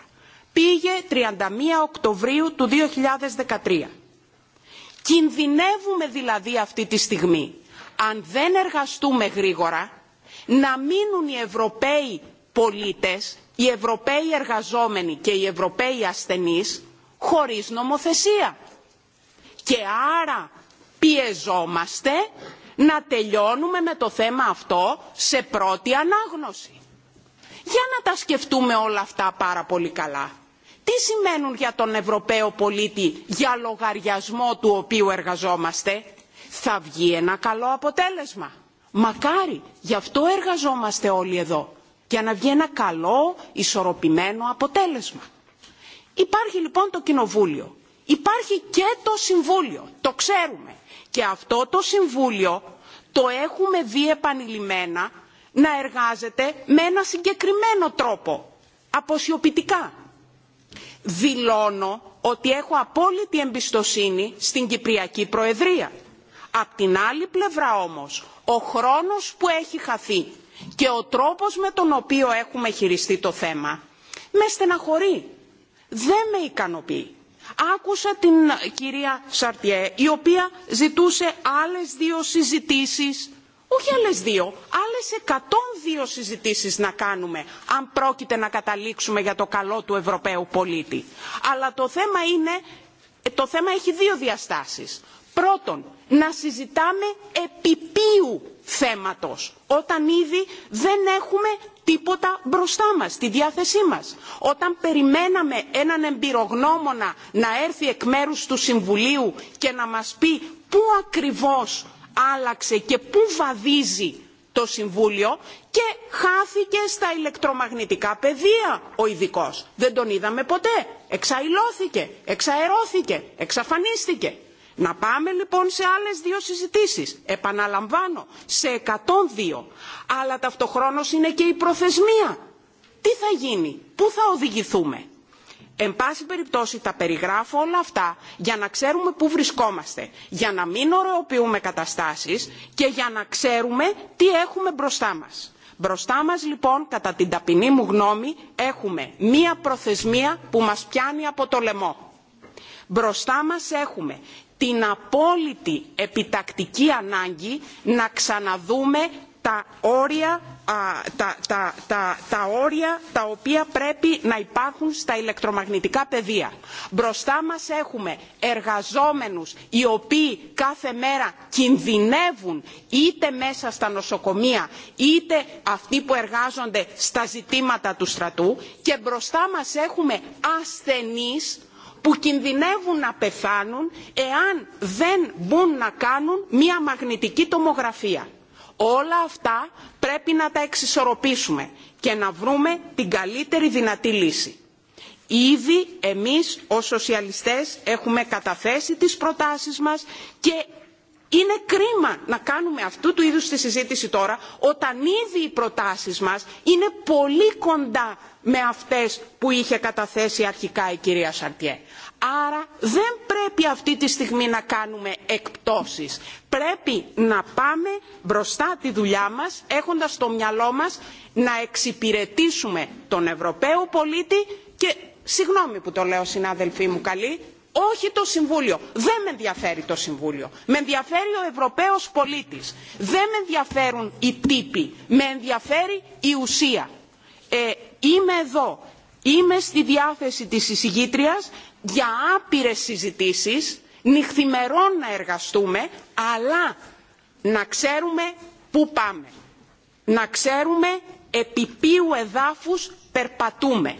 Πήγε 31 Οκτωβρίου του 2013. Κινδυνεύουμε δηλαδή αυτή τη στιγμή, αν δεν εργαστούμε γρήγορα, να μείνουν οι Ευρωπαίοι πολίτες, οι Ευρωπαίοι εργαζόμενοι και οι Ευρωπαίοι ασθενείς χωρίς νομοθεσία. Και άρα πιεζόμαστε να τελειώνουμε με το θέμα αυτό σε πρώτη ανάγνωση. Για να τα σκεφτούμε όλα αυτά πάρα πολύ καλά. Τι σημαίνουν για τον Ευρωπαίο πολίτη για λογαριασμό του οποίου εργαζόμαστε. Θα βγει ένα καλό αποτέλεσμα. Μακάρι, γι' αυτό εργαζόμαστε όλοι εδώ. Για να βγει ένα καλό, ισορροπημένο αποτέλεσμα. Υπάρχει λοιπόν το Κοινοβούλιο. Υπάρχει και το Συμβούλιο. Το ξέρουμε και αυτό το Συμβούλιο το έχουμε δει επανειλημμένα να εργάζεται με ένα συγκεκριμένο τρόπο, αποσιοποιητικά. Δηλώνω ότι έχω απόλυτη εμπιστοσύνη στην Κυπριακή Προεδρία. Απ' την άλλη πλευρά όμως, ο χρόνος που έχει χαθεί και ο τρόπος με τον οποίο έχουμε χειριστεί το θέμα με στεναχωρεί, δεν με ικανοποιεί άκουσα την κυρία Σαρτιέ η οποία ζητούσε άλλες δύο συζητήσεις όχι άλλες δύο, άλλες 102 συζητήσεις να κάνουμε αν πρόκειται να καταλήξουμε για το καλό του Ευρωπαίου πολίτη. Αλλά το θέμα, είναι, το θέμα έχει δύο διαστάσεις. Πρώτον, να συζητάμε επιπίου θέματος, όταν ήδη δεν έχουμε τίποτα μπροστά μας, στη διάθεσή μας. Όταν περιμέναμε έναν εμπειρογνώμονα να έρθει εκ μέρους του Συμβουλίου και να μας πει πού ακριβώς άλλαξε και πού βαδίζει το Συμβούλιο και χάθηκε στα ηλεκτρομαγνητικά πεδία ο ειδικό. Δεν τον είδαμε ποτέ. Εξαϊλώθηκε, εξαερώθηκε, εξαφανίστηκε. Να πάμε λοιπόν σε άλλες δύο συζητήσεις. Επαναλαμβάνω, σε 102. Αλλά ταυτοχρόνως είναι και η προθεσμία. Τι θα γίνει, πού θα οδηγηθούμε. Εν πάση περιπτώσει τα περιγράφω όλα αυτά για να ξέρουμε πού βρισκόμαστε, για να μην ωραιοποιούμε καταστάσεις και για να ξέρουμε τι έχουμε μπροστά μας. Μπροστά μας λοιπόν, κατά την ταπεινή μου γνώμη, έχουμε μία προθεσμία που μας πιάνει από το λαιμό. Μπροστά μας έχουμε την απόλυτη επιτακτική ανάγκη να ξαναδούμε τα όρια, τα, τα οποία πρέπει να υπάρχουν στα ηλεκτρομαγνητικά πεδία. Μπροστά μας έχουμε εργαζόμενους οι οποίοι κάθε μέρα κινδυνεύουν είτε μέσα στα νοσοκομεία είτε αυτοί που εργάζονται στα ζητήματα του στρατού και μπροστά μας έχουμε ασθενείς που κινδυνεύουν να πεθάνουν εάν δεν μπουν να κάνουν μία μαγνητική τομογραφία. Όλα αυτά πρέπει να τα εξισορροπήσουμε και να βρούμε την καλύτερη δυνατή λύση. Ήδη εμείς ως σοσιαλιστές έχουμε καταθέσει τις προτάσεις μας και είναι κρίμα να κάνουμε αυτού του είδους τη συζήτηση τώρα, όταν ήδη οι προτάσεις μας είναι πολύ κοντά με αυτές που είχε καταθέσει αρχικά η κυρία Σαρτιέ. Άρα δεν πρέπει αυτή τη στιγμή να κάνουμε εκπτώσεις. Πρέπει να πάμε μπροστά τη δουλειά μας, έχοντας στο μυαλό μας να εξυπηρετήσουμε τον Ευρωπαίο πολίτη και, συγγνώμη που το λέω συνάδελφοί μου καλή, όχι το Συμβούλιο. Δεν με ενδιαφέρει το Συμβούλιο. Με ενδιαφέρει ο Ευρωπαίος πολίτης. Δεν με ενδιαφέρουν οι τύποι. Με ενδιαφέρει η ουσία. Ε, είμαι εδώ. Είμαι στη διάθεση της εισηγήτριας για άπειρες συζητήσεις, νυχθημερών να εργαστούμε, αλλά να ξέρουμε πού πάμε. Να ξέρουμε επί ποιου εδάφους περπατούμε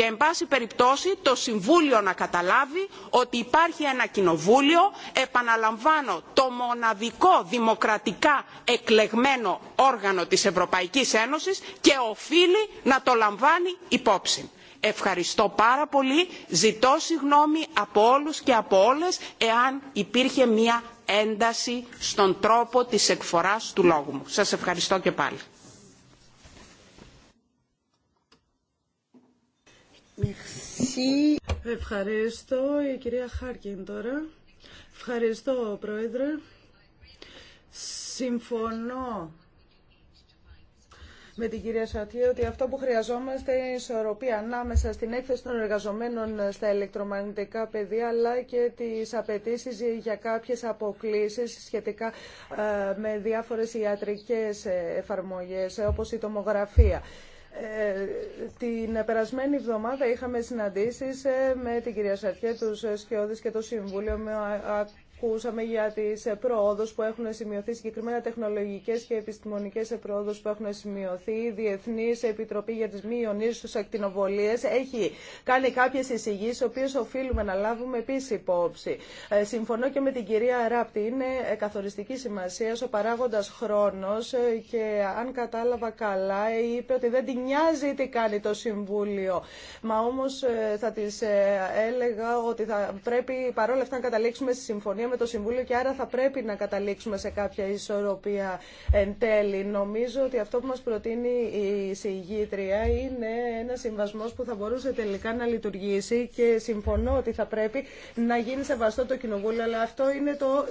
και εν πάση περιπτώσει το συμβούλιο να καταλάβει ότι υπάρχει ένα κοινοβούλιο επαναλαμβάνω το μοναδικό δημοκρατικά εκλεγμένο όργανο της ευρωπαϊκής ένωσης και οφείλει να το λαμβάνει υπόψη. Ευχαριστώ πάρα πολύ. Ζητώ συγγνώμη από όλους και από όλες εάν υπήρχε μια ένταση στον τρόπο της εκφοράς του λόγου μου. Σας ευχαριστώ και πάλι. Ευχαριστώ η κυρία Χάρκιν τώρα. Ευχαριστώ πρόεδρε. Συμφωνώ με την κυρία Σατία ότι αυτό που χρειαζόμαστε είναι ισορροπία ανάμεσα στην έκθεση των εργαζομένων στα ηλεκτρομαγνητικά πεδία αλλά και τις απαιτήσει για κάποιες αποκλήσεις σχετικά ε, με διάφορες ιατρικές ε, εφαρμογές ε, όπως η τομογραφία. Ε, την περασμένη εβδομάδα είχαμε συναντήσεις ε, με την κυρία Σαρτιέ, τους ε, Σκιώδης και το Συμβούλιο με ακούσαμε για τι προόδου που έχουν σημειωθεί, συγκεκριμένα τεχνολογικέ και επιστημονικέ προόδου που έχουν σημειωθεί. Η διεθνή Επιτροπή για τις Μη του Ακτινοβολίες έχει κάνει κάποιες εισηγήσεις, οποίε οφείλουμε να λάβουμε επίση υπόψη. Ε, συμφωνώ και με την κυρία Ράπτη, είναι ε, καθοριστική σημασία ο παράγοντα χρόνο, ε, και αν κατάλαβα καλά είπε ότι δεν την νοιάζει τι κάνει το Συμβούλιο. Μα όμω θα τη έλεγα ότι θα πρέπει παρόλα αυτά να καταλήξουμε στη συμφωνία με το Συμβούλιο και άρα θα πρέπει να καταλήξουμε σε κάποια ισορροπία εν τέλει. Νομίζω ότι αυτό που μας προτείνει η συγγήτρια είναι ένα συμβασμός που θα μπορούσε τελικά να λειτουργήσει και συμφωνώ ότι θα πρέπει να γίνει σεβαστό το Κοινοβούλιο, αλλά αυτό είναι το,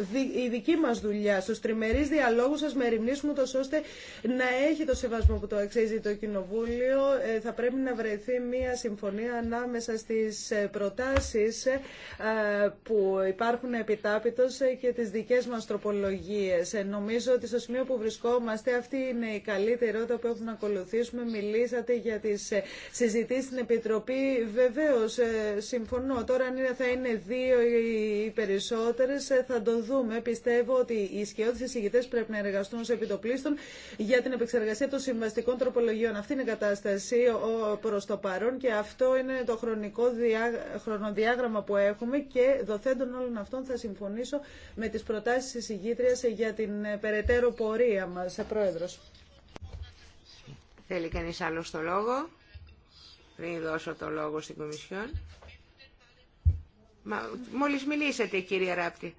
η δική μας δουλειά. Στους τριμερείς διαλόγους σας ερημνήσουμε τόσο ώστε να έχει το σεβασμό που το αξίζει το Κοινοβούλιο. Ε, θα πρέπει να βρεθεί μια συμφωνία ανάμεσα στι ε, προτάσεις ε, που υπάρχουν επιτάπητο ε, και τις δικές μας τροπολογίες. Ε, νομίζω ότι στο σημείο που βρισκόμαστε αυτή είναι η καλύτερη ρότα που έχουμε να ακολουθήσουμε. Μιλήσατε για τις ε, συζητήσεις στην Επιτροπή. Βεβαίως, συμφωνώ. Τώρα αν θα είναι δύο ή περισσότερες θα το δούμε. Πιστεύω ότι οι ισχυώδεις εισηγητέ πρέπει να εργαστούν σε επιτοπλίστων για την επεξεργασία των συμβαστικών τροπολογιών. Αυτή είναι η κατάσταση προς το παρόν και αυτό είναι το χρονικό χρονοδιάγραμμα που έχουμε και δοθέντων όλων αυτών θα συμφωνήσω με τις προτάσεις της για την ε, περαιτέρω πορεία μας, ε, Πρόεδρος. Θέλει κανεί άλλο το λόγο, πριν δώσω το λόγο στην Κομισιόν. Μα, μόλις μιλήσατε, κύριε Ράπτη.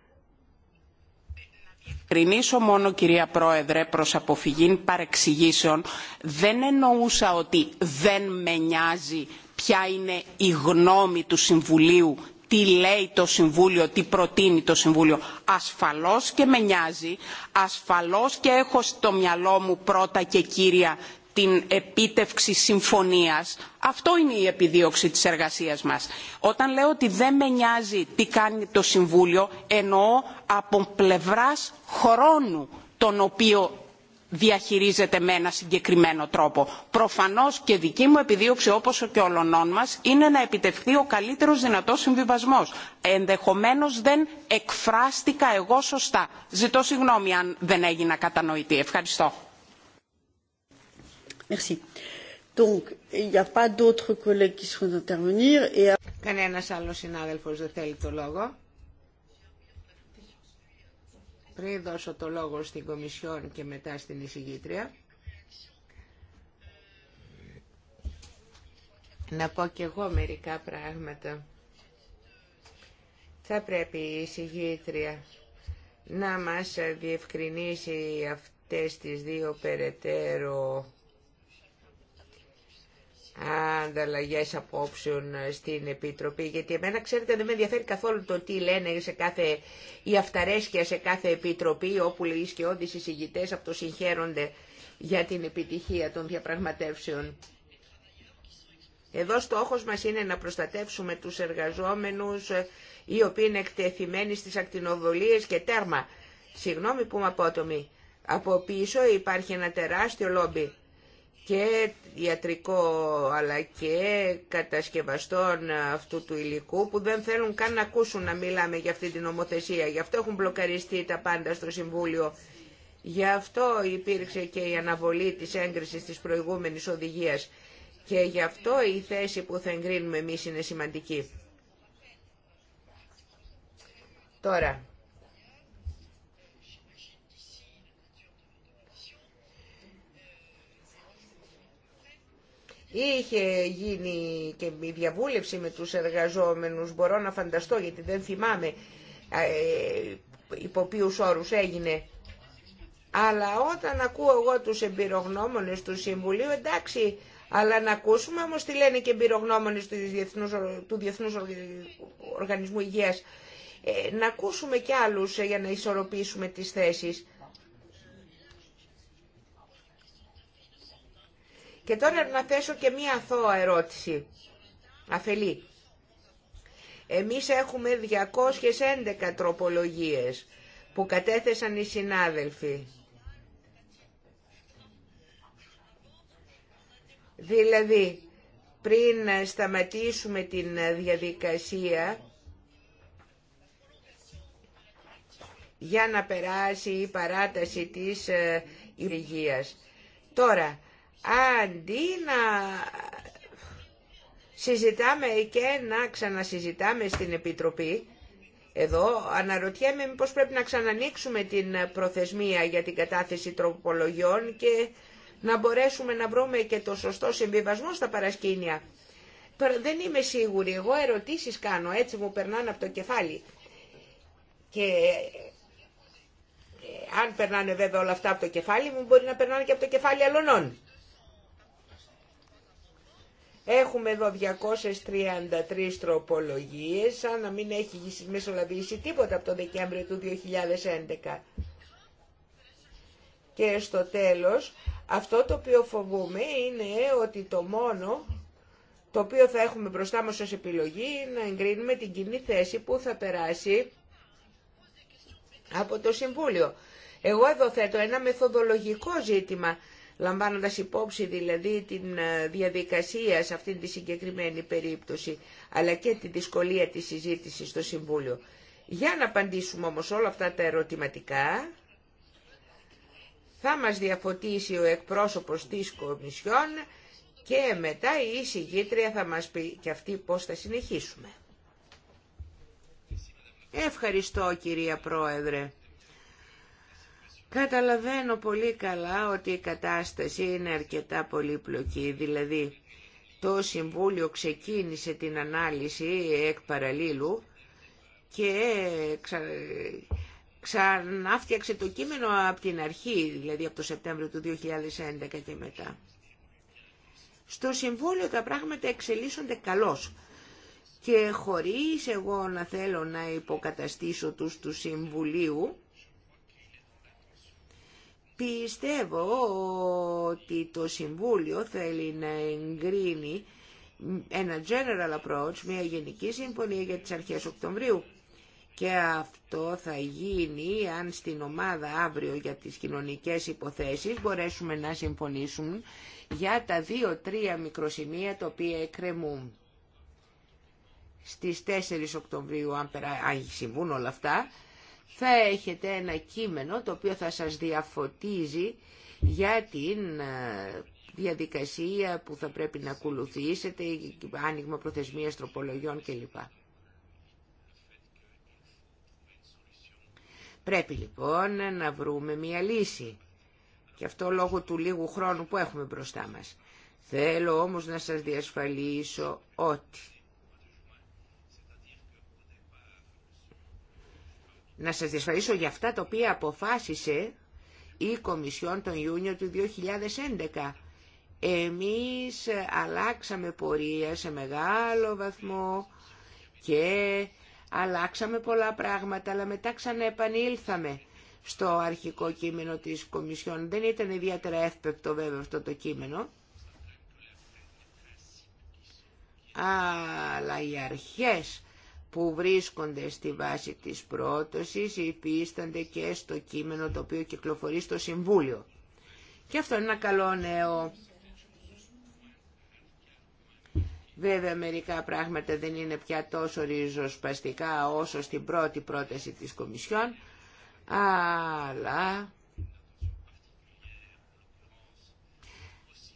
Κρινήσω μόνο, κυρία Πρόεδρε, προς αποφυγήν παρεξηγήσεων, δεν εννοούσα ότι δεν με νοιάζει ποια είναι η γνώμη του Συμβουλίου τι λέει το Συμβούλιο, τι προτείνει το Συμβούλιο. Ασφαλώς και με νοιάζει, ασφαλώς και έχω στο μυαλό μου πρώτα και κύρια την επίτευξη συμφωνίας. Αυτό είναι η επιδίωξη της εργασίας μας. Όταν λέω ότι δεν με νοιάζει τι κάνει το Συμβούλιο, εννοώ από πλευράς χρόνου τον οποίο διαχειρίζεται με ένα συγκεκριμένο τρόπο. Προφανώς και δική μου επιδίωξη όπως και όλων μα είναι να επιτευχθεί ο καλύτερος δυνατό συμβιβασμό. Ενδεχομένως δεν εκφράστηκα εγώ σωστά. Ζητώ συγγνώμη αν δεν έγινα κατανοητή. Ευχαριστώ. Merci. Donc, il δεν θέλει το λόγο. Πριν δώσω το λόγο στην Κομισιόν και μετά στην εισηγήτρια, να πω και εγώ μερικά πράγματα. Θα πρέπει η εισηγήτρια να μας διευκρινίσει αυτές τις δύο περαιτέρω ανταλλαγές απόψεων στην Επίτροπη, γιατί εμένα ξέρετε δεν με ενδιαφέρει καθόλου το τι λένε σε κάθε, η αυταρέσκεια σε κάθε Επίτροπη, όπου οι και εισηγητές από το συγχαίρονται για την επιτυχία των διαπραγματεύσεων. Εδώ στόχος μας είναι να προστατεύσουμε τους εργαζόμενους οι οποίοι είναι εκτεθειμένοι στις ακτινοβολίες και τέρμα. Συγγνώμη που είμαι απότομη. Από πίσω υπάρχει ένα τεράστιο λόμπι και ιατρικό αλλά και κατασκευαστών αυτού του υλικού που δεν θέλουν καν να ακούσουν να μιλάμε για αυτή την νομοθεσία. Γι' αυτό έχουν μπλοκαριστεί τα πάντα στο Συμβούλιο. Γι' αυτό υπήρξε και η αναβολή της έγκρισης της προηγούμενης οδηγίας και γι' αυτό η θέση που θα εγκρίνουμε εμείς είναι σημαντική. Τώρα, Είχε γίνει και η διαβούλευση με τους εργαζόμενους, μπορώ να φανταστώ γιατί δεν θυμάμαι ε, υπό ποιους όρους έγινε. Αλλά όταν ακούω εγώ τους εμπειρογνώμονες του Συμβουλίου, εντάξει, αλλά να ακούσουμε όμως τι λένε και εμπειρογνώμονες του Διεθνούς, του Διεθνούς Οργανισμού Υγείας. Ε, να ακούσουμε και άλλους ε, για να ισορροπήσουμε τις θέσεις. Και τώρα να θέσω και μία αθώα ερώτηση. Αφελή. Εμείς έχουμε 211 τροπολογίες που κατέθεσαν οι συνάδελφοι. Δηλαδή, πριν σταματήσουμε την διαδικασία, για να περάσει η παράταση της ε, υγείας. Τώρα, αντί να συζητάμε και να ξανασυζητάμε στην Επιτροπή, εδώ αναρωτιέμαι μήπως πρέπει να ξανανοίξουμε την προθεσμία για την κατάθεση τροπολογιών και να μπορέσουμε να βρούμε και το σωστό συμβιβασμό στα παρασκήνια. Δεν είμαι σίγουρη, εγώ ερωτήσεις κάνω, έτσι μου περνάνε από το κεφάλι. Και ε, αν περνάνε βέβαια όλα αυτά από το κεφάλι μου, μπορεί να περνάνε και από το κεφάλι αλλωνών. Έχουμε εδώ 233 τροπολογίες, σαν να μην έχει μεσολαβήσει τίποτα από το Δεκέμβριο του 2011. Και στο τέλος, αυτό το οποίο φοβούμε είναι ότι το μόνο το οποίο θα έχουμε μπροστά μας ως επιλογή είναι να εγκρίνουμε την κοινή θέση που θα περάσει από το Συμβούλιο. Εγώ εδώ θέτω ένα μεθοδολογικό ζήτημα λαμβάνοντας υπόψη δηλαδή την ε, διαδικασία σε αυτήν τη συγκεκριμένη περίπτωση, αλλά και τη δυσκολία της συζήτησης στο Συμβούλιο. Για να απαντήσουμε όμως όλα αυτά τα ερωτηματικά, θα μας διαφωτίσει ο εκπρόσωπος της Κομισιόν και μετά η εισηγήτρια θα μας πει και αυτή πώς θα συνεχίσουμε. Ευχαριστώ κυρία Πρόεδρε. Καταλαβαίνω πολύ καλά ότι η κατάσταση είναι αρκετά πολύπλοκη, δηλαδή το Συμβούλιο ξεκίνησε την ανάλυση εκ παραλίλου και ξα... ξανάφτιαξε το κείμενο από την αρχή, δηλαδή από το Σεπτέμβριο του 2011 και μετά. Στο Συμβούλιο τα πράγματα εξελίσσονται καλώς και χωρίς εγώ να θέλω να υποκαταστήσω τους του Συμβουλίου, Πιστεύω ότι το Συμβούλιο θέλει να εγκρίνει ένα general approach, μια γενική συμφωνία για τις αρχές Οκτωβρίου. Και αυτό θα γίνει αν στην ομάδα αύριο για τις κοινωνικές υποθέσεις μπορέσουμε να συμφωνήσουμε για τα δύο-τρία μικροσημεία τα οποία εκκρεμούν. Στις 4 Οκτωβρίου, αν συμβούν όλα αυτά, θα έχετε ένα κείμενο το οποίο θα σας διαφωτίζει για την ε, διαδικασία που θα πρέπει να ακολουθήσετε, άνοιγμα προθεσμίας τροπολογιών κλπ. Πρέπει λοιπόν να βρούμε μία λύση. Και αυτό λόγω του λίγου χρόνου που έχουμε μπροστά μας. Θέλω όμως να σας διασφαλίσω ότι να σας διασφαλίσω για αυτά τα οποία αποφάσισε η Κομισιόν τον Ιούνιο του 2011. Εμείς αλλάξαμε πορεία σε μεγάλο βαθμό και αλλάξαμε πολλά πράγματα, αλλά μετά επανήλθαμε στο αρχικό κείμενο της Κομισιόν. Δεν ήταν ιδιαίτερα εύπεπτο βέβαια αυτό το κείμενο. Αλλά οι αρχές που βρίσκονται στη βάση της πρότασης υπίστανται και στο κείμενο το οποίο κυκλοφορεί στο Συμβούλιο. Και αυτό είναι ένα καλό νέο. Βέβαια μερικά πράγματα δεν είναι πια τόσο ριζοσπαστικά όσο στην πρώτη πρόταση της Κομισιόν, αλλά...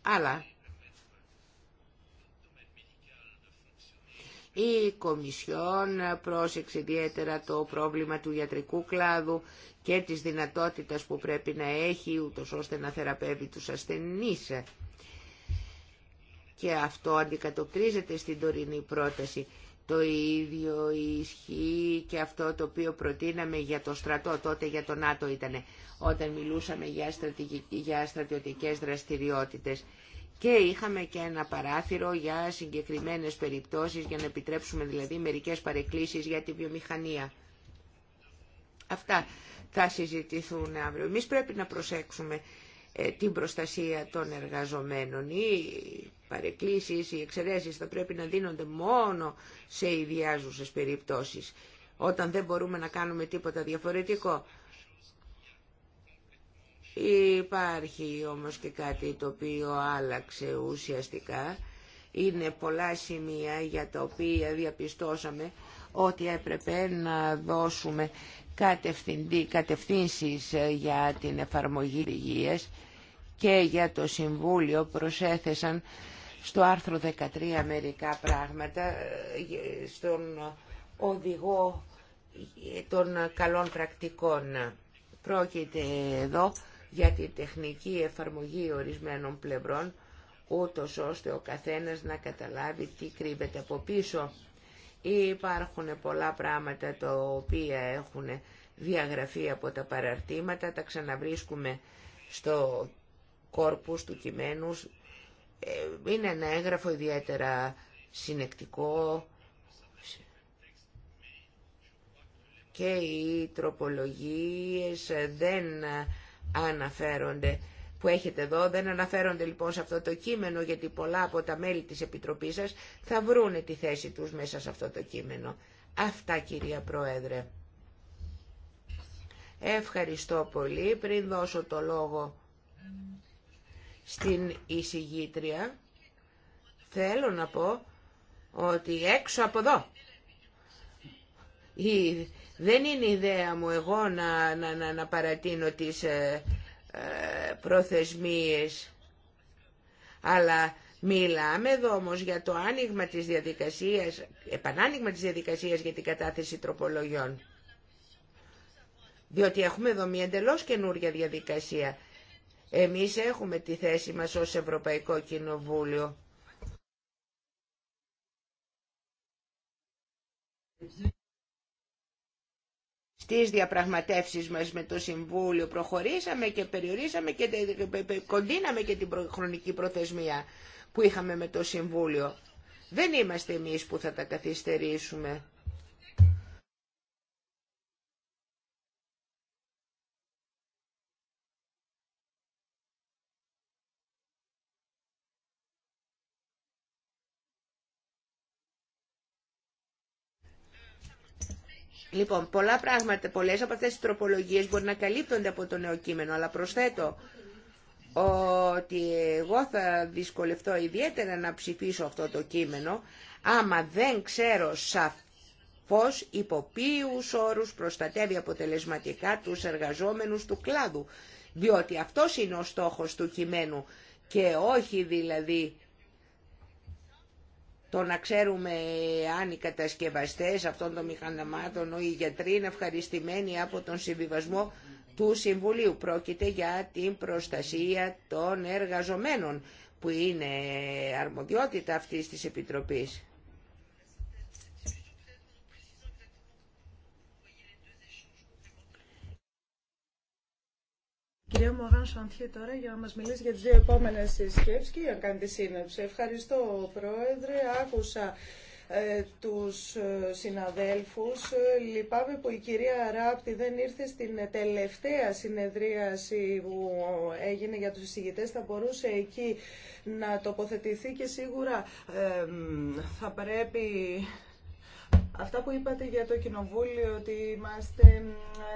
Αλλά Η Κομισιόν πρόσεξε ιδιαίτερα το πρόβλημα του ιατρικού κλάδου και της δυνατότητας που πρέπει να έχει ούτως ώστε να θεραπεύει τους ασθενείς. Και αυτό αντικατοπτρίζεται στην τωρινή πρόταση. Το ίδιο ισχύει και αυτό το οποίο προτείναμε για το στρατό, τότε για το ΝΑΤΟ ήτανε, όταν μιλούσαμε για, στρατηγική, για δραστηριότητες. Και είχαμε και ένα παράθυρο για συγκεκριμένες περιπτώσεις, για να επιτρέψουμε δηλαδή μερικές παρεκκλήσεις για τη βιομηχανία. Αυτά θα συζητηθούν αύριο. Εμείς πρέπει να προσέξουμε ε, την προστασία των εργαζομένων. Οι παρεκκλήσεις, οι εξαιρέσεις θα πρέπει να δίνονται μόνο σε ιδιάζουσες περιπτώσεις, όταν δεν μπορούμε να κάνουμε τίποτα διαφορετικό. Υπάρχει όμως και κάτι το οποίο άλλαξε ουσιαστικά. Είναι πολλά σημεία για τα οποία διαπιστώσαμε ότι έπρεπε να δώσουμε κατευθύνσεις ε, για την εφαρμογή υγείας και για το Συμβούλιο προσέθεσαν στο άρθρο 13 μερικά πράγματα ε, ε, στον οδηγό των καλών πρακτικών. Πρόκειται εδώ για τη τεχνική εφαρμογή ορισμένων πλευρών, ούτως ώστε ο καθένας να καταλάβει τι κρύβεται από πίσω. Υπάρχουν πολλά πράγματα τα οποία έχουν διαγραφεί από τα παραρτήματα, τα ξαναβρίσκουμε στο κόρπους του κειμένου. Ε, είναι ένα έγγραφο ιδιαίτερα συνεκτικό και οι τροπολογίες δεν αναφέρονται που έχετε εδώ, δεν αναφέρονται λοιπόν σε αυτό το κείμενο γιατί πολλά από τα μέλη της Επιτροπής σας θα βρούνε τη θέση τους μέσα σε αυτό το κείμενο. Αυτά κυρία Πρόεδρε. Ευχαριστώ πολύ. Πριν δώσω το λόγο στην εισηγήτρια, θέλω να πω ότι έξω από εδώ δεν είναι ιδέα μου εγώ να, να, να, παρατείνω τις ε, ε, προθεσμίες. Αλλά μιλάμε εδώ όμως για το άνοιγμα της διαδικασίας, επανάνοιγμα της διαδικασίας για την κατάθεση τροπολογιών. Διότι έχουμε εδώ μια εντελώς καινούργια διαδικασία. Εμείς έχουμε τη θέση μας ως Ευρωπαϊκό Κοινοβούλιο στις διαπραγματεύσεις μας με το Συμβούλιο προχωρήσαμε και περιορίσαμε και κοντίναμε και την χρονική προθεσμία που είχαμε με το Συμβούλιο. Δεν είμαστε εμείς που θα τα καθυστερήσουμε. Λοιπόν, πολλά πράγματα, πολλές από αυτές τις τροπολογίες μπορεί να καλύπτονται από το νέο κείμενο, αλλά προσθέτω ότι εγώ θα δυσκολευτώ ιδιαίτερα να ψηφίσω αυτό το κείμενο, άμα δεν ξέρω σαφώς υπό ποιους όρους προστατεύει αποτελεσματικά τους εργαζόμενους του κλάδου, διότι αυτός είναι ο στόχος του κειμένου και όχι δηλαδή το να ξέρουμε αν οι κατασκευαστές αυτών των μηχανημάτων ή οι γιατροί είναι ευχαριστημένοι από τον συμβιβασμό του Συμβουλίου. Πρόκειται για την προστασία των εργαζομένων που είναι αρμοδιότητα αυτής της Επιτροπής. Κυρία Μωγάν Σαντιέ, τώρα για να μας μιλήσει για τις δύο επόμενες συσκέψεις και για να κάνει τη σύνεψη. Ευχαριστώ Πρόεδρε, άκουσα ε, τους ε, συναδέλφους. Ε, λυπάμαι που η κυρία Ράπτη δεν ήρθε στην τελευταία συνεδρίαση που έγινε για τους εισηγητές. Θα μπορούσε εκεί να τοποθετηθεί και σίγουρα θα πρέπει Αυτά που είπατε για το Κοινοβούλιο, ότι είμαστε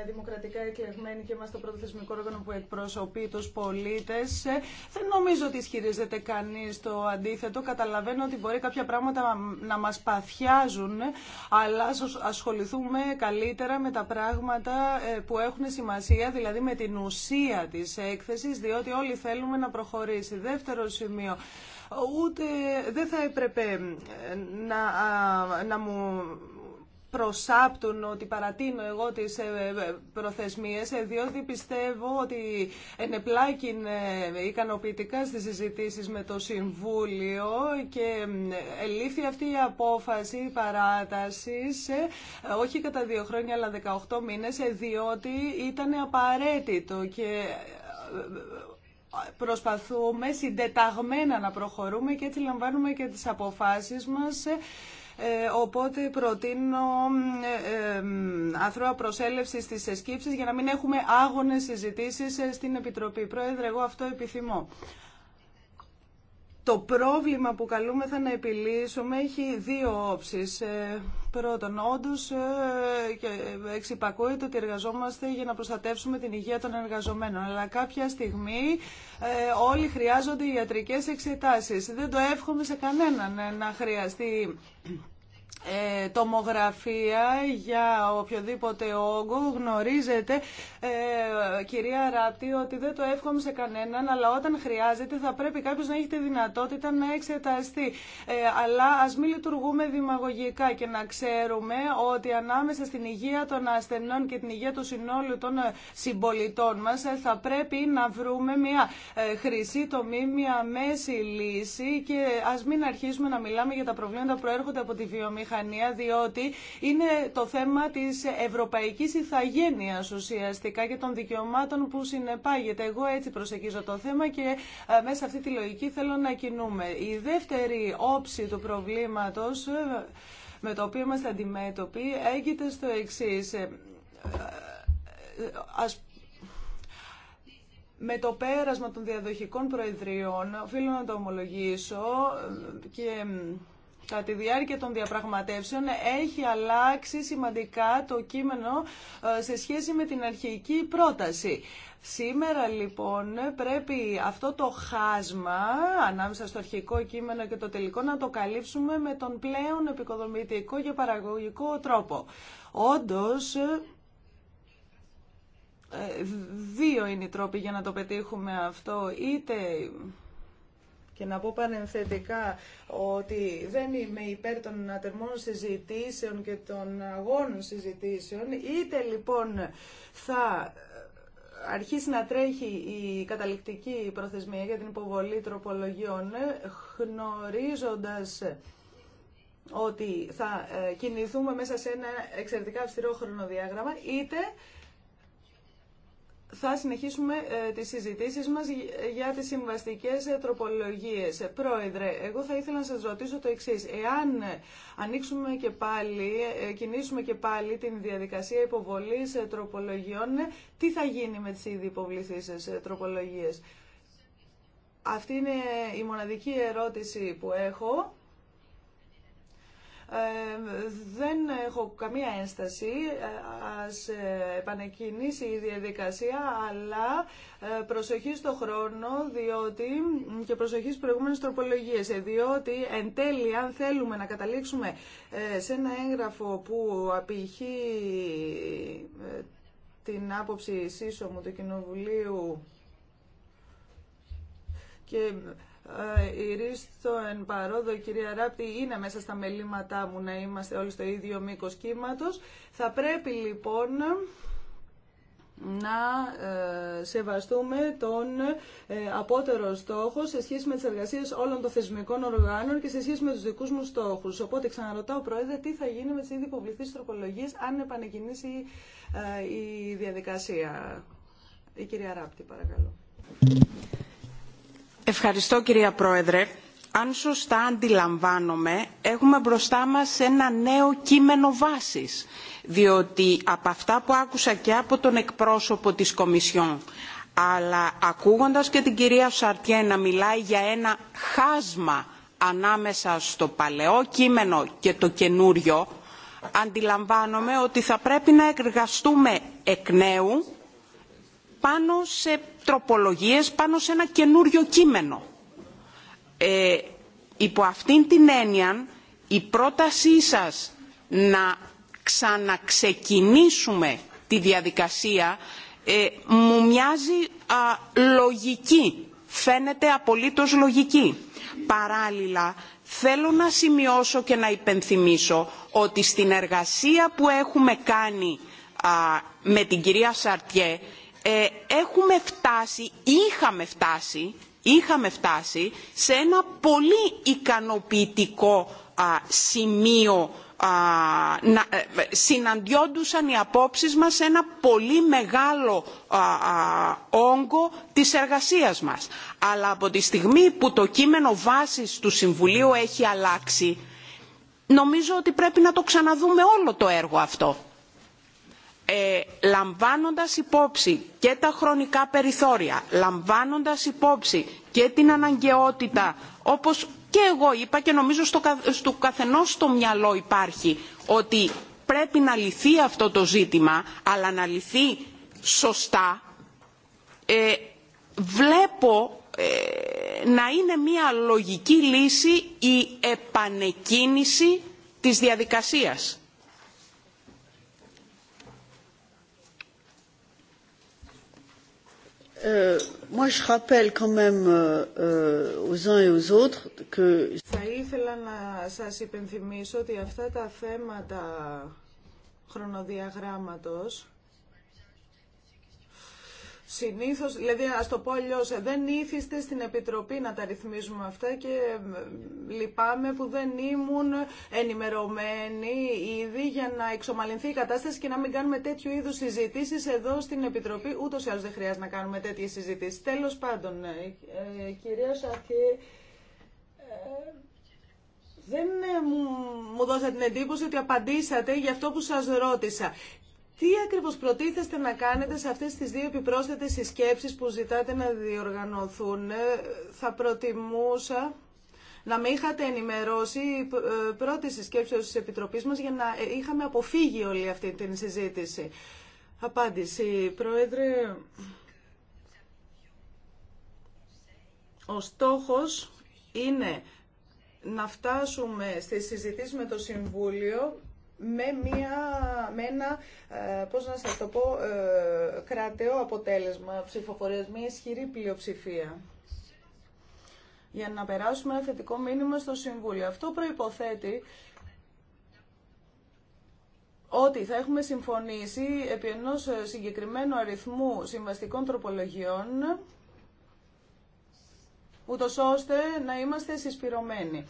δημοκρατικά εκλεγμένοι και είμαστε το πρώτο θεσμικό όργανο που εκπροσωπεί του πολίτε, ε, δεν νομίζω ότι ισχυρίζεται κανεί το αντίθετο. Καταλαβαίνω ότι μπορεί κάποια πράγματα να μα παθιάζουν, αλλά ασχοληθούμε καλύτερα με τα πράγματα ε, που έχουν σημασία, δηλαδή με την ουσία τη έκθεση, διότι όλοι θέλουμε να προχωρήσει. Δεύτερο σημείο ούτε δεν θα έπρεπε ε, να, να μου προσάπτουν ότι παρατείνω εγώ τις ε, ε, προθεσμίες, διότι πιστεύω ότι ενεπλάκην ικανοποιητικά στις συζητήσεις με το Συμβούλιο και ελήφθη αυτή η απόφαση παράταση όχι κατά δύο χρόνια αλλά 18 μήνες, διότι ήταν απαραίτητο και προσπαθούμε συντεταγμένα να προχωρούμε και έτσι λαμβάνουμε και τις αποφάσεις μας ε, οπότε προτείνω ε, ε, αθρώα προσέλευση στις εσκήψεις για να μην έχουμε άγονες συζητήσεις στην Επιτροπή. Πρόεδρε, εγώ αυτό επιθυμώ. Το πρόβλημα που καλούμεθα να επιλύσουμε έχει δύο όψεις. Ε, πρώτον, όντω ε, εξυπακούεται ότι εργαζόμαστε για να προστατεύσουμε την υγεία των εργαζομένων. Αλλά κάποια στιγμή ε, όλοι χρειάζονται ιατρικές εξετάσεις. Δεν το εύχομαι σε κανέναν να χρειαστεί ε, τομογραφία για οποιοδήποτε όγκο γνωρίζετε ε, κυρία Ράπτη ότι δεν το εύχομαι σε κανέναν αλλά όταν χρειάζεται θα πρέπει κάποιο να έχει τη δυνατότητα να εξεταστεί ε, αλλά α μην λειτουργούμε δημαγωγικά και να ξέρουμε ότι ανάμεσα στην υγεία των ασθενών και την υγεία του συνόλου των συμπολιτών μας θα πρέπει να βρούμε μια χρυσή τομή, μια μέση λύση και α μην αρχίσουμε να μιλάμε για τα προβλήματα που προέρχονται από τη βιομηχανία βιομηχανία, διότι είναι το θέμα τη Ευρωπαϊκή ηθαγένεια ουσιαστικά και των δικαιωμάτων που συνεπάγεται. Εγώ έτσι προσεγγίζω το θέμα και ε, μέσα αυτή τη λογική θέλω να κινούμε. Η δεύτερη όψη του προβλήματος ε, με το οποίο είμαστε αντιμέτωποι έγκυται στο εξή. Ε, με το πέρασμα των διαδοχικών προεδριών, οφείλω να το ομολογήσω και κατά τη διάρκεια των διαπραγματεύσεων έχει αλλάξει σημαντικά το κείμενο ε, σε σχέση με την αρχική πρόταση. Σήμερα λοιπόν πρέπει αυτό το χάσμα ανάμεσα στο αρχικό κείμενο και το τελικό να το καλύψουμε με τον πλέον επικοδομητικό και παραγωγικό τρόπο. Όντως, ε, δύο είναι οι τρόποι για να το πετύχουμε αυτό, είτε και να πω παρενθετικά ότι δεν είμαι υπέρ των ατερμών συζητήσεων και των αγώνων συζητήσεων. Είτε λοιπόν θα αρχίσει να τρέχει η καταληκτική προθεσμία για την υποβολή τροπολογιών, γνωρίζοντας ότι θα ε, κινηθούμε μέσα σε ένα εξαιρετικά αυστηρό χρονοδιάγραμμα, είτε θα συνεχίσουμε ε, τις συζητήσεις μας για τις συμβαστικές ε, τροπολογίες. Πρόεδρε, εγώ θα ήθελα να σας ρωτήσω το εξής. Εάν ανοίξουμε και πάλι, ε, κινήσουμε και πάλι την διαδικασία υποβολής τροπολογιών, τι θα γίνει με τις ήδη υποβληθήσεις τροπολογίες. Αυτή είναι η μοναδική ερώτηση που έχω δεν έχω καμία ένσταση. Ε, ας ε, επανεκκινήσει η διαδικασία, αλλά ε, προσοχή στο χρόνο διότι, και προσοχή στις προηγούμενες τροπολογίες, διότι εν τέλει αν θέλουμε να καταλήξουμε σε ένα έγγραφο που απηχεί την άποψη σύσσωμου του Κοινοβουλίου και ε, η Ρίστο εν παρόδο, η κυρία Ράπτη, είναι μέσα στα μελήματά μου να είμαστε όλοι στο ίδιο μήκος κύματος. Θα πρέπει λοιπόν να ε, σεβαστούμε τον ε, απότερο στόχο σε σχέση με τις εργασίες όλων των θεσμικών οργάνων και σε σχέση με τους δικούς μου στόχους. Οπότε ξαναρωτάω, Πρόεδρε, τι θα γίνει με τις ήδη υποβληθείς τροπολογίες αν επανεκκινήσει η διαδικασία. Η κυρία Ράπτη, παρακαλώ. Ευχαριστώ κυρία Πρόεδρε. Αν σωστά αντιλαμβάνομαι, έχουμε μπροστά μας ένα νέο κείμενο βάσης, διότι από αυτά που άκουσα και από τον εκπρόσωπο της Κομισιόν, αλλά ακούγοντας και την κυρία Σαρτιέ να μιλάει για ένα χάσμα ανάμεσα στο παλαιό κείμενο και το καινούριο, αντιλαμβάνομαι ότι θα πρέπει να εργαστούμε εκ νέου πάνω σε τροπολογίες, πάνω σε ένα καινούριο κείμενο. Ε, υπό αυτήν την έννοια, η πρότασή σας να ξαναξεκινήσουμε τη διαδικασία ε, μου μοιάζει λογική. Φαίνεται απολύτως λογική. Παράλληλα, θέλω να σημειώσω και να υπενθυμίσω ότι στην εργασία που έχουμε κάνει με την κυρία Σαρτιέ ε, έχουμε φτάσει, είχαμε φτάσει, είχαμε φτάσει σε ένα πολύ ικανοποιητικό σημείο α, να, ε, συναντιόντουσαν οι απόψεις μας σε ένα πολύ μεγάλο όγκο της εργασίας μας. Αλλά από τη στιγμή που το κείμενο βάσης του Συμβουλίου έχει αλλάξει, νομίζω ότι πρέπει να το ξαναδούμε όλο το έργο αυτό ε, λαμβάνοντας υπόψη και τα χρονικά περιθώρια, λαμβάνοντας υπόψη και την αναγκαιότητα, όπως και εγώ είπα και νομίζω στο, καθενό καθενός στο μυαλό υπάρχει, ότι πρέπει να λυθεί αυτό το ζήτημα, αλλά να λυθεί σωστά, ε, βλέπω ε, να είναι μια λογική λύση η επανεκκίνηση της διαδικασίας Θα ήθελα να σας υπενθυμίσω ότι αυτά τα θέματα χρονοδιαγράμματος Συνήθω, δηλαδή α το πω αλλιώ, δεν ήθιστε στην Επιτροπή να τα ρυθμίζουμε αυτά και λυπάμαι που δεν ήμουν ενημερωμένη ήδη για να εξομαλυνθεί η κατάσταση και να μην κάνουμε τέτοιου είδους συζητήσει εδώ στην Επιτροπή. ούτω ή άλλω δεν χρειάζεται να κάνουμε τέτοιες συζητήσει. Τέλος πάντων, ε, ε κυρία Σαχή, ε, δεν ε, μου, μου δώσατε την εντύπωση ότι απαντήσατε για αυτό που σας ρώτησα. Τι ακριβώς προτίθεστε να κάνετε σε αυτές τις δύο επιπρόσθετες συσκέψεις που ζητάτε να διοργανωθούν. Ε, θα προτιμούσα να με είχατε ενημερώσει ε, πρώτη συσκέψη της Επιτροπής μας για να ε, είχαμε αποφύγει όλη αυτή την συζήτηση. Απάντηση, Πρόεδρε. Ο στόχος είναι να φτάσουμε στη συζητήση με το Συμβούλιο με, μια, με ένα, ε, πώς να σας το πω, ε, κρατεό αποτέλεσμα ψηφοφορίας, μια ισχυρή πλειοψηφία για να περάσουμε ένα θετικό μήνυμα στο Συμβούλιο. Αυτό προϋποθέτει ότι θα έχουμε συμφωνήσει επί ενός συγκεκριμένου αριθμού συμβαστικών τροπολογιών, ούτως ώστε να είμαστε συσπηρωμένοι.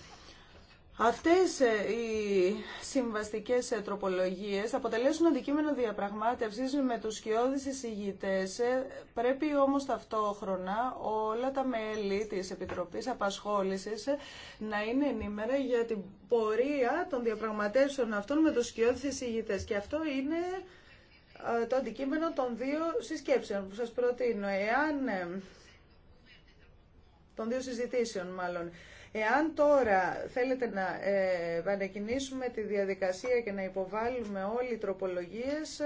Αυτές ε, οι συμβαστικές ε, τροπολογίες αποτελέσουν αντικείμενο διαπραγμάτευσης με τους σκιώδεις εισηγητές. Ε, πρέπει όμως ταυτόχρονα όλα τα μέλη της Επιτροπής Απασχόλησης να είναι ενήμερα για την πορεία των διαπραγματεύσεων αυτών με τους σκιώδεις εισηγητές. Και αυτό είναι το αντικείμενο των δύο συσκέψεων που σας προτείνω. Εάν των δύο συζητήσεων μάλλον. Εάν τώρα θέλετε να επανεκκινήσουμε τη διαδικασία και να υποβάλουμε όλοι οι τροπολογίες,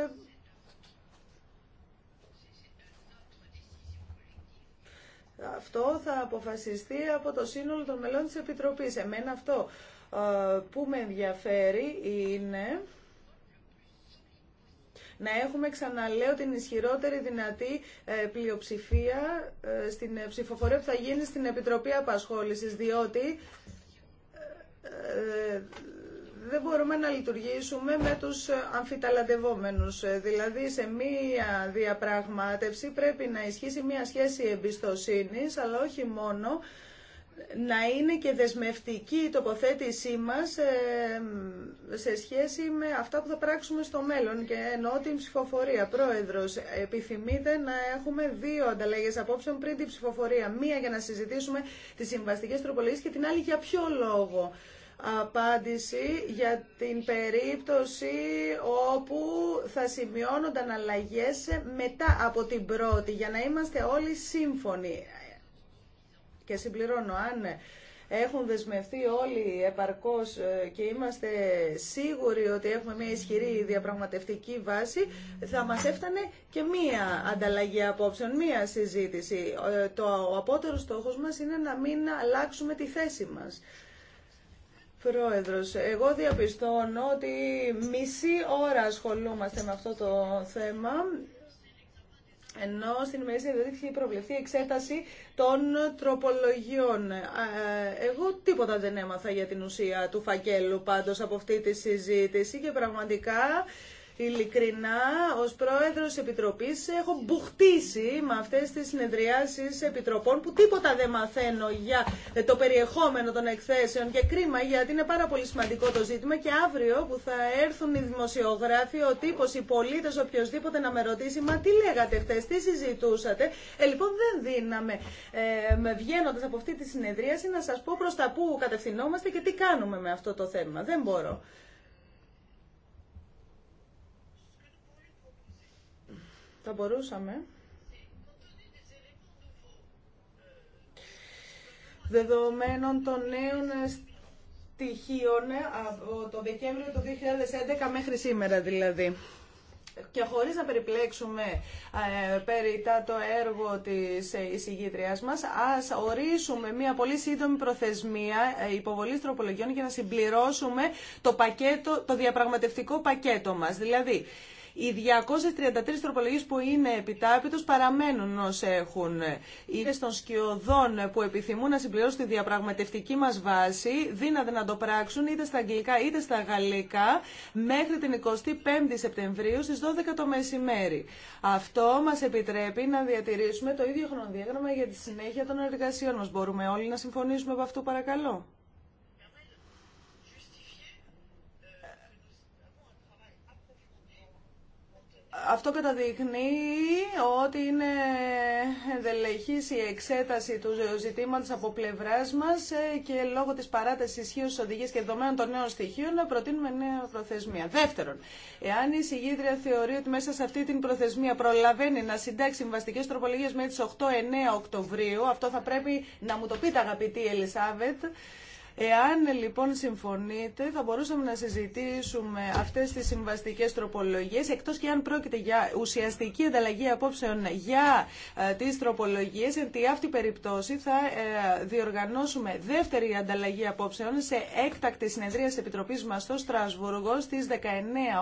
αυτό θα αποφασιστεί από το σύνολο των μελών της Επιτροπής. Εμένα αυτό ε, που με ενδιαφέρει είναι να έχουμε ξαναλέω την ισχυρότερη δυνατή ε, πλειοψηφία ε, στην ε, ψηφοφορία που θα γίνει στην Επιτροπή Απασχόλησης, διότι δεν μπορούμε να λειτουργήσουμε με τους αμφιταλαντευόμενους. Δηλαδή σε μία διαπραγμάτευση πρέπει να ισχύσει μία σχέση εμπιστοσύνης, αλλά όχι μόνο να είναι και δεσμευτική η τοποθέτησή μας ε, σε σχέση με αυτά που θα πράξουμε στο μέλλον και εννοώ την ψηφοφορία. Πρόεδρος, επιθυμείτε να έχουμε δύο ανταλλαγές απόψεων πριν την ψηφοφορία. Μία για να συζητήσουμε τις συμβαστικές τροπολογίες και την άλλη για ποιο λόγο απάντηση για την περίπτωση όπου θα σημειώνονταν αλλαγές μετά από την πρώτη για να είμαστε όλοι σύμφωνοι. Και συμπληρώνω, αν έχουν δεσμευτεί όλοι επαρκώς ε, και είμαστε σίγουροι ότι έχουμε μια ισχυρή διαπραγματευτική βάση, θα μας έφτανε και μία ανταλλαγή απόψεων, μία συζήτηση. Ε, το, ο απότερος στόχος μας είναι να μην αλλάξουμε τη θέση μας. Πρόεδρος, εγώ διαπιστώνω ότι μισή ώρα ασχολούμαστε με αυτό το θέμα ενώ στην ημερήσια έχει προβληθεί προβλεφθεί εξέταση των τροπολογιών. Ε, εγώ τίποτα δεν έμαθα για την ουσία του φακέλου πάντως από αυτή τη συζήτηση και πραγματικά Ειλικρινά, ως πρόεδρος Επιτροπή Επιτροπής έχω μπουχτίσει με αυτέ τι συνεδριάσεις επιτροπών που τίποτα δεν μαθαίνω για ε, το περιεχόμενο των εκθέσεων και κρίμα γιατί είναι πάρα πολύ σημαντικό το ζήτημα και αύριο που θα έρθουν οι δημοσιογράφοι, ο τύπος, οι πολίτε οποιοδήποτε να με ρωτήσει «Μα τι λέγατε χθε, τι συζητούσατε» ε, λοιπόν δεν δίναμε ε, βγαίνοντα από αυτή τη συνεδρίαση να σα πω προ τα πού κατευθυνόμαστε και τι κάνουμε με αυτό το θέμα. Δεν μπορώ. Θα μπορούσαμε δεδομένων των νέων στοιχείων ε, από το Δεκέμβριο του 2011 μέχρι σήμερα δηλαδή. Και χωρίς να περιπλέξουμε ε, περίτα το έργο της ε, εισηγήτριάς μας, ας ορίσουμε μια πολύ σύντομη προθεσμία ε, υποβολής τροπολογιών για να συμπληρώσουμε το, πακέτο, το διαπραγματευτικό πακέτο μας. Δηλαδή, οι 233 τροπολογίες που είναι επιτάπητος παραμένουν ως έχουν. Οι των σκιωδών που επιθυμούν να συμπληρώσουν τη διαπραγματευτική μας βάση δύναται να το πράξουν είτε στα αγγλικά είτε στα γαλλικά μέχρι την 25η Σεπτεμβρίου στις 12 το μεσημέρι. Αυτό μας επιτρέπει να διατηρήσουμε το ίδιο χρονοδιάγραμμα για τη συνέχεια των εργασιών μας. Μπορούμε όλοι να συμφωνήσουμε από αυτό παρακαλώ. αυτό καταδεικνύει ότι είναι ενδελεχής η εξέταση του ζητήματος από πλευράς μας ε, και λόγω της παράτασης ισχύω της οδηγία και δεδομένων των νέων στοιχείων να προτείνουμε νέα προθεσμία. Δεύτερον, εάν η συγγήτρια θεωρεί ότι μέσα σε αυτή την προθεσμία προλαβαίνει να συντάξει συμβαστικές τροπολογίες μέχρι τις 8-9 Οκτωβρίου, αυτό θα πρέπει να μου το πείτε αγαπητή Ελισάβετ, Εάν λοιπόν συμφωνείτε, θα μπορούσαμε να συζητήσουμε αυτές τις συμβαστικές τροπολογίες, εκτός και αν πρόκειται για ουσιαστική ανταλλαγή απόψεων για ε, τις τροπολογίες, εν τη αυτή περιπτώση θα ε, διοργανώσουμε δεύτερη ανταλλαγή απόψεων σε έκτακτη συνεδρία της Επιτροπής μας στο Στρασβούργο στις 19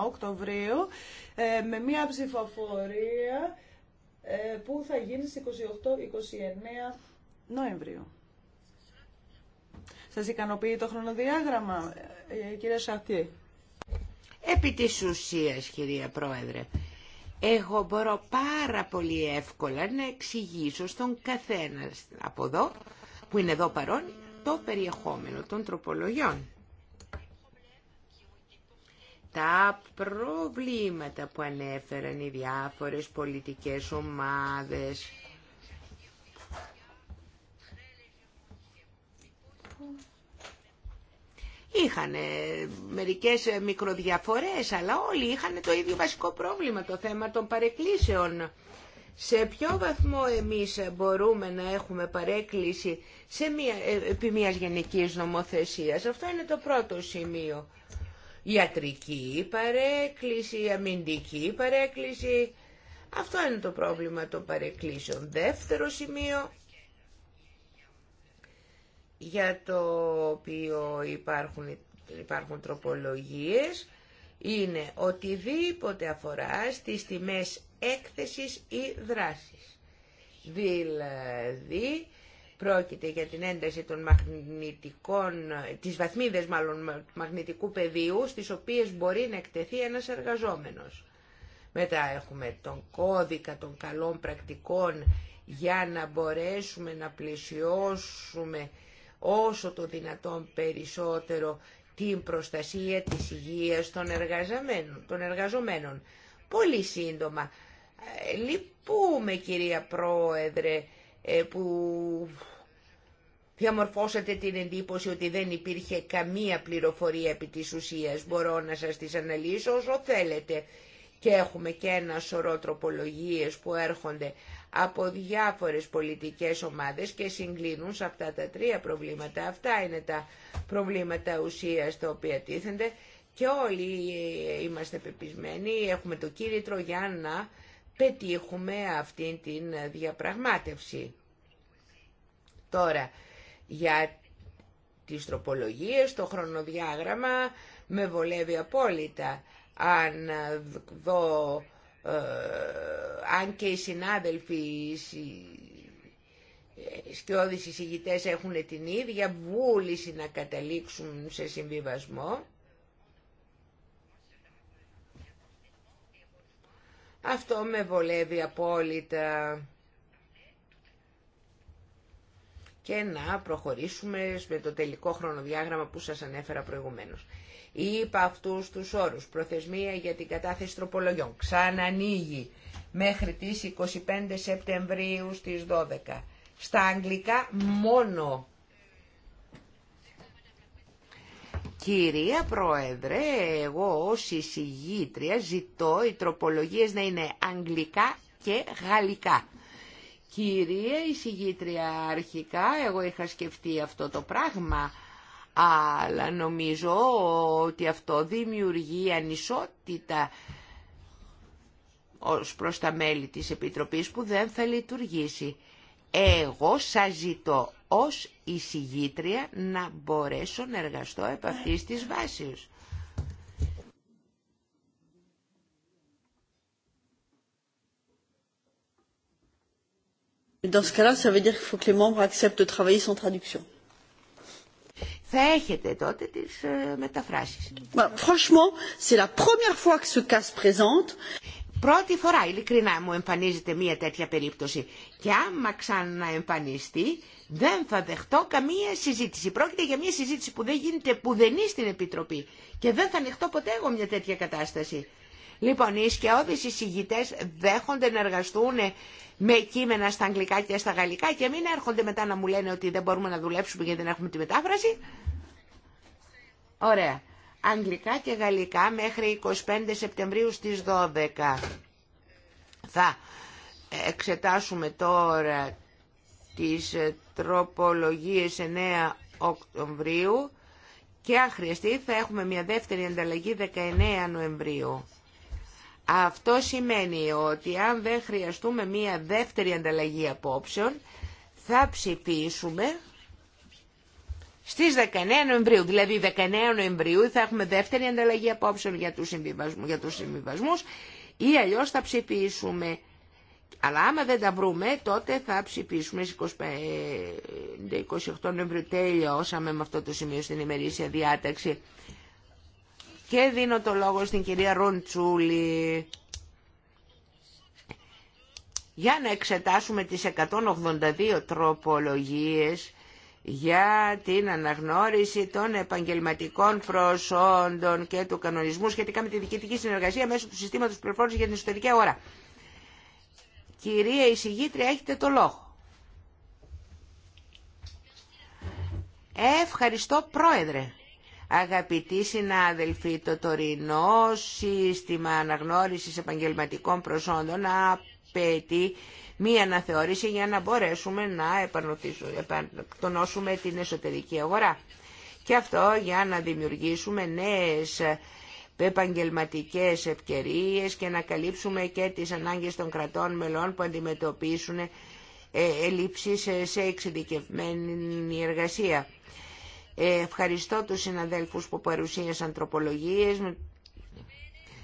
Οκτωβρίου, ε, με μια ψηφοφορία που θα γίνει στις 28-29 Νοεμβρίου. Σας ικανοποιεί το χρονοδιάγραμμα, ε, κύριε Σαφτή. Επί της ουσίας, κυρία Πρόεδρε, εγώ μπορώ πάρα πολύ εύκολα να εξηγήσω στον καθένα από εδώ, που είναι εδώ παρόν, το περιεχόμενο των τροπολογιών. Τα προβλήματα που ανέφεραν οι διάφορες πολιτικές ομάδες, Είχαν μερικές μικροδιαφορές, αλλά όλοι είχαν το ίδιο βασικό πρόβλημα, το θέμα των παρεκκλήσεων. Σε ποιο βαθμό εμείς μπορούμε να έχουμε παρέκκληση σε μια, ε, επί μιας γενικής νομοθεσίας. Αυτό είναι το πρώτο σημείο. Ιατρική παρέκκληση, αμυντική παρέκκληση. Αυτό είναι το πρόβλημα των παρεκκλήσεων. Δεύτερο σημείο για το οποίο υπάρχουν, υπάρχουν τροπολογίες είναι οτιδήποτε αφορά στις τιμές έκθεσης ή δράσης. Δηλαδή, πρόκειται για την ένταση των μαγνητικών, τις βαθμίδες μάλλον μαγνητικού πεδίου, στις οποίες μπορεί να εκτεθεί ένας εργαζόμενος. Μετά έχουμε τον κώδικα των καλών πρακτικών για να μπορέσουμε να πλησιώσουμε όσο το δυνατόν περισσότερο την προστασία της υγείας των, εργαζομένων, των εργαζομένων. Πολύ σύντομα. Ε, λυπούμε κυρία Πρόεδρε ε, που διαμορφώσατε την εντύπωση ότι δεν υπήρχε καμία πληροφορία επί της ουσίας. Μπορώ να σας τις αναλύσω όσο θέλετε. Και έχουμε και ένα σωρό τροπολογίες που έρχονται από διάφορες πολιτικές ομάδες και συγκλίνουν σε αυτά τα τρία προβλήματα. Αυτά είναι τα προβλήματα ουσίας τα οποία τίθενται και όλοι είμαστε πεπισμένοι, έχουμε το κίνητρο για να πετύχουμε αυτή την διαπραγμάτευση. Τώρα, για τις τροπολογίες, το χρονοδιάγραμμα με βολεύει απόλυτα. Αν δω ε, αν και οι συνάδελφοι, οι σκιώδεις έχουν την ίδια βούληση να καταλήξουν σε συμβιβασμό, Αυτό με βολεύει απόλυτα. Και να προχωρήσουμε με το τελικό χρονοδιάγραμμα που σας ανέφερα προηγουμένως. Είπα αυτού τους όρου. Προθεσμία για την κατάθεση τροπολογιών. Ξανανοίγει μέχρι τι 25 Σεπτεμβρίου στι 12. Στα αγγλικά μόνο. Κυρία Πρόεδρε, εγώ ως εισηγήτρια ζητώ οι τροπολογίες να είναι αγγλικά και γαλλικά. Κυρία εισηγήτρια, αρχικά εγώ είχα σκεφτεί αυτό το πράγμα, αλλά νομίζω ότι αυτό δημιουργεί ανισότητα ως προς τα μέλη της Επιτροπής που δεν θα λειτουργήσει. Εγώ σας ζητώ ως εισηγήτρια να μπορέσω να εργαστώ επ' αυτής της βάσης. Dans ce cas-là, ça veut dire qu'il faut que les membres acceptent de travailler sans traduction θα έχετε τότε τις μεταφράσεις. Πρώτη φορά, ειλικρινά μου, εμφανίζεται μία τέτοια περίπτωση. Και άμα εμφανιστεί δεν θα δεχτώ καμία συζήτηση. Πρόκειται για μία συζήτηση που δεν γίνεται πουδενή στην Επιτροπή. Και δεν θα ανοιχτώ ποτέ εγώ μια τέτοια κατάσταση. Λοιπόν, οι ισχυώδει εισηγητέ δέχονται να εργαστούν με κείμενα στα αγγλικά και στα γαλλικά και μην έρχονται μετά να μου λένε ότι δεν μπορούμε να δουλέψουμε γιατί δεν έχουμε τη μετάφραση. Ωραία. Αγγλικά και γαλλικά μέχρι 25 Σεπτεμβρίου στις 12. Θα εξετάσουμε τώρα τις ε, τροπολογίες 9 Οκτωβρίου και αν χρειαστεί θα έχουμε μια δεύτερη ανταλλαγή 19 Νοεμβρίου. Αυτό σημαίνει ότι αν δεν χρειαστούμε μία δεύτερη ανταλλαγή απόψεων, θα ψηφίσουμε στις 19 Νοεμβρίου. Δηλαδή 19 Νοεμβρίου θα έχουμε δεύτερη ανταλλαγή απόψεων για τους συμβιβασμού για τους συμβιβασμούς ή αλλιώς θα ψηφίσουμε. Αλλά άμα δεν τα βρούμε, τότε θα ψηφίσουμε στις 28 Νοεμβρίου. Τέλειωσαμε με αυτό το σημείο στην ημερήσια διάταξη. Και δίνω το λόγο στην κυρία Ροντσούλη για να εξετάσουμε τις 182 τροπολογίες για την αναγνώριση των επαγγελματικών προσόντων και του κανονισμού σχετικά με τη διοικητική συνεργασία μέσω του συστήματος πληροφόρησης για την Ιστορική αγορά. Κυρία Ισηγήτρια, έχετε το λόγο. Ευχαριστώ, Πρόεδρε. Αγαπητοί συνάδελφοι, το τωρινό σύστημα αναγνώρισης επαγγελματικών προσόντων απαιτεί μία αναθεώρηση για να μπορέσουμε να επανορθώσουμε την εσωτερική αγορά. Και αυτό για να δημιουργήσουμε νέες επαγγελματικές ευκαιρίες και να καλύψουμε και τις ανάγκες των κρατών μελών που αντιμετωπίσουν ε, ελλείψεις σε εξειδικευμένη εργασία. Ευχαριστώ τους συναδέλφους που παρουσίασαν τροπολογίες.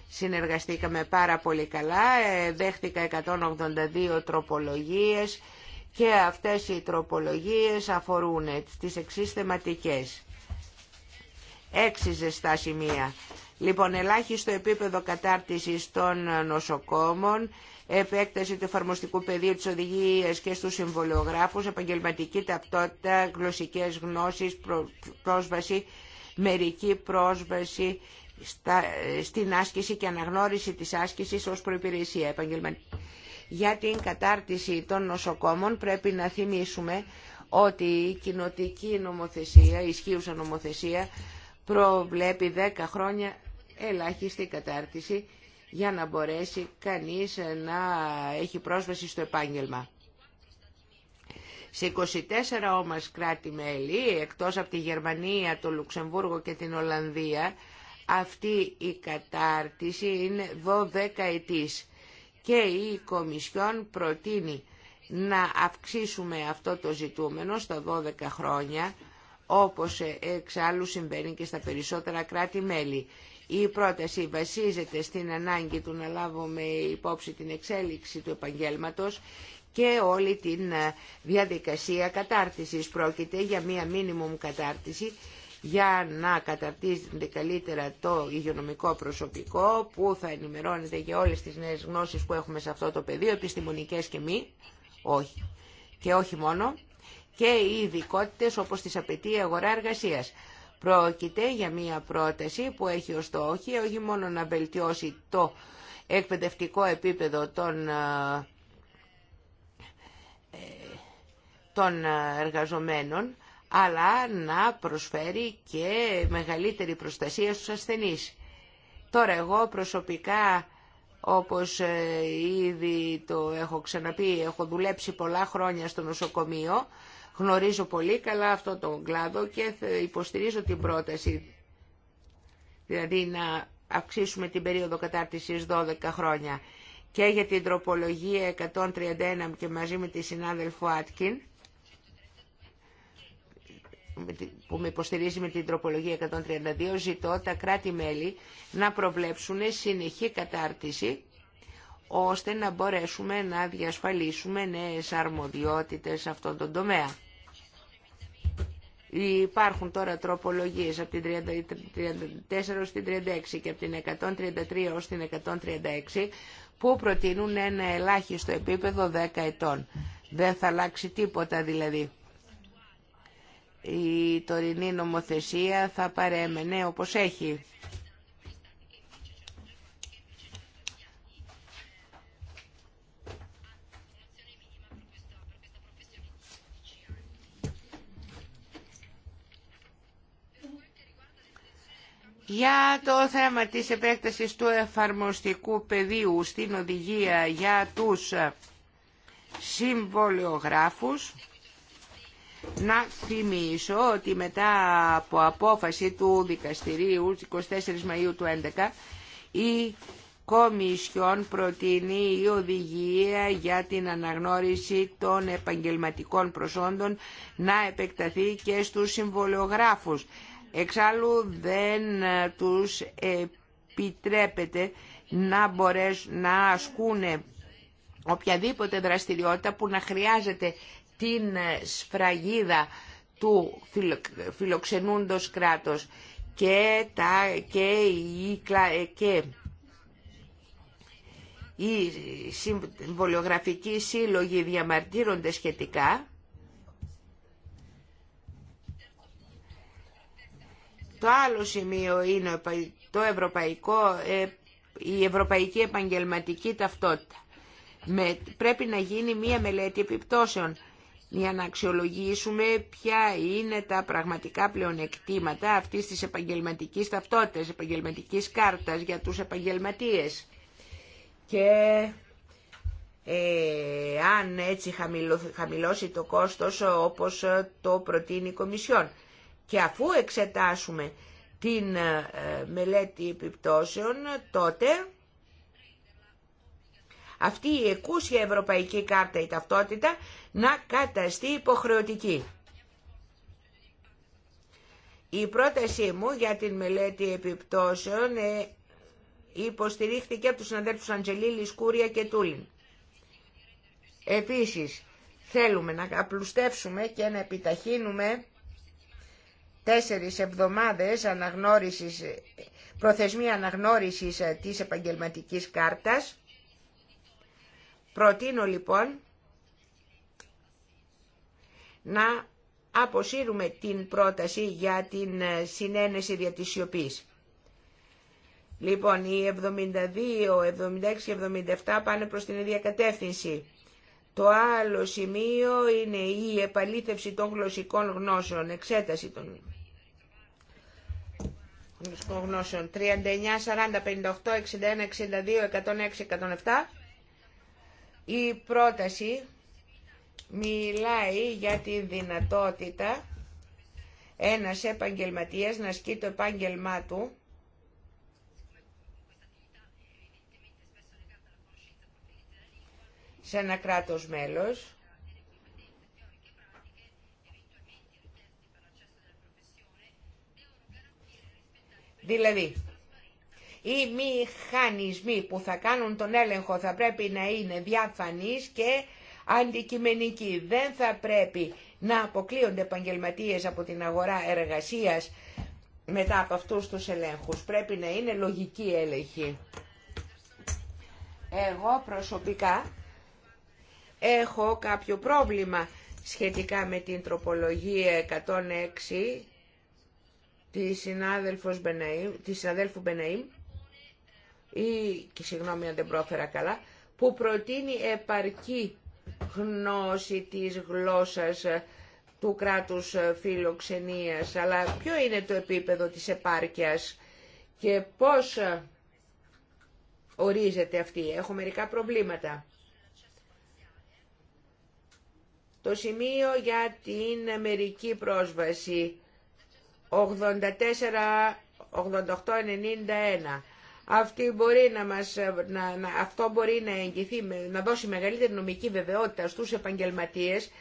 Συνεργαστήκαμε πάρα πολύ καλά. Ε, δέχτηκα 182 τροπολογίες και αυτές οι τροπολογίες αφορούν ε, τις εξής θεματικές. Έξι ζεστά σημεία. Λοιπόν, ελάχιστο επίπεδο κατάρτισης των νοσοκόμων, επέκταση του εφαρμοστικού πεδίου της οδηγίας και στους συμβολιογράφους, επαγγελματική ταυτότητα, γλωσσικές γνώσεις, πρόσβαση, μερική πρόσβαση στα, στην άσκηση και αναγνώριση της άσκησης ως προϋπηρεσία Για την κατάρτιση των νοσοκόμων πρέπει να θυμίσουμε ότι η κοινοτική νομοθεσία, η ισχύουσα νομοθεσία, προβλέπει 10 χρόνια ελάχιστη κατάρτιση για να μπορέσει κανείς να έχει πρόσβαση στο επάγγελμα. Σε 24 όμως κράτη-μέλη, εκτός από τη Γερμανία, το Λουξεμβούργο και την Ολλανδία, αυτή η κατάρτιση είναι 12 ετής και η Κομισιόν προτείνει να αυξήσουμε αυτό το ζητούμενο στα 12 χρόνια, όπως εξάλλου συμβαίνει και στα περισσότερα κράτη-μέλη. Η πρόταση βασίζεται στην ανάγκη του να λάβουμε υπόψη την εξέλιξη του επαγγέλματος και όλη την ε, διαδικασία κατάρτισης. Πρόκειται για μία μίνιμουμ κατάρτιση για να καταρτίζεται καλύτερα το υγειονομικό προσωπικό που θα ενημερώνεται για όλες τις νέες γνώσεις που έχουμε σε αυτό το πεδίο, επιστημονικές και μη, όχι. Και όχι μόνο, και οι ειδικότητε όπως τις απαιτεί η αγορά εργασίας. Πρόκειται για μια πρόταση που έχει ως στόχο όχι μόνο να βελτιώσει το εκπαιδευτικό επίπεδο των, ε, των εργαζομένων, αλλά να προσφέρει και μεγαλύτερη προστασία στους ασθενείς. Τώρα εγώ προσωπικά, όπως ε, ήδη το έχω ξαναπεί, έχω δουλέψει πολλά χρόνια στο νοσοκομείο Γνωρίζω πολύ καλά αυτό τον κλάδο και υποστηρίζω την πρόταση, δηλαδή να αυξήσουμε την περίοδο κατάρτισης 12 χρόνια. Και για την τροπολογία 131 και μαζί με τη συνάδελφο Άτκιν, που με υποστηρίζει με την τροπολογία 132, ζητώ τα κράτη-μέλη να προβλέψουν συνεχή κατάρτιση, ώστε να μπορέσουμε να διασφαλίσουμε νέες αρμοδιότητες σε αυτόν τον τομέα. Υπάρχουν τώρα τροπολογίες από την 34 ως την 36 και από την 133 ω την 136 που προτείνουν ένα ελάχιστο επίπεδο 10 ετών. Δεν θα αλλάξει τίποτα δηλαδή. Η τωρινή νομοθεσία θα παρέμενε όπως έχει. για το θέμα της επέκτασης του εφαρμοστικού πεδίου στην οδηγία για τους συμβολιογράφους να θυμίσω ότι μετά από απόφαση του δικαστηρίου 24 Μαΐου του 2011 η Κομισιόν προτείνει η οδηγία για την αναγνώριση των επαγγελματικών προσόντων να επεκταθεί και στους συμβολιογράφους. Εξάλλου δεν ε, τους επιτρέπεται να μπορέσουν να ασκούν οποιαδήποτε δραστηριότητα που να χρειάζεται την ε, σφραγίδα του φιλοξενούντος κράτος και, τα, και, η, ε, και οι συμβολιογραφικοί σύλλογοι διαμαρτύρονται σχετικά Το άλλο σημείο είναι το ευρωπαϊκό, ε, η ευρωπαϊκή επαγγελματική ταυτότητα. Με, πρέπει να γίνει μία μελέτη επιπτώσεων για να αξιολογήσουμε ποια είναι τα πραγματικά πλεονεκτήματα αυτής της επαγγελματικής ταυτότητας, επαγγελματικής κάρτας για τους επαγγελματίες. Και ε, αν έτσι χαμηλώσει το κόστος όπως το προτείνει η Κομισιόν. Και αφού εξετάσουμε την ε, μελέτη επιπτώσεων, τότε αυτή η εκούσια ευρωπαϊκή κάρτα η ταυτότητα να καταστεί υποχρεωτική. Η πρότασή μου για την μελέτη επιπτώσεων ε, υποστηρίχθηκε από τους συναδέλφους Αντζελίλη, Σκούρια και Τούλιν. Επίσης, θέλουμε να απλουστεύσουμε και να επιταχύνουμε τέσσερις εβδομάδες αναγνώρισης, προθεσμία αναγνώρισης ε, της επαγγελματικής κάρτας. Προτείνω λοιπόν να αποσύρουμε την πρόταση για την ε, συνένεση δια της σιωπής. Λοιπόν, οι 72, 76 και 77 πάνε προς την ίδια κατεύθυνση. Το άλλο σημείο είναι η επαλήθευση των γλωσσικών γνώσεων, εξέταση των γνώσεων 39, 40, 58, 61, 62, 106, 107. Η πρόταση μιλάει για τη δυνατότητα ένας επαγγελματίας να ασκεί το επάγγελμά του σε ένα κράτος μέλος Δηλαδή, οι μηχανισμοί που θα κάνουν τον έλεγχο θα πρέπει να είναι διαφανείς και αντικειμενικοί. Δεν θα πρέπει να αποκλείονται επαγγελματίε από την αγορά εργασίας μετά από αυτούς τους ελέγχους. Πρέπει να είναι λογική έλεγχη. Εγώ προσωπικά έχω κάποιο πρόβλημα σχετικά με την τροπολογία 106 τη, συνάδελφος τη συναδέλφου ή, και συγγνώμη δεν πρόφερα καλά, που προτείνει επαρκή γνώση της γλώσσας ε, του κράτους ε, φιλοξενίας, αλλά ποιο είναι το επίπεδο της επάρκειας και πώς ε, ορίζεται αυτή. Έχω μερικά προβλήματα. Το σημείο για την μερική πρόσβαση 84-88-91. Αυτή μπορεί να μας, να, να, αυτό μπορεί να εγγυθεί, να δώσει μεγαλύτερη νομική βεβαιότητα στους επαγγελματίες,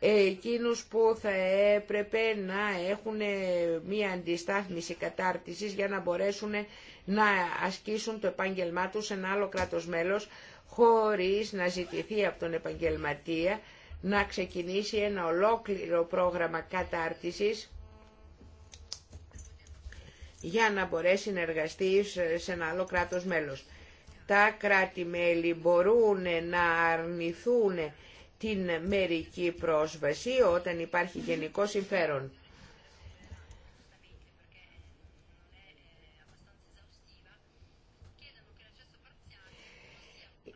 ε, εκείνους που θα έπρεπε να έχουν μία αντιστάθμιση κατάρτισης για να μπορέσουν να ασκήσουν το επάγγελμά τους σε ένα άλλο κράτος μέλος, χωρίς να ζητηθεί από τον επαγγελματία να ξεκινήσει ένα ολόκληρο πρόγραμμα κατάρτισης για να μπορέσει να εργαστεί σε ένα άλλο κράτος μέλος. Τα κράτη-μέλη μπορούν να αρνηθούν την μερική πρόσβαση όταν υπάρχει γενικό συμφέρον.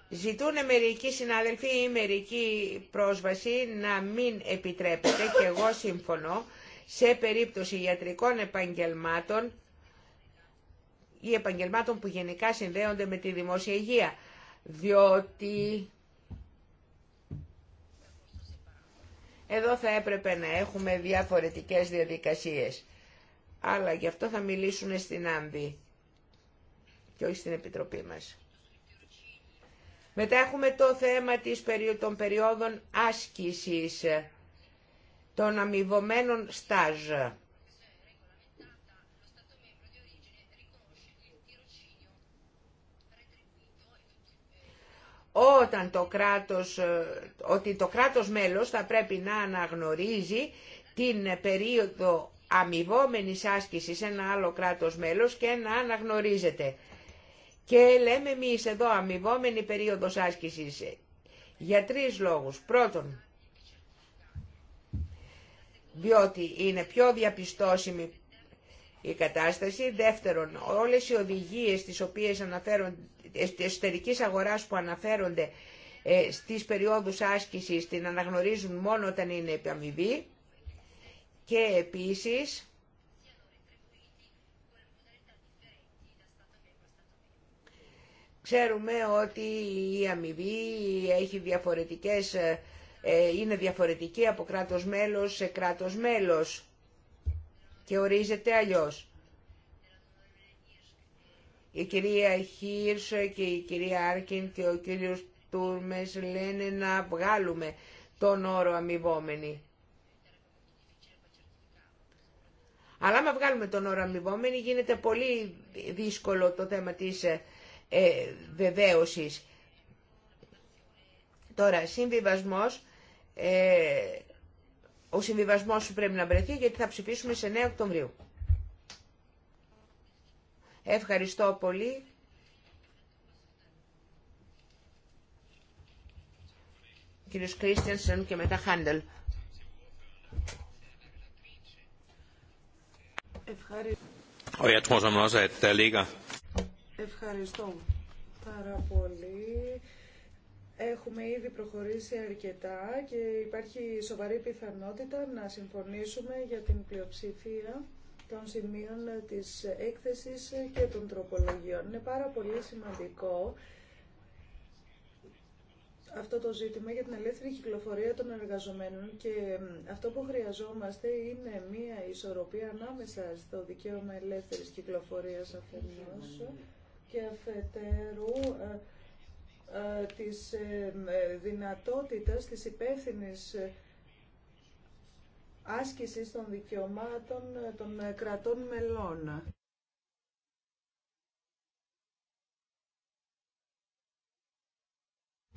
Ζητούν μερικοί συνάδελφοι ή μερική πρόσβαση να μην επιτρέπεται και εγώ συμφωνώ σε περίπτωση ιατρικών επαγγελμάτων ή επαγγελμάτων που γενικά συνδέονται με τη δημόσια υγεία. Διότι εδώ θα έπρεπε να έχουμε διαφορετικές διαδικασίες. Αλλά γι' αυτό θα μιλήσουν στην Άνδη και όχι στην Επιτροπή μας. Μετά έχουμε το θέμα της, των περιόδων άσκησης των αμοιβωμένων στάζ. όταν το κράτος, ε, ότι το κράτος μέλος θα πρέπει να αναγνωρίζει την περίοδο αμοιβόμενης άσκησης σε ένα άλλο κράτος μέλος και να αναγνωρίζεται. Και λέμε εμεί εδώ αμοιβόμενη περίοδος άσκησης για τρεις λόγους. Πρώτον, διότι είναι πιο διαπιστώσιμη η κατάσταση. Δεύτερον, όλες οι οδηγίες τις οποίες αναφέρονται, ε, εσωτερικής αγοράς που αναφέρονται ε, στις περιόδους άσκησης την αναγνωρίζουν μόνο όταν είναι επιαμοιβή και επίσης Ξέρουμε ότι η αμοιβή έχει διαφορετικές, ε, ε, είναι διαφορετική από κράτος μέλος σε κράτος μέλος και ορίζεται αλλιώς. Η κυρία Χίρσο και η κυρία Άρκιν και ο κύριος Τούρμες λένε να βγάλουμε τον όρο αμοιβόμενη. Αλλά άμα βγάλουμε τον όρο αμοιβόμενη γίνεται πολύ δύσκολο το θέμα της ε, ε βεβαίωσης. Τώρα, συμβιβασμός ε, ο συμβιβασμός πρέπει να βρεθεί γιατί θα ψηφίσουμε σε 9 Οκτωβρίου. Ευχαριστώ πολύ. Κύριο Κρίστιανσεν και μετά Χάντελ. Ευχαριστώ. Ευχαριστώ πάρα πολύ. Έχουμε ήδη προχωρήσει αρκετά και υπάρχει σοβαρή πιθανότητα να συμφωνήσουμε για την πλειοψηφία των σημείων της έκθεσης και των τροπολογιών. Είναι πάρα πολύ σημαντικό αυτό το ζήτημα για την ελεύθερη κυκλοφορία των εργαζομένων και αυτό που χρειαζόμαστε είναι μία ισορροπία ανάμεσα στο δικαίωμα ελεύθερης κυκλοφορίας αφενός ναι. και αφετέρου ε, ε, ε, ε, της δυνατότητας της υπεύθυνη άσκησης των δικαιωμάτων των κρατών μελών.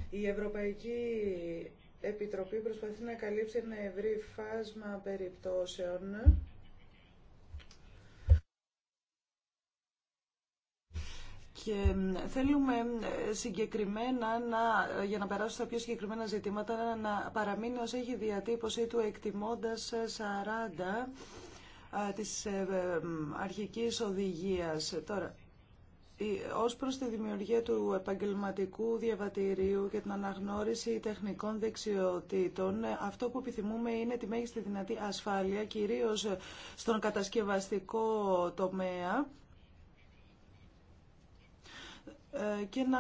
Η Ευρωπαϊκή Επιτροπή προσπαθεί να καλύψει ένα ευρύ φάσμα περιπτώσεων και θέλουμε συγκεκριμένα να, για να περάσω στα πιο συγκεκριμένα ζητήματα να παραμείνει ως έχει διατύπωση του εκτιμώντας 40 ε, της ε, αρχικής οδηγίας. Τώρα, ως προς τη δημιουργία του επαγγελματικού διαβατηρίου και την αναγνώριση τεχνικών δεξιοτήτων, ε, αυτό που επιθυμούμε είναι τη μέγιστη δυνατή ασφάλεια, κυρίως στον κατασκευαστικό τομέα. Ε, και να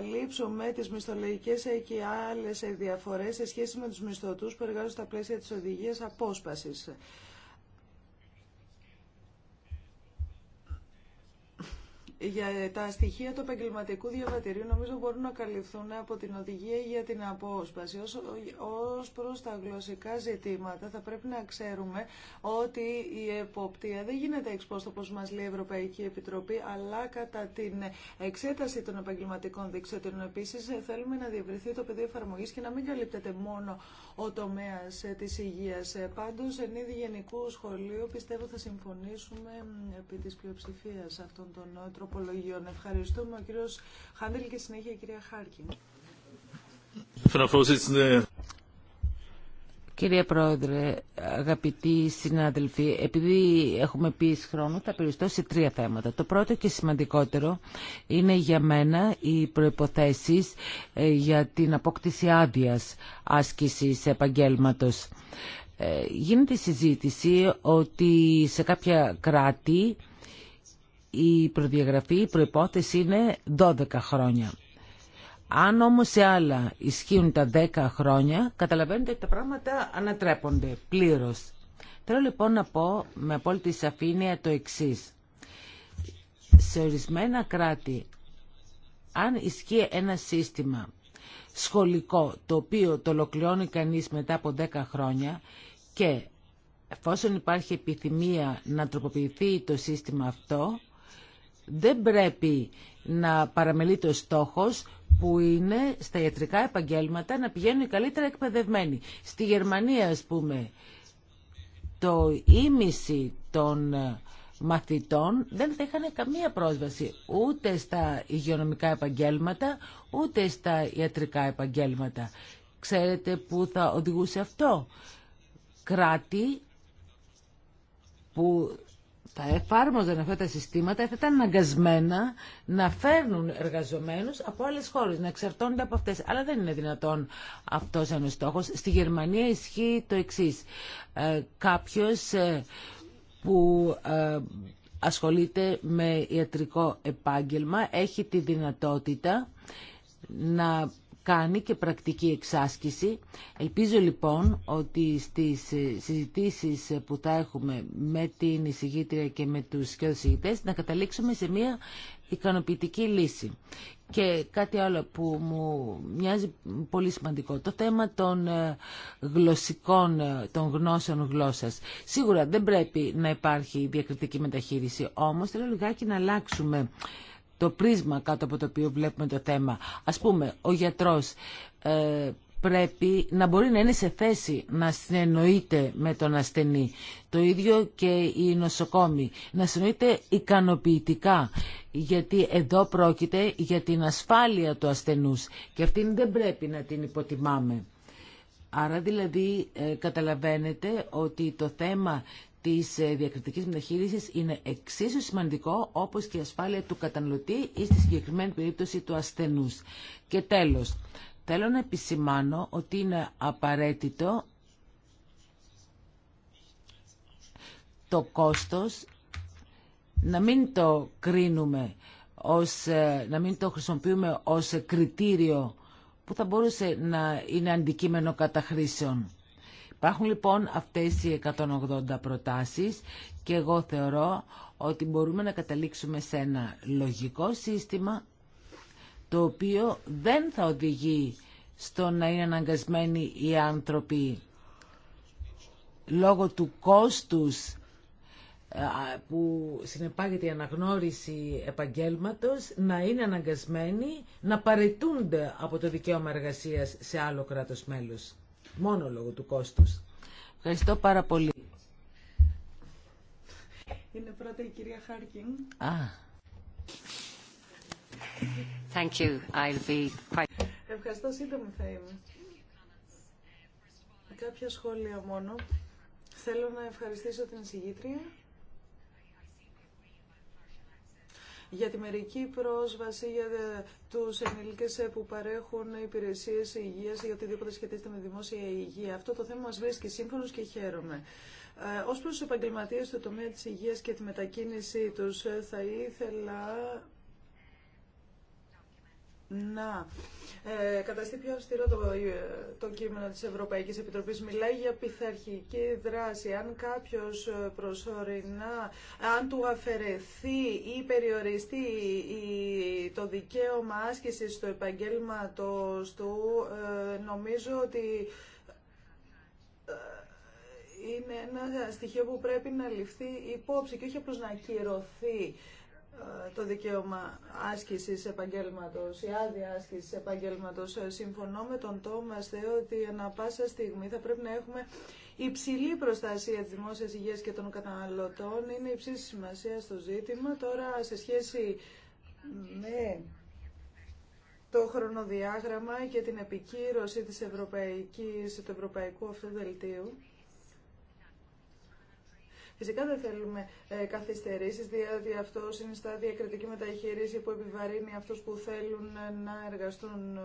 ε, με τις μισθολογικές ε, και άλλες διαφορές σε σχέση με τους μισθωτούς που εργάζονται στα πλαίσια της οδηγίας απόσπασης. για τα στοιχεία του επαγγελματικού διαβατηρίου νομίζω μπορούν να καλυφθούν από την οδηγία για την απόσπαση. Ως, ως προς τα γλωσσικά ζητήματα θα πρέπει να ξέρουμε ότι η εποπτεία δεν γίνεται εξπόστο όπως μας λέει η Ευρωπαϊκή Επιτροπή αλλά κατά την εξέταση των επαγγελματικών δεξιότητων επίσης θέλουμε να διευρυνθεί το πεδίο εφαρμογής και να μην καλύπτεται μόνο ο τομέας της υγείας. Πάντως, εν είδη γενικού σχολείου πιστεύω θα συμφωνήσουμε επί τη πλειοψηφίας αυτών των τροπών Ευχαριστούμε ο κύριο Χάντελ και συνέχεια η κυρία Χάρκιν. Κύριε Πρόεδρε, αγαπητοί συνάδελφοι, επειδή έχουμε πει χρόνο θα περιστώ σε τρία θέματα. Το πρώτο και σημαντικότερο είναι για μένα οι προϋποθέσεις ε, για την απόκτηση άδεια άσκησης επαγγέλματος. Ε, γίνεται συζήτηση ότι σε κάποια κράτη η προδιαγραφή, η προϋπόθεση είναι 12 χρόνια. Αν όμως σε άλλα ισχύουν τα 10 χρόνια, καταλαβαίνετε ότι τα πράγματα ανατρέπονται πλήρως. Θέλω λοιπόν να πω με απόλυτη σαφήνεια το εξή. Σε ορισμένα κράτη, αν ισχύει ένα σύστημα σχολικό, το οποίο το ολοκληρώνει κανείς μετά από 10 χρόνια και εφόσον υπάρχει επιθυμία να τροποποιηθεί το σύστημα αυτό, δεν πρέπει να παραμελεί το στόχος που είναι στα ιατρικά επαγγέλματα να πηγαίνουν καλύτερα εκπαιδευμένοι. Στη Γερμανία, ας πούμε, το ίμιση των ε, μαθητών δεν θα είχαν καμία πρόσβαση ούτε στα υγειονομικά επαγγέλματα, ούτε στα ιατρικά επαγγέλματα. Ξέρετε πού θα οδηγούσε αυτό. Κράτη που θα εφάρμοζαν αυτά τα συστήματα θα ήταν αναγκασμένα να φέρνουν εργαζομένους από άλλες χώρες, να εξαρτώνται από αυτές. Αλλά δεν είναι δυνατόν αυτός ένα στόχος. Στη Γερμανία ισχύει το εξής. Ε, κάποιος ε, που ε, ασχολείται με ιατρικό επάγγελμα έχει τη δυνατότητα να κάνει και πρακτική εξάσκηση. Ελπίζω λοιπόν ότι στις ε, συζητήσεις που θα έχουμε με την εισηγήτρια και με τους και να καταλήξουμε σε μια ικανοποιητική λύση. Και κάτι άλλο που μου μοιάζει πολύ σημαντικό, το θέμα των ε, γλωσσικών, ε, των γνώσεων γλώσσας. Σίγουρα δεν πρέπει να υπάρχει διακριτική μεταχείριση, όμως θέλω λιγάκι να αλλάξουμε το πρίσμα κάτω από το οποίο βλέπουμε το θέμα. Ας πούμε, ο γιατρός ε, πρέπει να μπορεί να είναι σε θέση να συνεννοείται με τον ασθενή. Το ίδιο και οι νοσοκόμοι. Να συνεννοείται ικανοποιητικά, γιατί εδώ πρόκειται για την ασφάλεια του ασθενούς και αυτήν δεν πρέπει να την υποτιμάμε. Άρα δηλαδή ε, καταλαβαίνετε ότι το θέμα Τη ε, διακριτική μεταχείρισης είναι εξίσου σημαντικό όπως και η ασφάλεια του καταναλωτή ή στη συγκεκριμένη περίπτωση του ασθενού. Και τέλος, θέλω να επισημάνω ότι είναι απαραίτητο το κόστος να μην το κρίνουμε, ως, ε, να μην το χρησιμοποιούμε ως κριτήριο που θα μπορούσε να είναι αντικείμενο καταχρήσεων. Υπάρχουν λοιπόν αυτές οι 180 προτάσεις και εγώ θεωρώ ότι μπορούμε να καταλήξουμε σε ένα λογικό σύστημα το οποίο δεν θα οδηγεί στο να είναι αναγκασμένοι οι άνθρωποι λόγω του κόστους ε, που συνεπάγεται η αναγνώριση επαγγέλματος να είναι αναγκασμένοι να παρετούνται από το δικαίωμα εργασίας σε άλλο κράτος μέλος μόνο λόγω του κόστους. Ευχαριστώ πάρα πολύ. Είναι πρώτα η κυρία Χάρκιν. Α. Thank you. I'll be quite... Ευχαριστώ, σύντομη θα είμαι. Κάποια σχόλια μόνο. Θέλω να ευχαριστήσω την συγγήτρια. για τη μερική πρόσβαση για ε, τους ενήλικες ε, που παρέχουν υπηρεσίες υγείας ή οτιδήποτε σχετίζεται με δημόσια υγεία. Αυτό το θέμα μας βρίσκει σύμφωνος και χαίρομαι. Ε, ως προς τους επαγγελματίες στο τομέα της υγείας και τη μετακίνησή τους, ε, θα ήθελα να ε, καταστεί πιο αυστηρό το, ε, το κείμενο της Ευρωπαϊκής Επιτροπής. Μιλάει για πειθαρχική δράση. Αν κάποιος ε, προσωρινά, αν του αφαιρεθεί ή περιοριστεί το δικαίωμα άσκησης του επαγγέλματος του, ε, νομίζω ότι είναι ένα στοιχείο που πρέπει να ληφθεί υπόψη και όχι απλώς να ακυρωθεί ε, το δικαίωμα άσκησης επαγγέλματος, η άδεια άσκησης επαγγέλματος. Ε, συμφωνώ με τον Τόμας Θεό ότι ανά πάσα στιγμή θα πρέπει να έχουμε υψηλή προστασία της δημόσιας υγείας και των καταναλωτών. Είναι υψηλή σημασία στο ζήτημα. Τώρα σε σχέση με το χρονοδιάγραμμα και την επικύρωση της Ευρωπαϊκής, του Ευρωπαϊκού Αυτοδελτίου. Φυσικά δεν θέλουμε ε, διότι αυτό είναι στα διακριτική μεταχείριση που επιβαρύνει αυτού που θέλουν ε, να εργαστούν ε,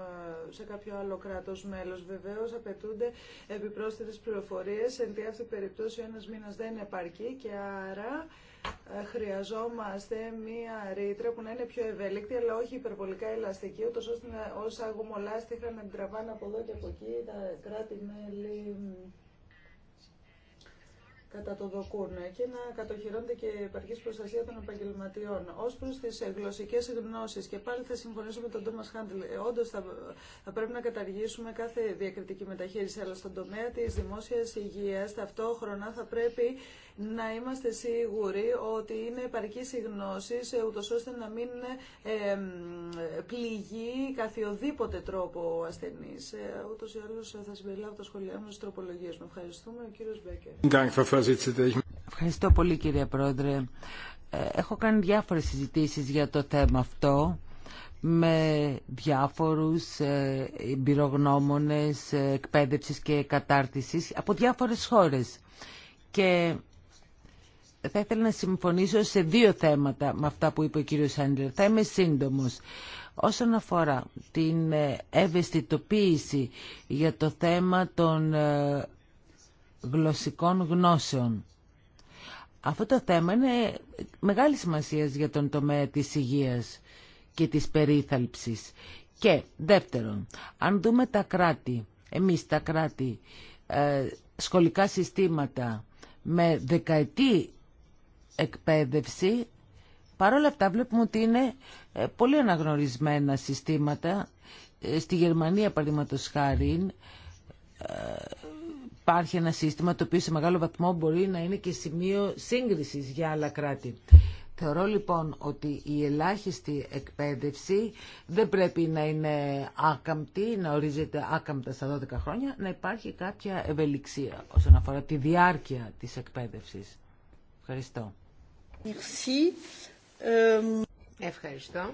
σε κάποιο άλλο κράτο μέλο, βεβαίω, απαιτούνται επιπρόσθετες πληροφορίε. εν τη αυτή περιπτώσει ο ένας μήνας δεν επαρκεί και άρα ε, χρειαζόμαστε μία ρήτρα που να είναι πιο ευέλικτη αλλά όχι υπερβολικά ελαστική ούτως ώστε όσα αγωμολάστηκαν να την τραβάνε από εδώ και από εκεί τα κράτη-μέλη κατά το δοκούν και να κατοχυρώνεται και επαρκή προστασία των επαγγελματιών. Ω προ τι ε, γλωσσικέ γνώσει, και πάλι θα συμφωνήσω με τον Τόμα Χάντλ, ε, όντω θα, θα πρέπει να καταργήσουμε κάθε διακριτική μεταχείριση, αλλά στον τομέα τη δημόσια υγεία ταυτόχρονα θα πρέπει να είμαστε σίγουροι ότι είναι επαρκή η γνώσεις, ούτω ώστε να μην πληγεί καθιοδήποτε τρόπο ο ασθενής. Ε, ούτω ή άλλω θα συμπεριλάβω τα σχολιά μου στι τροπολογίε μου. Ευχαριστούμε. Ο κύριος Μπέκερ. Ευχαριστώ πολύ κύριε Πρόεδρε. Ε, έχω κάνει διάφορες συζητήσεις για το θέμα αυτό με διάφορους ε, εμπειρογνώμονες εκπαίδευσης και κατάρτισης από διάφορες χώρες. Και θα ήθελα να συμφωνήσω σε δύο θέματα με αυτά που είπε ο κύριος Άντλερ. Θα είμαι σύντομος. Όσον αφορά την ε, ευαισθητοποίηση για το θέμα των ε, γλωσσικών γνώσεων. Αυτό το θέμα είναι μεγάλη σημασία για τον τομέα της υγείας και της περίθαλψης. Και δεύτερον, αν δούμε τα κράτη, εμείς τα κράτη, ε, σχολικά συστήματα με δεκαετή εκπαίδευση, παρόλα αυτά βλέπουμε ότι είναι ε, πολύ αναγνωρισμένα συστήματα. Ε, στη Γερμανία, παραδείγματο χάρη, ε, υπάρχει ένα σύστημα το οποίο σε μεγάλο βαθμό μπορεί να είναι και σημείο σύγκρισης για άλλα κράτη. Θεωρώ λοιπόν ότι η ελάχιστη εκπαίδευση δεν πρέπει να είναι άκαμπτη, να ορίζεται άκαμπτα στα 12 χρόνια, να υπάρχει κάποια ευελιξία όσον αφορά τη διάρκεια της εκπαίδευσης. Ευχαριστώ. Ευχαριστώ.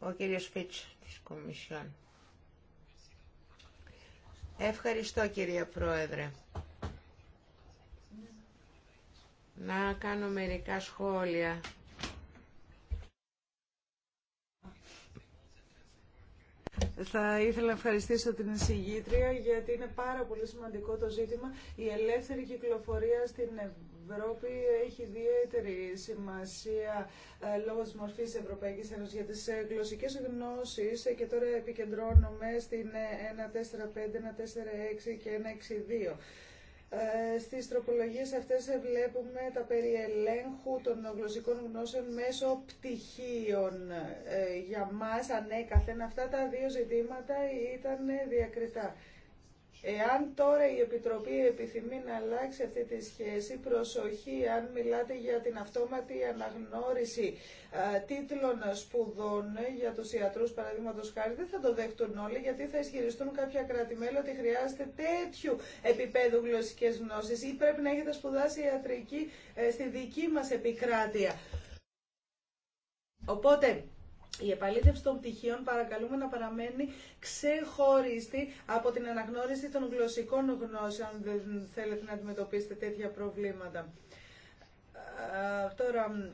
Ο κύριος Φίτς της Κομισιόν. Ευχαριστώ κυρία Πρόεδρε. Να κάνω μερικά σχόλια Θα ήθελα να ευχαριστήσω την εισηγήτρια γιατί είναι πάρα πολύ σημαντικό το ζήτημα. Η ελεύθερη κυκλοφορία στην Ευρώπη έχει ιδιαίτερη σημασία ε, λόγω τη μορφή Ευρωπαϊκή Ένωση για τι ε, γλωσσικέ γνώσει ε, και τώρα επικεντρώνομαι στην 145, 146 και 162. Ε, στις τροπολογίες αυτές βλέπουμε τα περί των γλωσσικών γνώσεων μέσω πτυχίων. Ε, για μας ανέκαθεν αυτά τα δύο ζητήματα ήταν διακριτά. Εάν τώρα η Επιτροπή επιθυμεί να αλλάξει αυτή τη σχέση, προσοχή αν μιλάτε για την αυτόματη αναγνώριση τίτλων σπουδών για τους ιατρούς παραδείγματο χάρη, δεν θα το δέχτουν όλοι γιατί θα ισχυριστούν κάποια κρατημέλη ότι χρειάζεται τέτοιου επίπεδου γλωσσικές γνώσεις ή πρέπει να έχετε σπουδάσει ιατρική ε, στη δική μας επικράτεια. Οπότε, η επαλήθευση των πτυχίων παρακαλούμε να παραμένει ξεχωριστή από την αναγνώριση των γλωσσικών γνώσεων, αν δεν θέλετε να αντιμετωπίσετε τέτοια προβλήματα. Τώρα,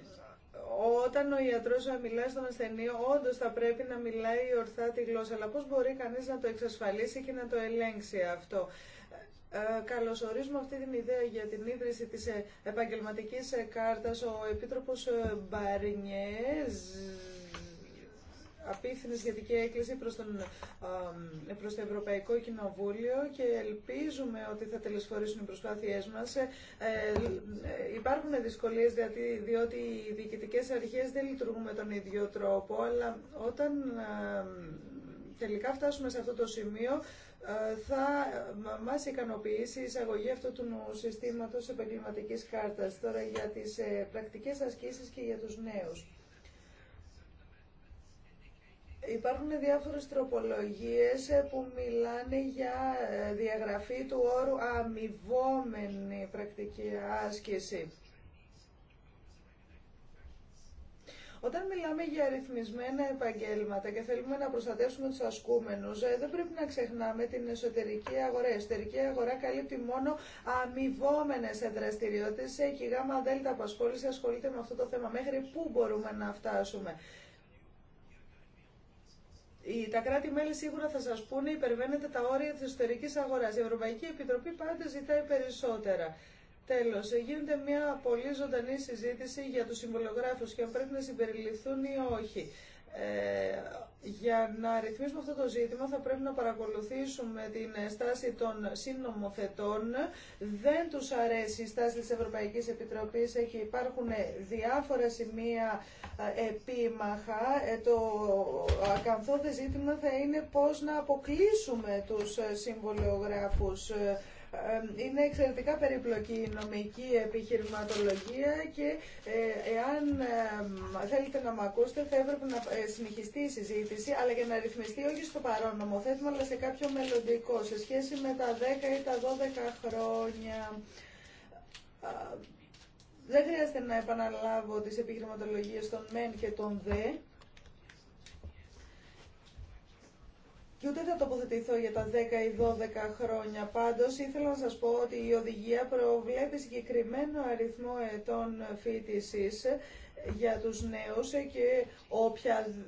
όταν ο ιατρό μιλάει στον ασθενή, όντω θα πρέπει να μιλάει ορθά τη γλώσσα. Αλλά πώ μπορεί κανεί να το εξασφαλίσει και να το ελέγξει αυτό. Ε, καλωσορίζουμε αυτή την ιδέα για την ίδρυση της ε, επαγγελματικής κάρτας. Ο Επίτροπος ε, Μπαρινιέζ Απίθυνη σχετική έκκληση προς, τον, προς το Ευρωπαϊκό Κοινοβούλιο και ελπίζουμε ότι θα τελεσφορήσουν οι προσπάθειές μας. Ε, ε, ε υπάρχουν δυσκολίες διότι, διότι οι διοικητικές αρχές δεν λειτουργούν με τον ίδιο τρόπο, αλλά όταν τελικά φτάσουμε σε αυτό το σημείο, ε, θα μας ικανοποιήσει η εισαγωγή αυτού του συστήματος επαγγελματικής κάρτας τώρα για τις πρακτικές ασκήσεις και για τους νέους. Υπάρχουν διάφορες τροπολογίες ε, που μιλάνε για ε, διαγραφή του όρου αμοιβόμενη πρακτική άσκηση. Όταν μιλάμε για αριθμισμένα επαγγέλματα και θέλουμε να προστατεύσουμε τους ασκούμενους, ε, δεν πρέπει να ξεχνάμε την εσωτερική αγορά. Η εσωτερική αγορά καλύπτει μόνο αμοιβόμενε δραστηριότητε και η ΓΑΜΑ ΔΕΛΤΑ απασχόληση ασχολείται με αυτό το θέμα. Μέχρι πού μπορούμε να φτάσουμε. Τα κράτη-μέλη σίγουρα θα σας πούνε υπερβαίνετε τα όρια της εσωτερικής αγοράς. Η Ευρωπαϊκή Επιτροπή πάντα ζητάει περισσότερα. Τέλος, γίνεται μια πολύ ζωντανή συζήτηση για τους συμβολογράφους και αν πρέπει να συμπεριληφθούν ή όχι. Ε, για να ρυθμίσουμε αυτό το ζήτημα θα πρέπει να παρακολουθήσουμε την ε, στάση των συνομοθετών. Δεν τους αρέσει η στάση της Ευρωπαϊκής Επιτροπής και υπάρχουν ε, διάφορα σημεία επίμαχα. Το ακαθόδε ζήτημα θα είναι πώς να αποκλείσουμε τους συμβολιογράφους είναι εξαιρετικά περιπλοκή η νομική επιχειρηματολογία και ε, εάν θέλετε να με ακούσετε θα έπρεπε να ε, συνεχιστεί η συζήτηση αλλά για να ρυθμιστεί όχι στο παρόν νομοθέτημα αλλά σε κάποιο μελλοντικό σε σχέση με τα 10 ή τα 12 χρόνια. Δεν χρειάζεται να επαναλάβω τις επιχειρηματολογίες των μεν και των δε. και ούτε θα τοποθετηθώ για τα 10 ή 12 χρόνια. Πάντως ήθελα να σας πω ότι η οδηγία προβλέπει συγκεκριμένο αριθμό ετών φοιτησής για τους νέους ε, και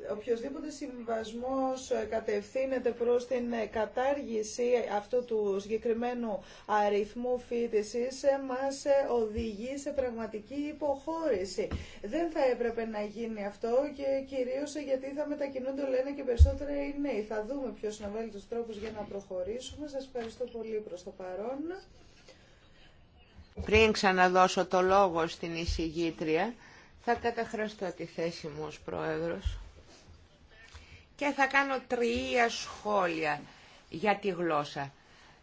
οποιοδήποτε συμβασμός ε, κατευθύνεται προς την ε, κατάργηση αυτού του συγκεκριμένου αριθμού φίτησης μας οδηγεί σε πραγματική υποχώρηση. Δεν θα έπρεπε να γίνει αυτό και κυρίως γιατί θα μετακινούνται λένε και περισσότερα οι νέοι. Θα δούμε ποιος να βάλει τους τρόπους για να προχωρήσουμε. Σας ευχαριστώ πολύ προς το παρόν. Πριν ξαναδώσω το λόγο στην εισηγήτρια, θα καταχραστώ τη θέση μου ως πρόεδρος και θα κάνω τρία σχόλια για τη γλώσσα.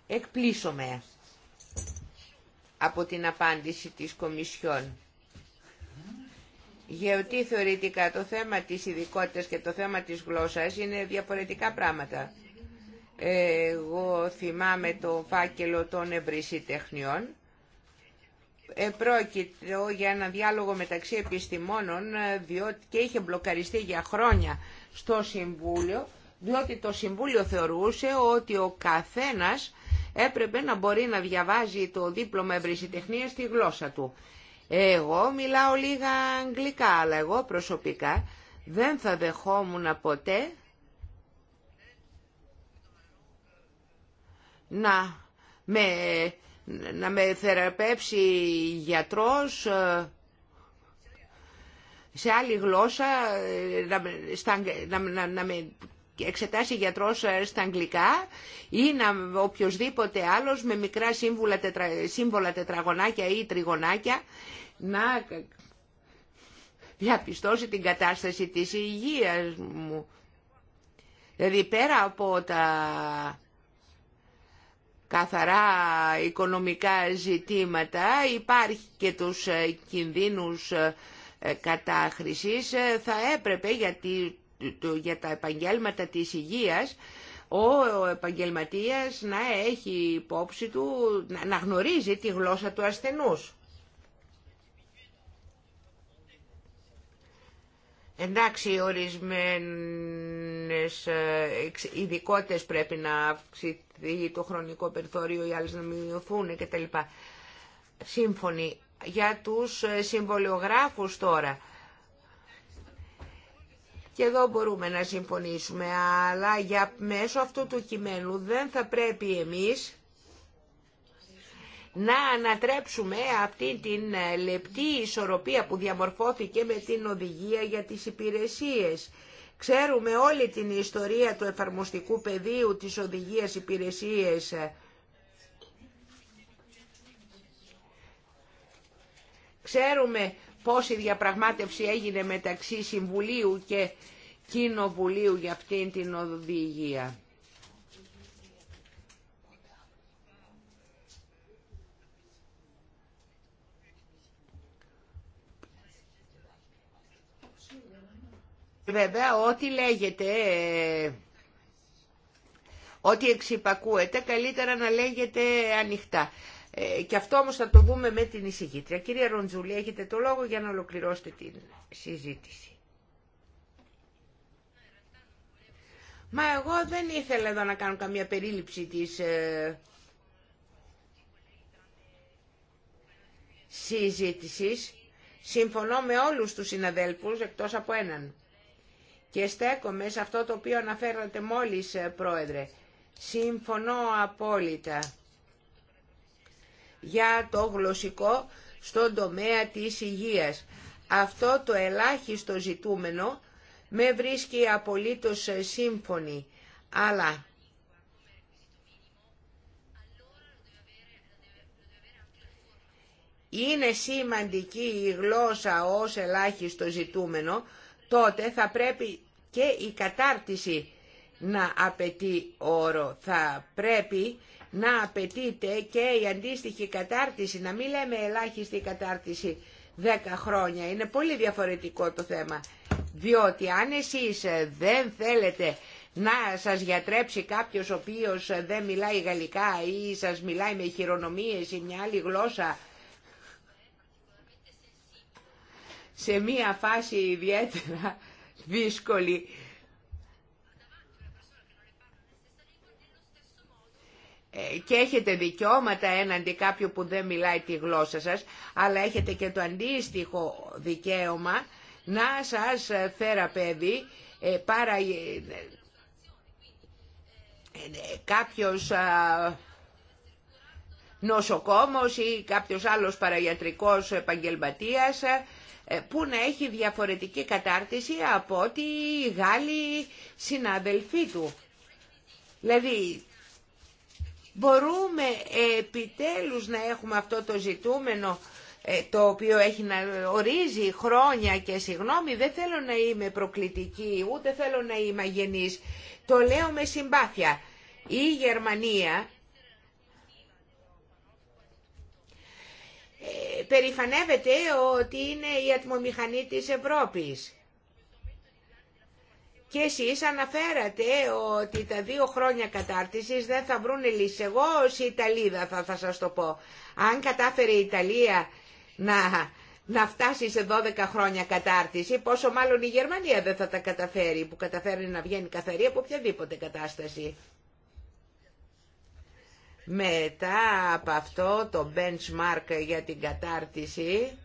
Εκπλήσωμε από την απάντηση της Κομισιόν. Γιατί θεωρητικά το θέμα της ειδικότητα και το θέμα της γλώσσας είναι διαφορετικά πράγματα. Εγώ θυμάμαι το φάκελο των ευρυσιτεχνιών Πρόκειται για ένα διάλογο μεταξύ επιστημόνων ε, διότι και είχε μπλοκαριστεί για χρόνια στο Συμβούλιο διότι το Συμβούλιο θεωρούσε ότι ο καθένας έπρεπε να μπορεί να διαβάζει το δίπλωμα ευρυσιτεχνία στη γλώσσα του. Εγώ μιλάω λίγα αγγλικά, αλλά εγώ προσωπικά δεν θα δεχόμουν ποτέ να με να με θεραπεύσει γιατρός ε, σε άλλη γλώσσα, ε, να, με εξετάσει γιατρός ε, στα αγγλικά ή να οποιοδήποτε άλλος με μικρά σύμβολα, τετρα, τετραγωνάκια ή τριγωνάκια να διαπιστώσει την κατάσταση της υγείας μου. Δηλαδή πέρα από τα καθαρά οικονομικά ζητήματα, υπάρχει και τους ε, κινδύνους ε, ε, κατάχρησης, θα έπρεπε γιατί για τα επαγγέλματα της υγείας ο επαγγελματίας να έχει υπόψη του, να γνωρίζει τη γλώσσα του ασθενούς. Εντάξει, ορισμένες ειδικότητες πρέπει να αυξηθούν το χρονικό περιθώριο, οι άλλε να μειωθούν κτλ. Σύμφωνοι για τους ε, συμβολιογράφους τώρα. Και εδώ μπορούμε να συμφωνήσουμε, αλλά για μέσω αυτού του κειμένου δεν θα πρέπει εμείς να ανατρέψουμε αυτή την ε, λεπτή ισορροπία που διαμορφώθηκε με την οδηγία για τις υπηρεσίες. Ξέρουμε όλη την ιστορία του εφαρμοστικού πεδίου της οδηγίας υπηρεσίες. Ξέρουμε η διαπραγμάτευση έγινε μεταξύ Συμβουλίου και Κοινοβουλίου για αυτήν την οδηγία. Βέβαια, ό,τι λέγεται, ε, ό,τι εξυπακούεται, καλύτερα να λέγεται ανοιχτά. Ε, και αυτό όμως θα το δούμε με την εισηγήτρια. Κυρία Ροντζούλη, έχετε το λόγο για να ολοκληρώσετε την συζήτηση. Μα εγώ δεν ήθελα εδώ να κάνω καμία περίληψη της ε, συζήτησης. Συμφωνώ με όλους τους συναδέλφους εκτός από έναν. Και στέκομαι σε αυτό το οποίο αναφέρατε μόλις, ε, Πρόεδρε. Συμφωνώ απόλυτα για το γλωσσικό στον τομέα της υγείας. Αυτό το ελάχιστο ζητούμενο με βρίσκει απολύτως ε, σύμφωνη, αλλά είναι σημαντική η γλώσσα ως ελάχιστο ζητούμενο, τότε θα πρέπει και η κατάρτιση να απαιτεί όρο. Θα πρέπει να απαιτείται και η αντίστοιχη κατάρτιση, να μην λέμε ελάχιστη κατάρτιση 10 χρόνια. Είναι πολύ διαφορετικό το θέμα, διότι αν εσείς δεν θέλετε να σας γιατρέψει κάποιος ο οποίος δεν μιλάει γαλλικά ή σας μιλάει με χειρονομίες ή μια άλλη γλώσσα, σε μία φάση ιδιαίτερα δύσκολη. Ε, και έχετε δικαιώματα έναντι κάποιου που δεν μιλάει τη γλώσσα σας, αλλά έχετε και το αντίστοιχο δικαίωμα να σας θεραπεύει ε, παρα, ε, κάποιος νοσοκόμος ή κάποιος άλλος παραγιατρικός επαγγελματίας ε, που να έχει διαφορετική κατάρτιση από ότι οι Γάλλοι συναδελφοί του. Δηλαδή, μπορούμε επιτέλους να έχουμε αυτό το ζητούμενο ε, το οποίο έχει να ορίζει χρόνια και συγγνώμη δεν θέλω να είμαι προκλητική ούτε θέλω να είμαι αγενής το λέω με συμπάθεια η Γερμανία περηφανεύεται ότι είναι η ατμομηχανή της Ευρώπης. Και εσείς αναφέρατε ότι τα δύο χρόνια κατάρτισης δεν θα βρουν λύση. Εγώ ως Ιταλίδα θα, θα σας το πω. Αν κατάφερε η Ιταλία να, να φτάσει σε 12 χρόνια κατάρτιση, πόσο μάλλον η Γερμανία δεν θα τα καταφέρει, που καταφέρει να βγαίνει καθαρή από οποιαδήποτε κατάσταση. Μετά από αυτό το benchmark για την κατάρτιση,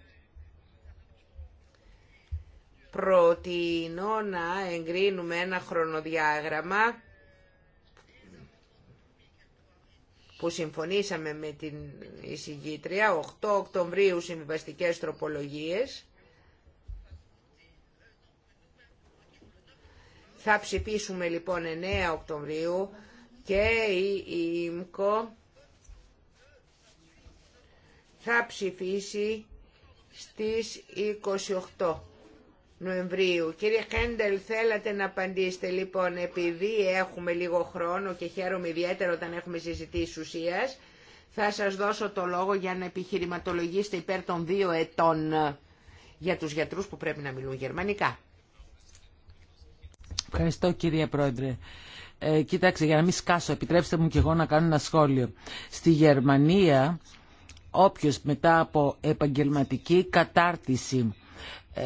προτείνω να εγκρίνουμε ένα χρονοδιάγραμμα που συμφωνήσαμε με την εισηγήτρια, 8 Οκτωβρίου συμβιβαστικές τροπολογίες. Θα ψηφίσουμε λοιπόν 9 Οκτωβρίου και η ΙΜΚΟ θα ψηφίσει στις 28 Νοεμβρίου. Κύριε Χέντελ, θέλατε να απαντήσετε λοιπόν, επειδή έχουμε λίγο χρόνο και χαίρομαι ιδιαίτερα όταν έχουμε συζητήσει ουσίας, θα σας δώσω το λόγο για να επιχειρηματολογήσετε υπέρ των δύο ετών ε, για τους γιατρούς που πρέπει να μιλούν γερμανικά. Ευχαριστώ κύριε Πρόεδρε. Ε, κοιτάξτε, για να μην σκάσω, επιτρέψτε μου και εγώ να κάνω ένα σχόλιο. Στη Γερμανία, όποιος μετά από επαγγελματική κατάρτιση ε,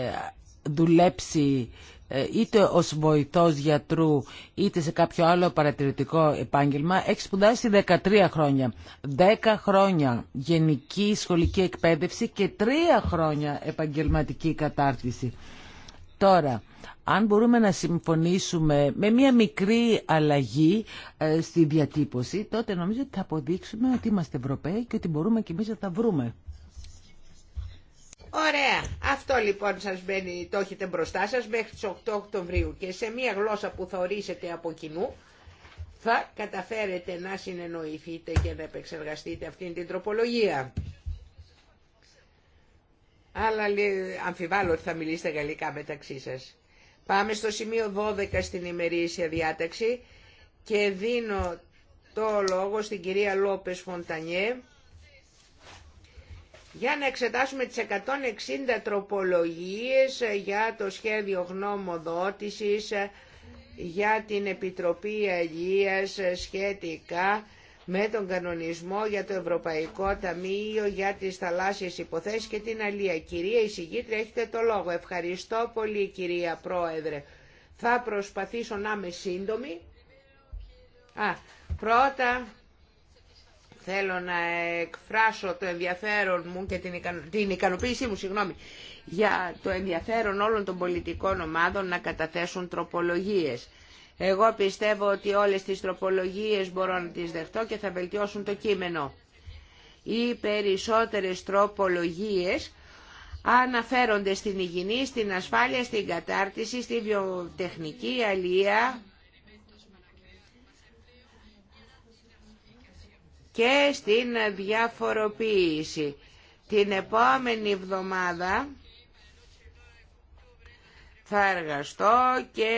δουλέψει ε, είτε ως βοηθός γιατρού είτε σε κάποιο άλλο παρατηρητικό επάγγελμα έχει σπουδάσει 13 χρόνια 10 χρόνια γενική σχολική εκπαίδευση και 3 χρόνια επαγγελματική κατάρτιση Τώρα, αν μπορούμε να συμφωνήσουμε με μια μικρή αλλαγή ε, στη διατύπωση, τότε νομίζω ότι θα αποδείξουμε ότι είμαστε Ευρωπαίοι και ότι μπορούμε και εμείς να τα βρούμε. Ωραία. Αυτό λοιπόν σας μπαίνει, το έχετε μπροστά σας μέχρι τις 8 Οκτωβρίου και σε μια γλώσσα που θα ορίσετε από κοινού θα καταφέρετε να συνεννοηθείτε και να επεξεργαστείτε αυτήν την τροπολογία αλλά αμφιβάλλω ότι θα μιλήσετε γαλλικά μεταξύ σας. Πάμε στο σημείο 12 στην ημερήσια διάταξη και δίνω το λόγο στην κυρία Λόπες Φοντανιέ για να εξετάσουμε τις 160 τροπολογίες για το σχέδιο γνώμοδότησης για την Επιτροπή Αγίας σχετικά με τον κανονισμό για το Ευρωπαϊκό Ταμείο για τις θαλάσσιες υποθέσεις και την αλία. Κυρία Ισηγήτρια, έχετε το λόγο. Ευχαριστώ πολύ κυρία Πρόεδρε. Θα προσπαθήσω να είμαι σύντομη. Α, πρώτα θέλω να εκφράσω το ενδιαφέρον μου και την, την ικανοποίησή μου, συγγνώμη, για το ενδιαφέρον όλων των πολιτικών ομάδων να καταθέσουν τροπολογίες. Εγώ πιστεύω ότι όλες τις τροπολογίες μπορώ να τις δεχτώ και θα βελτιώσουν το κείμενο. Οι περισσότερες τροπολογίες αναφέρονται στην υγιεινή, στην ασφάλεια, στην κατάρτιση, στη βιοτεχνική αλία και στην διαφοροποίηση. Την επόμενη εβδομάδα θα εργαστώ και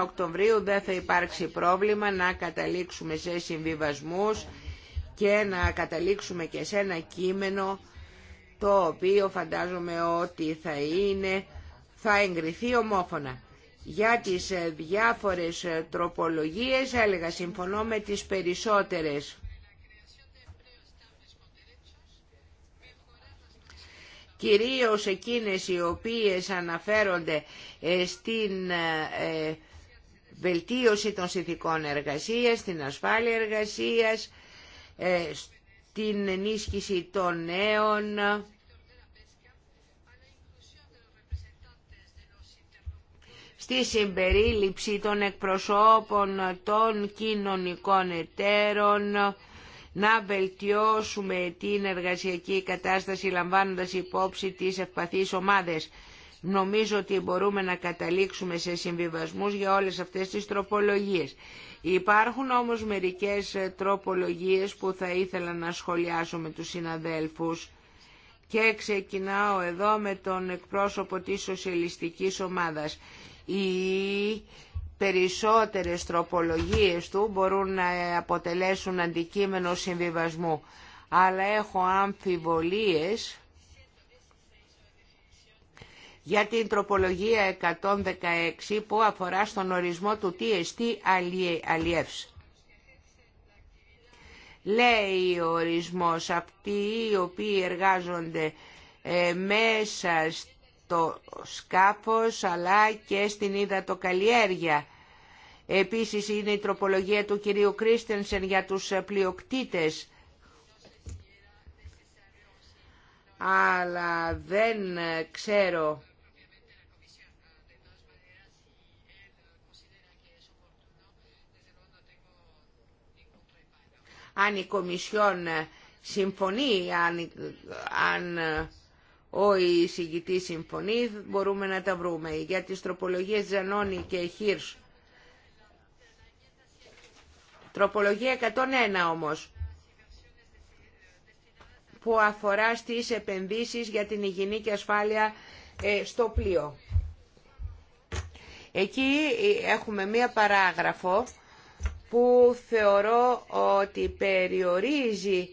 8-9 Οκτωβρίου δεν θα υπάρξει πρόβλημα να καταλήξουμε σε συμβιβασμούς και να καταλήξουμε και σε ένα κείμενο το οποίο φαντάζομαι ότι θα είναι, θα εγκριθεί ομόφωνα. Για τις ε, διάφορες ε, τροπολογίες έλεγα συμφωνώ με τις περισσότερες. κυρίως εκείνες οι οποίες αναφέρονται ε, στην ε, βελτίωση των συνθηκών εργασίας, στην ασφάλεια εργασίας, ε, στην ενίσχυση των νέων, στη συμπερίληψη των εκπροσώπων των κοινωνικών εταίρων, να βελτιώσουμε την εργασιακή κατάσταση λαμβάνοντας υπόψη τις ευπαθείς ομάδες. Νομίζω ότι μπορούμε να καταλήξουμε σε συμβιβασμούς για όλες αυτές τις τροπολογίες. Υπάρχουν όμως μερικές τροπολογίες που θα ήθελα να σχολιάσω με τους συναδέλφους και ξεκινάω εδώ με τον εκπρόσωπο της σοσιαλιστικής ομάδας. Η περισσότερες τροπολογίες του μπορούν να αποτελέσουν αντικείμενο συμβιβασμού. Αλλά έχω αμφιβολίες για την τροπολογία 116 που αφορά στον ορισμό του TST αλλιεύς. Λέει ο ορισμός αυτοί οι οποίοι εργάζονται ε, μέσα στο σκάφος αλλά και στην υδατοκαλλιέργεια Επίσης είναι η τροπολογία του κυρίου Κρίστενσεν για τους πλειοκτήτες. Αλλά δεν ξέρω αν η Κομισιόν συμφωνεί, αν, αν ο εισηγητής συμφωνεί, μπορούμε να τα βρούμε. Για τις τροπολογίες Ζανώνη και Χίρς Τροπολογία 101 όμως που αφορά στις επενδύσεις για την υγιεινή και ασφάλεια ε, στο πλοίο. Εκεί ε, έχουμε μία παράγραφο που θεωρώ ότι περιορίζει,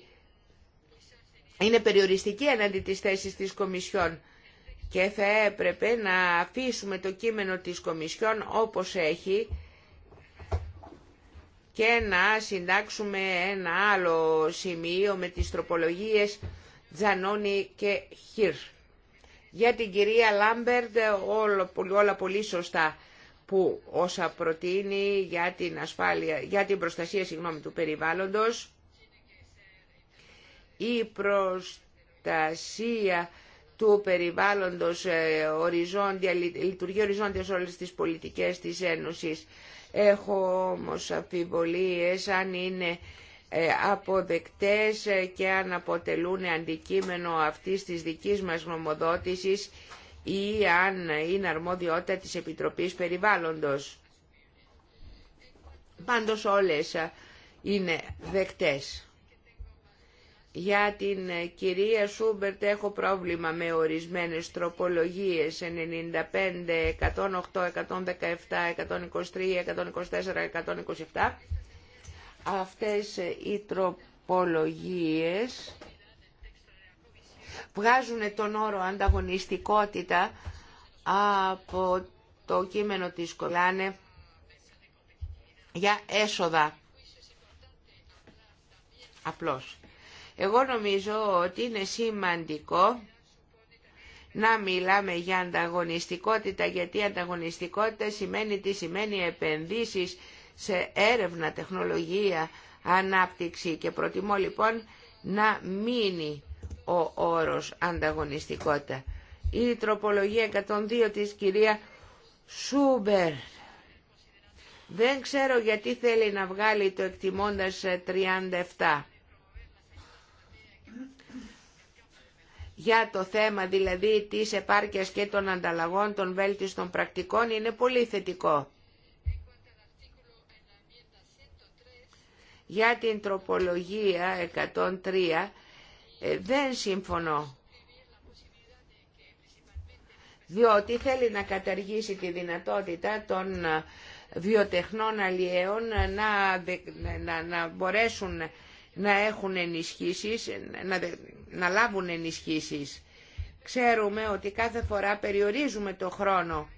είναι περιοριστική έναντι της θέσης της Κομισιόν και θα έπρεπε να αφήσουμε το κείμενο της Κομισιόν όπως έχει και να συντάξουμε ένα άλλο σημείο με τις τροπολογίες Τζανόνι και Χιρ. Για την κυρία Λάμπερντ όλα, όλα πολύ σωστά που όσα προτείνει για την, ασφάλεια, για την προστασία συγγνώμη, του περιβάλλοντος η προστασία του περιβάλλοντος ε, οριζόντια, λειτουργεί οριζόντια σε όλες τις πολιτικές της Ένωσης Έχω όμως αμφιβολίες αν είναι ε, αποδεκτές και αν αποτελούν αντικείμενο αυτής της δικής μας γνωμοδότησης ή αν είναι αρμόδιότητα της Επιτροπής Περιβάλλοντος. Πάντως όλες ε, είναι δεκτές. Για την ε, κυρία Σούμπερτ έχω πρόβλημα με ορισμένες τροπολογίες 95, 108, 117, 123, 124, 127. Αυτές ε, οι τροπολογίες βγάζουν τον όρο ανταγωνιστικότητα από το κείμενο της Κολάνε για έσοδα. Απλώς. Εγώ νομίζω ότι είναι σημαντικό να μιλάμε για ανταγωνιστικότητα, γιατί ανταγωνιστικότητα σημαίνει τι σημαίνει επενδύσεις σε έρευνα, τεχνολογία, ανάπτυξη και προτιμώ λοιπόν να μείνει ο όρος ανταγωνιστικότητα. Η τροπολογία 102 της κυρία Σούμπερ. Δεν ξέρω γιατί θέλει να βγάλει το εκτιμώντας 37. για το θέμα δηλαδή της επάρκειας και των ανταλλαγών των βέλτιστων πρακτικών είναι πολύ θετικό. Για την τροπολογία 103 ε, δεν συμφωνώ, διότι θέλει να καταργήσει τη δυνατότητα των ε, βιοτεχνών αλλιέων να, να, να μπορέσουν να έχουν ενισχύσεις, να, να λάβουν ενισχύσεις. Ξέρουμε ότι κάθε φορά περιορίζουμε το χρόνο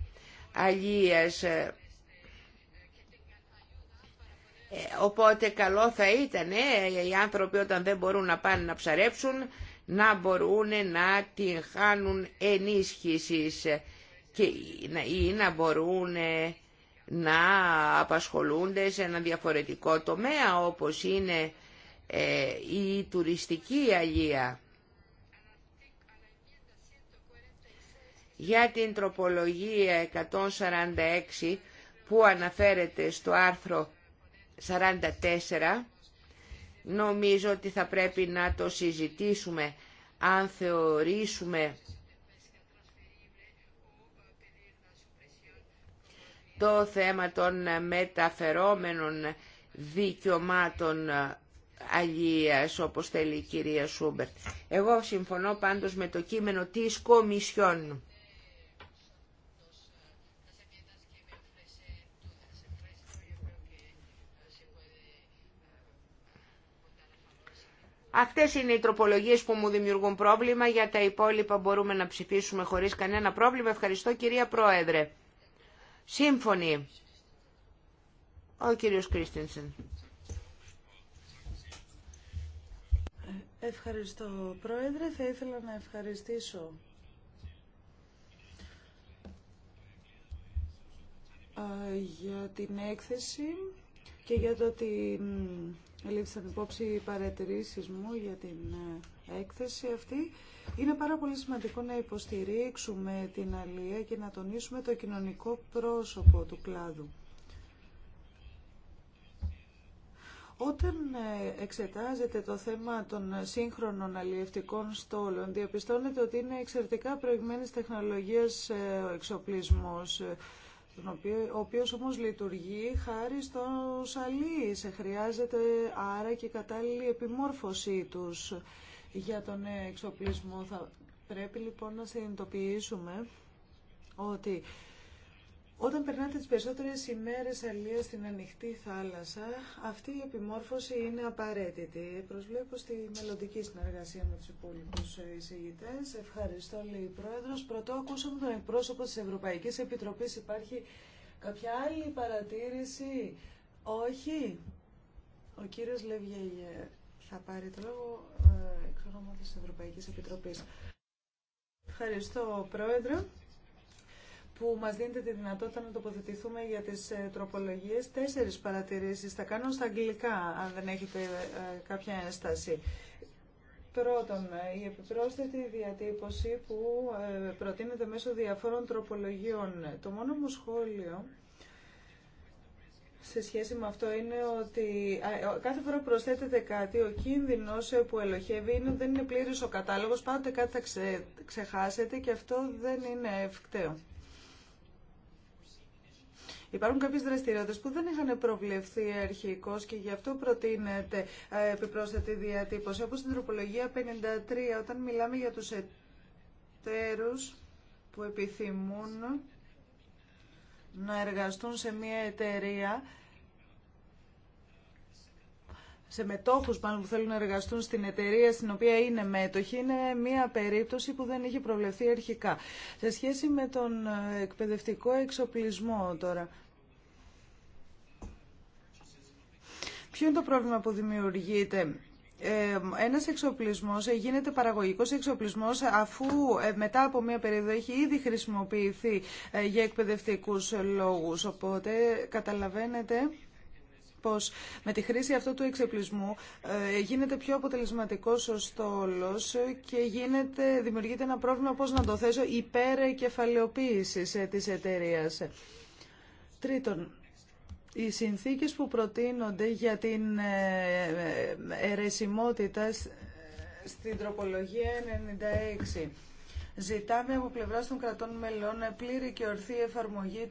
αγίας. Ε, οπότε καλό θα ήταν ε, οι άνθρωποι όταν δεν μπορούν να πάνε να ψαρέψουν να μπορούν να την χάνουν ενίσχυσης και, ή να μπορούν ε, να απασχολούνται σε ένα διαφορετικό τομέα όπως είναι ε, η τουριστική αλία. Για την τροπολογία 146 που αναφέρεται στο άρθρο 44, νομίζω ότι θα πρέπει να το συζητήσουμε αν θεωρήσουμε το θέμα των μεταφερόμενων δικαιωμάτων αλίας όπως θέλει η κυρία Σούμπερτ. Εγώ συμφωνώ πάντως με το κείμενο της Κομισιόν. Αυτές είναι οι τροπολογίες που μου δημιουργούν πρόβλημα, για τα υπόλοιπα μπορούμε να ψηφίσουμε χωρίς κανένα πρόβλημα. Ευχαριστώ κυρία Πρόεδρε. Σύμφωνοι. Ο κύριος Κρίστινσεν. Ευχαριστώ, Πρόεδρε. Θα ήθελα να ευχαριστήσω για την έκθεση και για το ότι λήφθησαν υπόψη οι παρατηρήσεις μου για την ε, έκθεση αυτή. Είναι πάρα πολύ σημαντικό να υποστηρίξουμε την αλία και να τονίσουμε το κοινωνικό πρόσωπο του κλάδου. Όταν ε, εξετάζεται το θέμα των σύγχρονων αλλιευτικών στόλων, διαπιστώνεται ότι είναι εξαιρετικά προηγμένης τεχνολογίας ε, ο εξοπλισμός, ε, ο οποίος όμως λειτουργεί χάρη στο σε Χρειάζεται άρα και κατάλληλη επιμόρφωσή τους για τον εξοπλισμό. Θα πρέπει λοιπόν να συνειδητοποιήσουμε ότι όταν περνάτε τις περισσότερες ημέρες αλλιώς στην ανοιχτή θάλασσα, αυτή η επιμόρφωση είναι απαραίτητη. Προσβλέπω στη μελλοντική συνεργασία με τους υπόλοιπους εισηγητές. Ευχαριστώ, λέει η Πρόεδρος. Πρωτό ακούσαμε τον εκπρόσωπο της Ευρωπαϊκής Επιτροπής. Υπάρχει κάποια άλλη παρατήρηση. Όχι. Ο κύριος Λευγέγε θα πάρει το λόγο ε, εξ ονόματος της Ευρωπαϊκής Επιτροπής. Ευχαριστώ, Πρόεδρο που μας δίνετε τη δυνατότητα να τοποθετηθούμε για τις ε, τροπολογίες. Τέσσερις παρατηρήσεις. Θα κάνω στα αγγλικά, αν δεν έχετε ε, κάποια ένσταση. Πρώτον, ε, η επιπρόσθετη διατύπωση που προτείνεται μέσω διαφόρων τροπολογιών. Το μόνο μου σχόλιο σε σχέση με αυτό είναι ότι κάθε φορά που προσθέτεται κάτι, ο κίνδυνος που ελοχεύει είναι ότι δεν είναι πλήρης ο κατάλογος, πάντοτε κάτι θα ξεχάσετε και αυτό δεν είναι ευκταίο. Υπάρχουν κάποιε δραστηριότητε που δεν είχαν προβλεφθεί αρχικώ και γι' αυτό προτείνεται ε, επιπρόσθετη διατύπωση. όπω στην τροπολογία 53, όταν μιλάμε για τους εταίρου που επιθυμούν να εργαστούν σε μια εταιρεία, σε μετόχους πάνω που θέλουν να εργαστούν στην εταιρεία στην οποία είναι μέτοχοι είναι μια περίπτωση που δεν έχει προβλεφθεί αρχικά. Σε σχέση με τον ε, εκπαιδευτικό εξοπλισμό τώρα, ποιο είναι το πρόβλημα που δημιουργείται ε, ένας εξοπλισμός ε, γίνεται παραγωγικός εξοπλισμός αφού μετά από μια περίοδο έχει ήδη χρησιμοποιηθεί για εκπαιδευτικούς λόγους. Οπότε καταλαβαίνετε πω με τη χρήση αυτού του εξεπλισμού ε, γίνεται πιο αποτελεσματικό ο στόλο και γίνεται, δημιουργείται ένα πρόβλημα, πώ να το θέσω, υπέρ τη ε, της εταιρείας. Τρίτον, οι συνθήκες που προτείνονται για την ε, αιρεσιμότητα στην τροπολογία 96 Ζητάμε από πλευρά των κρατών μελών πλήρη και ορθή εφαρμογή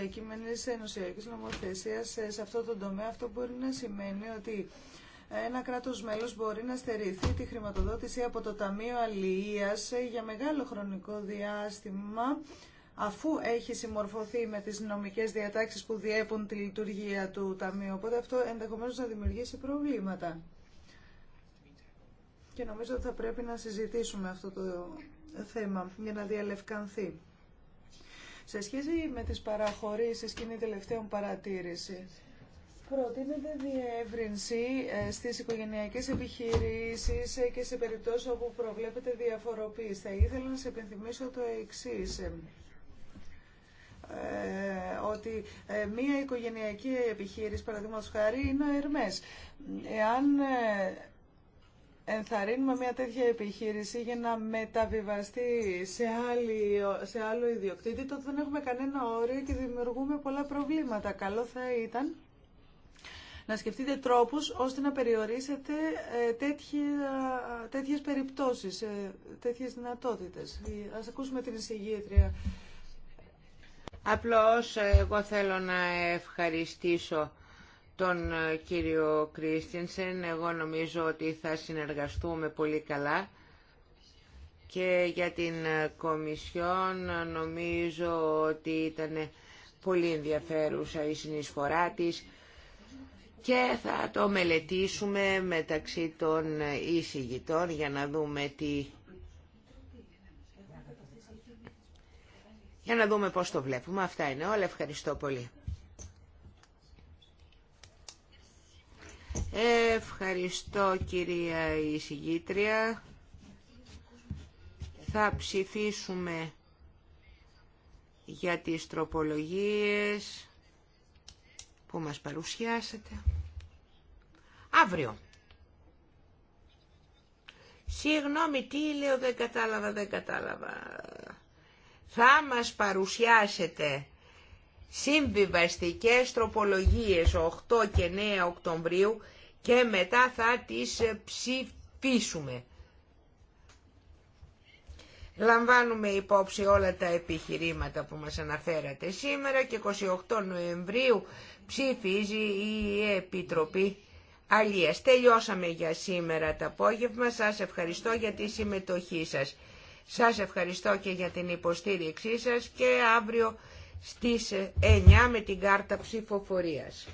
τη κείμενη ενωσιακή νομοθεσία σε αυτό το τομέα. Αυτό μπορεί να σημαίνει ότι ένα κράτος μέλος μπορεί να στερηθεί τη χρηματοδότηση από το Ταμείο αλληλεία για μεγάλο χρονικό διάστημα αφού έχει συμμορφωθεί με τις νομικές διατάξεις που διέπουν τη λειτουργία του Ταμείου. Οπότε αυτό ενδεχομένως να δημιουργήσει προβλήματα. Και νομίζω ότι θα πρέπει να συζητήσουμε αυτό το θέμα για να διαλευκανθεί. Σε σχέση με τις παραχωρήσεις και είναι η τελευταία μου παρατήρηση, προτείνεται διεύρυνση ε, στις οικογενειακές επιχειρήσεις ε, και σε περιπτώσεις όπου προβλέπεται διαφοροποίηση. Θα ήθελα να σε επενθυμίσω το εξής ε, ότι μία οικογενειακή επιχείρηση, παραδείγματος χάρη, είναι ο Ερμές ενθαρρύνουμε μια τέτοια επιχείρηση για να μεταβιβαστεί σε, άλλη, σε άλλο ιδιοκτήτη, τότε δεν έχουμε κανένα όριο και δημιουργούμε πολλά προβλήματα. Καλό θα ήταν να σκεφτείτε τρόπους ώστε να περιορίσετε ε, τέτοιες, τέτοιες περιπτώσεις, ε, τέτοιες δυνατότητες. Ε, ας ακούσουμε την εισηγήτρια. Απλώς εγώ θέλω να ευχαριστήσω τον ε, κύριο Κρίστινσεν. Εγώ νομίζω ότι θα συνεργαστούμε πολύ καλά και για την ε, Κομισιόν ε, νομίζω ότι ήταν πολύ ενδιαφέρουσα η συνεισφορά της και θα το μελετήσουμε μεταξύ των εισηγητών για να δούμε τι για να δούμε πώς το βλέπουμε. Αυτά είναι όλα. Ευχαριστώ πολύ. Ευχαριστώ κυρία εισηγήτρια. Θα ψηφίσουμε για τις τροπολογίες που μας παρουσιάσατε αύριο. Συγγνώμη, τι λέω, δεν κατάλαβα, δεν κατάλαβα. Θα μας παρουσιάσετε συμβιβαστικές τροπολογίες 8 και 9 Οκτωβρίου και μετά θα τις ε, ψηφίσουμε. Λαμβάνουμε υπόψη όλα τα επιχειρήματα που μας αναφέρατε σήμερα και 28 Νοεμβρίου ψηφίζει η Επιτροπή Αλίας. Τελειώσαμε για σήμερα το απόγευμα. Σας ευχαριστώ για τη συμμετοχή σας. Σας ευχαριστώ και για την υποστήριξή σας και αύριο στις 9 ε, με την κάρτα ψηφοφορίας.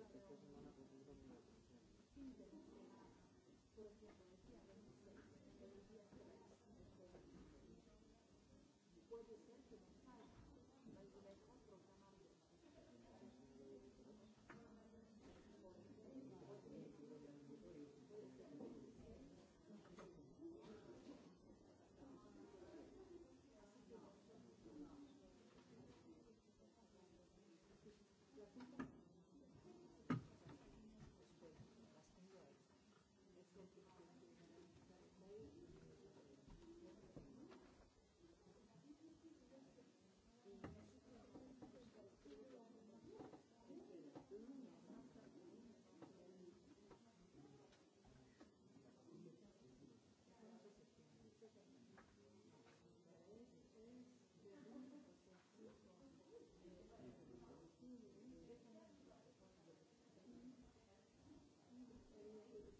Thank you. Υπότιτλοι AUTHORWAVE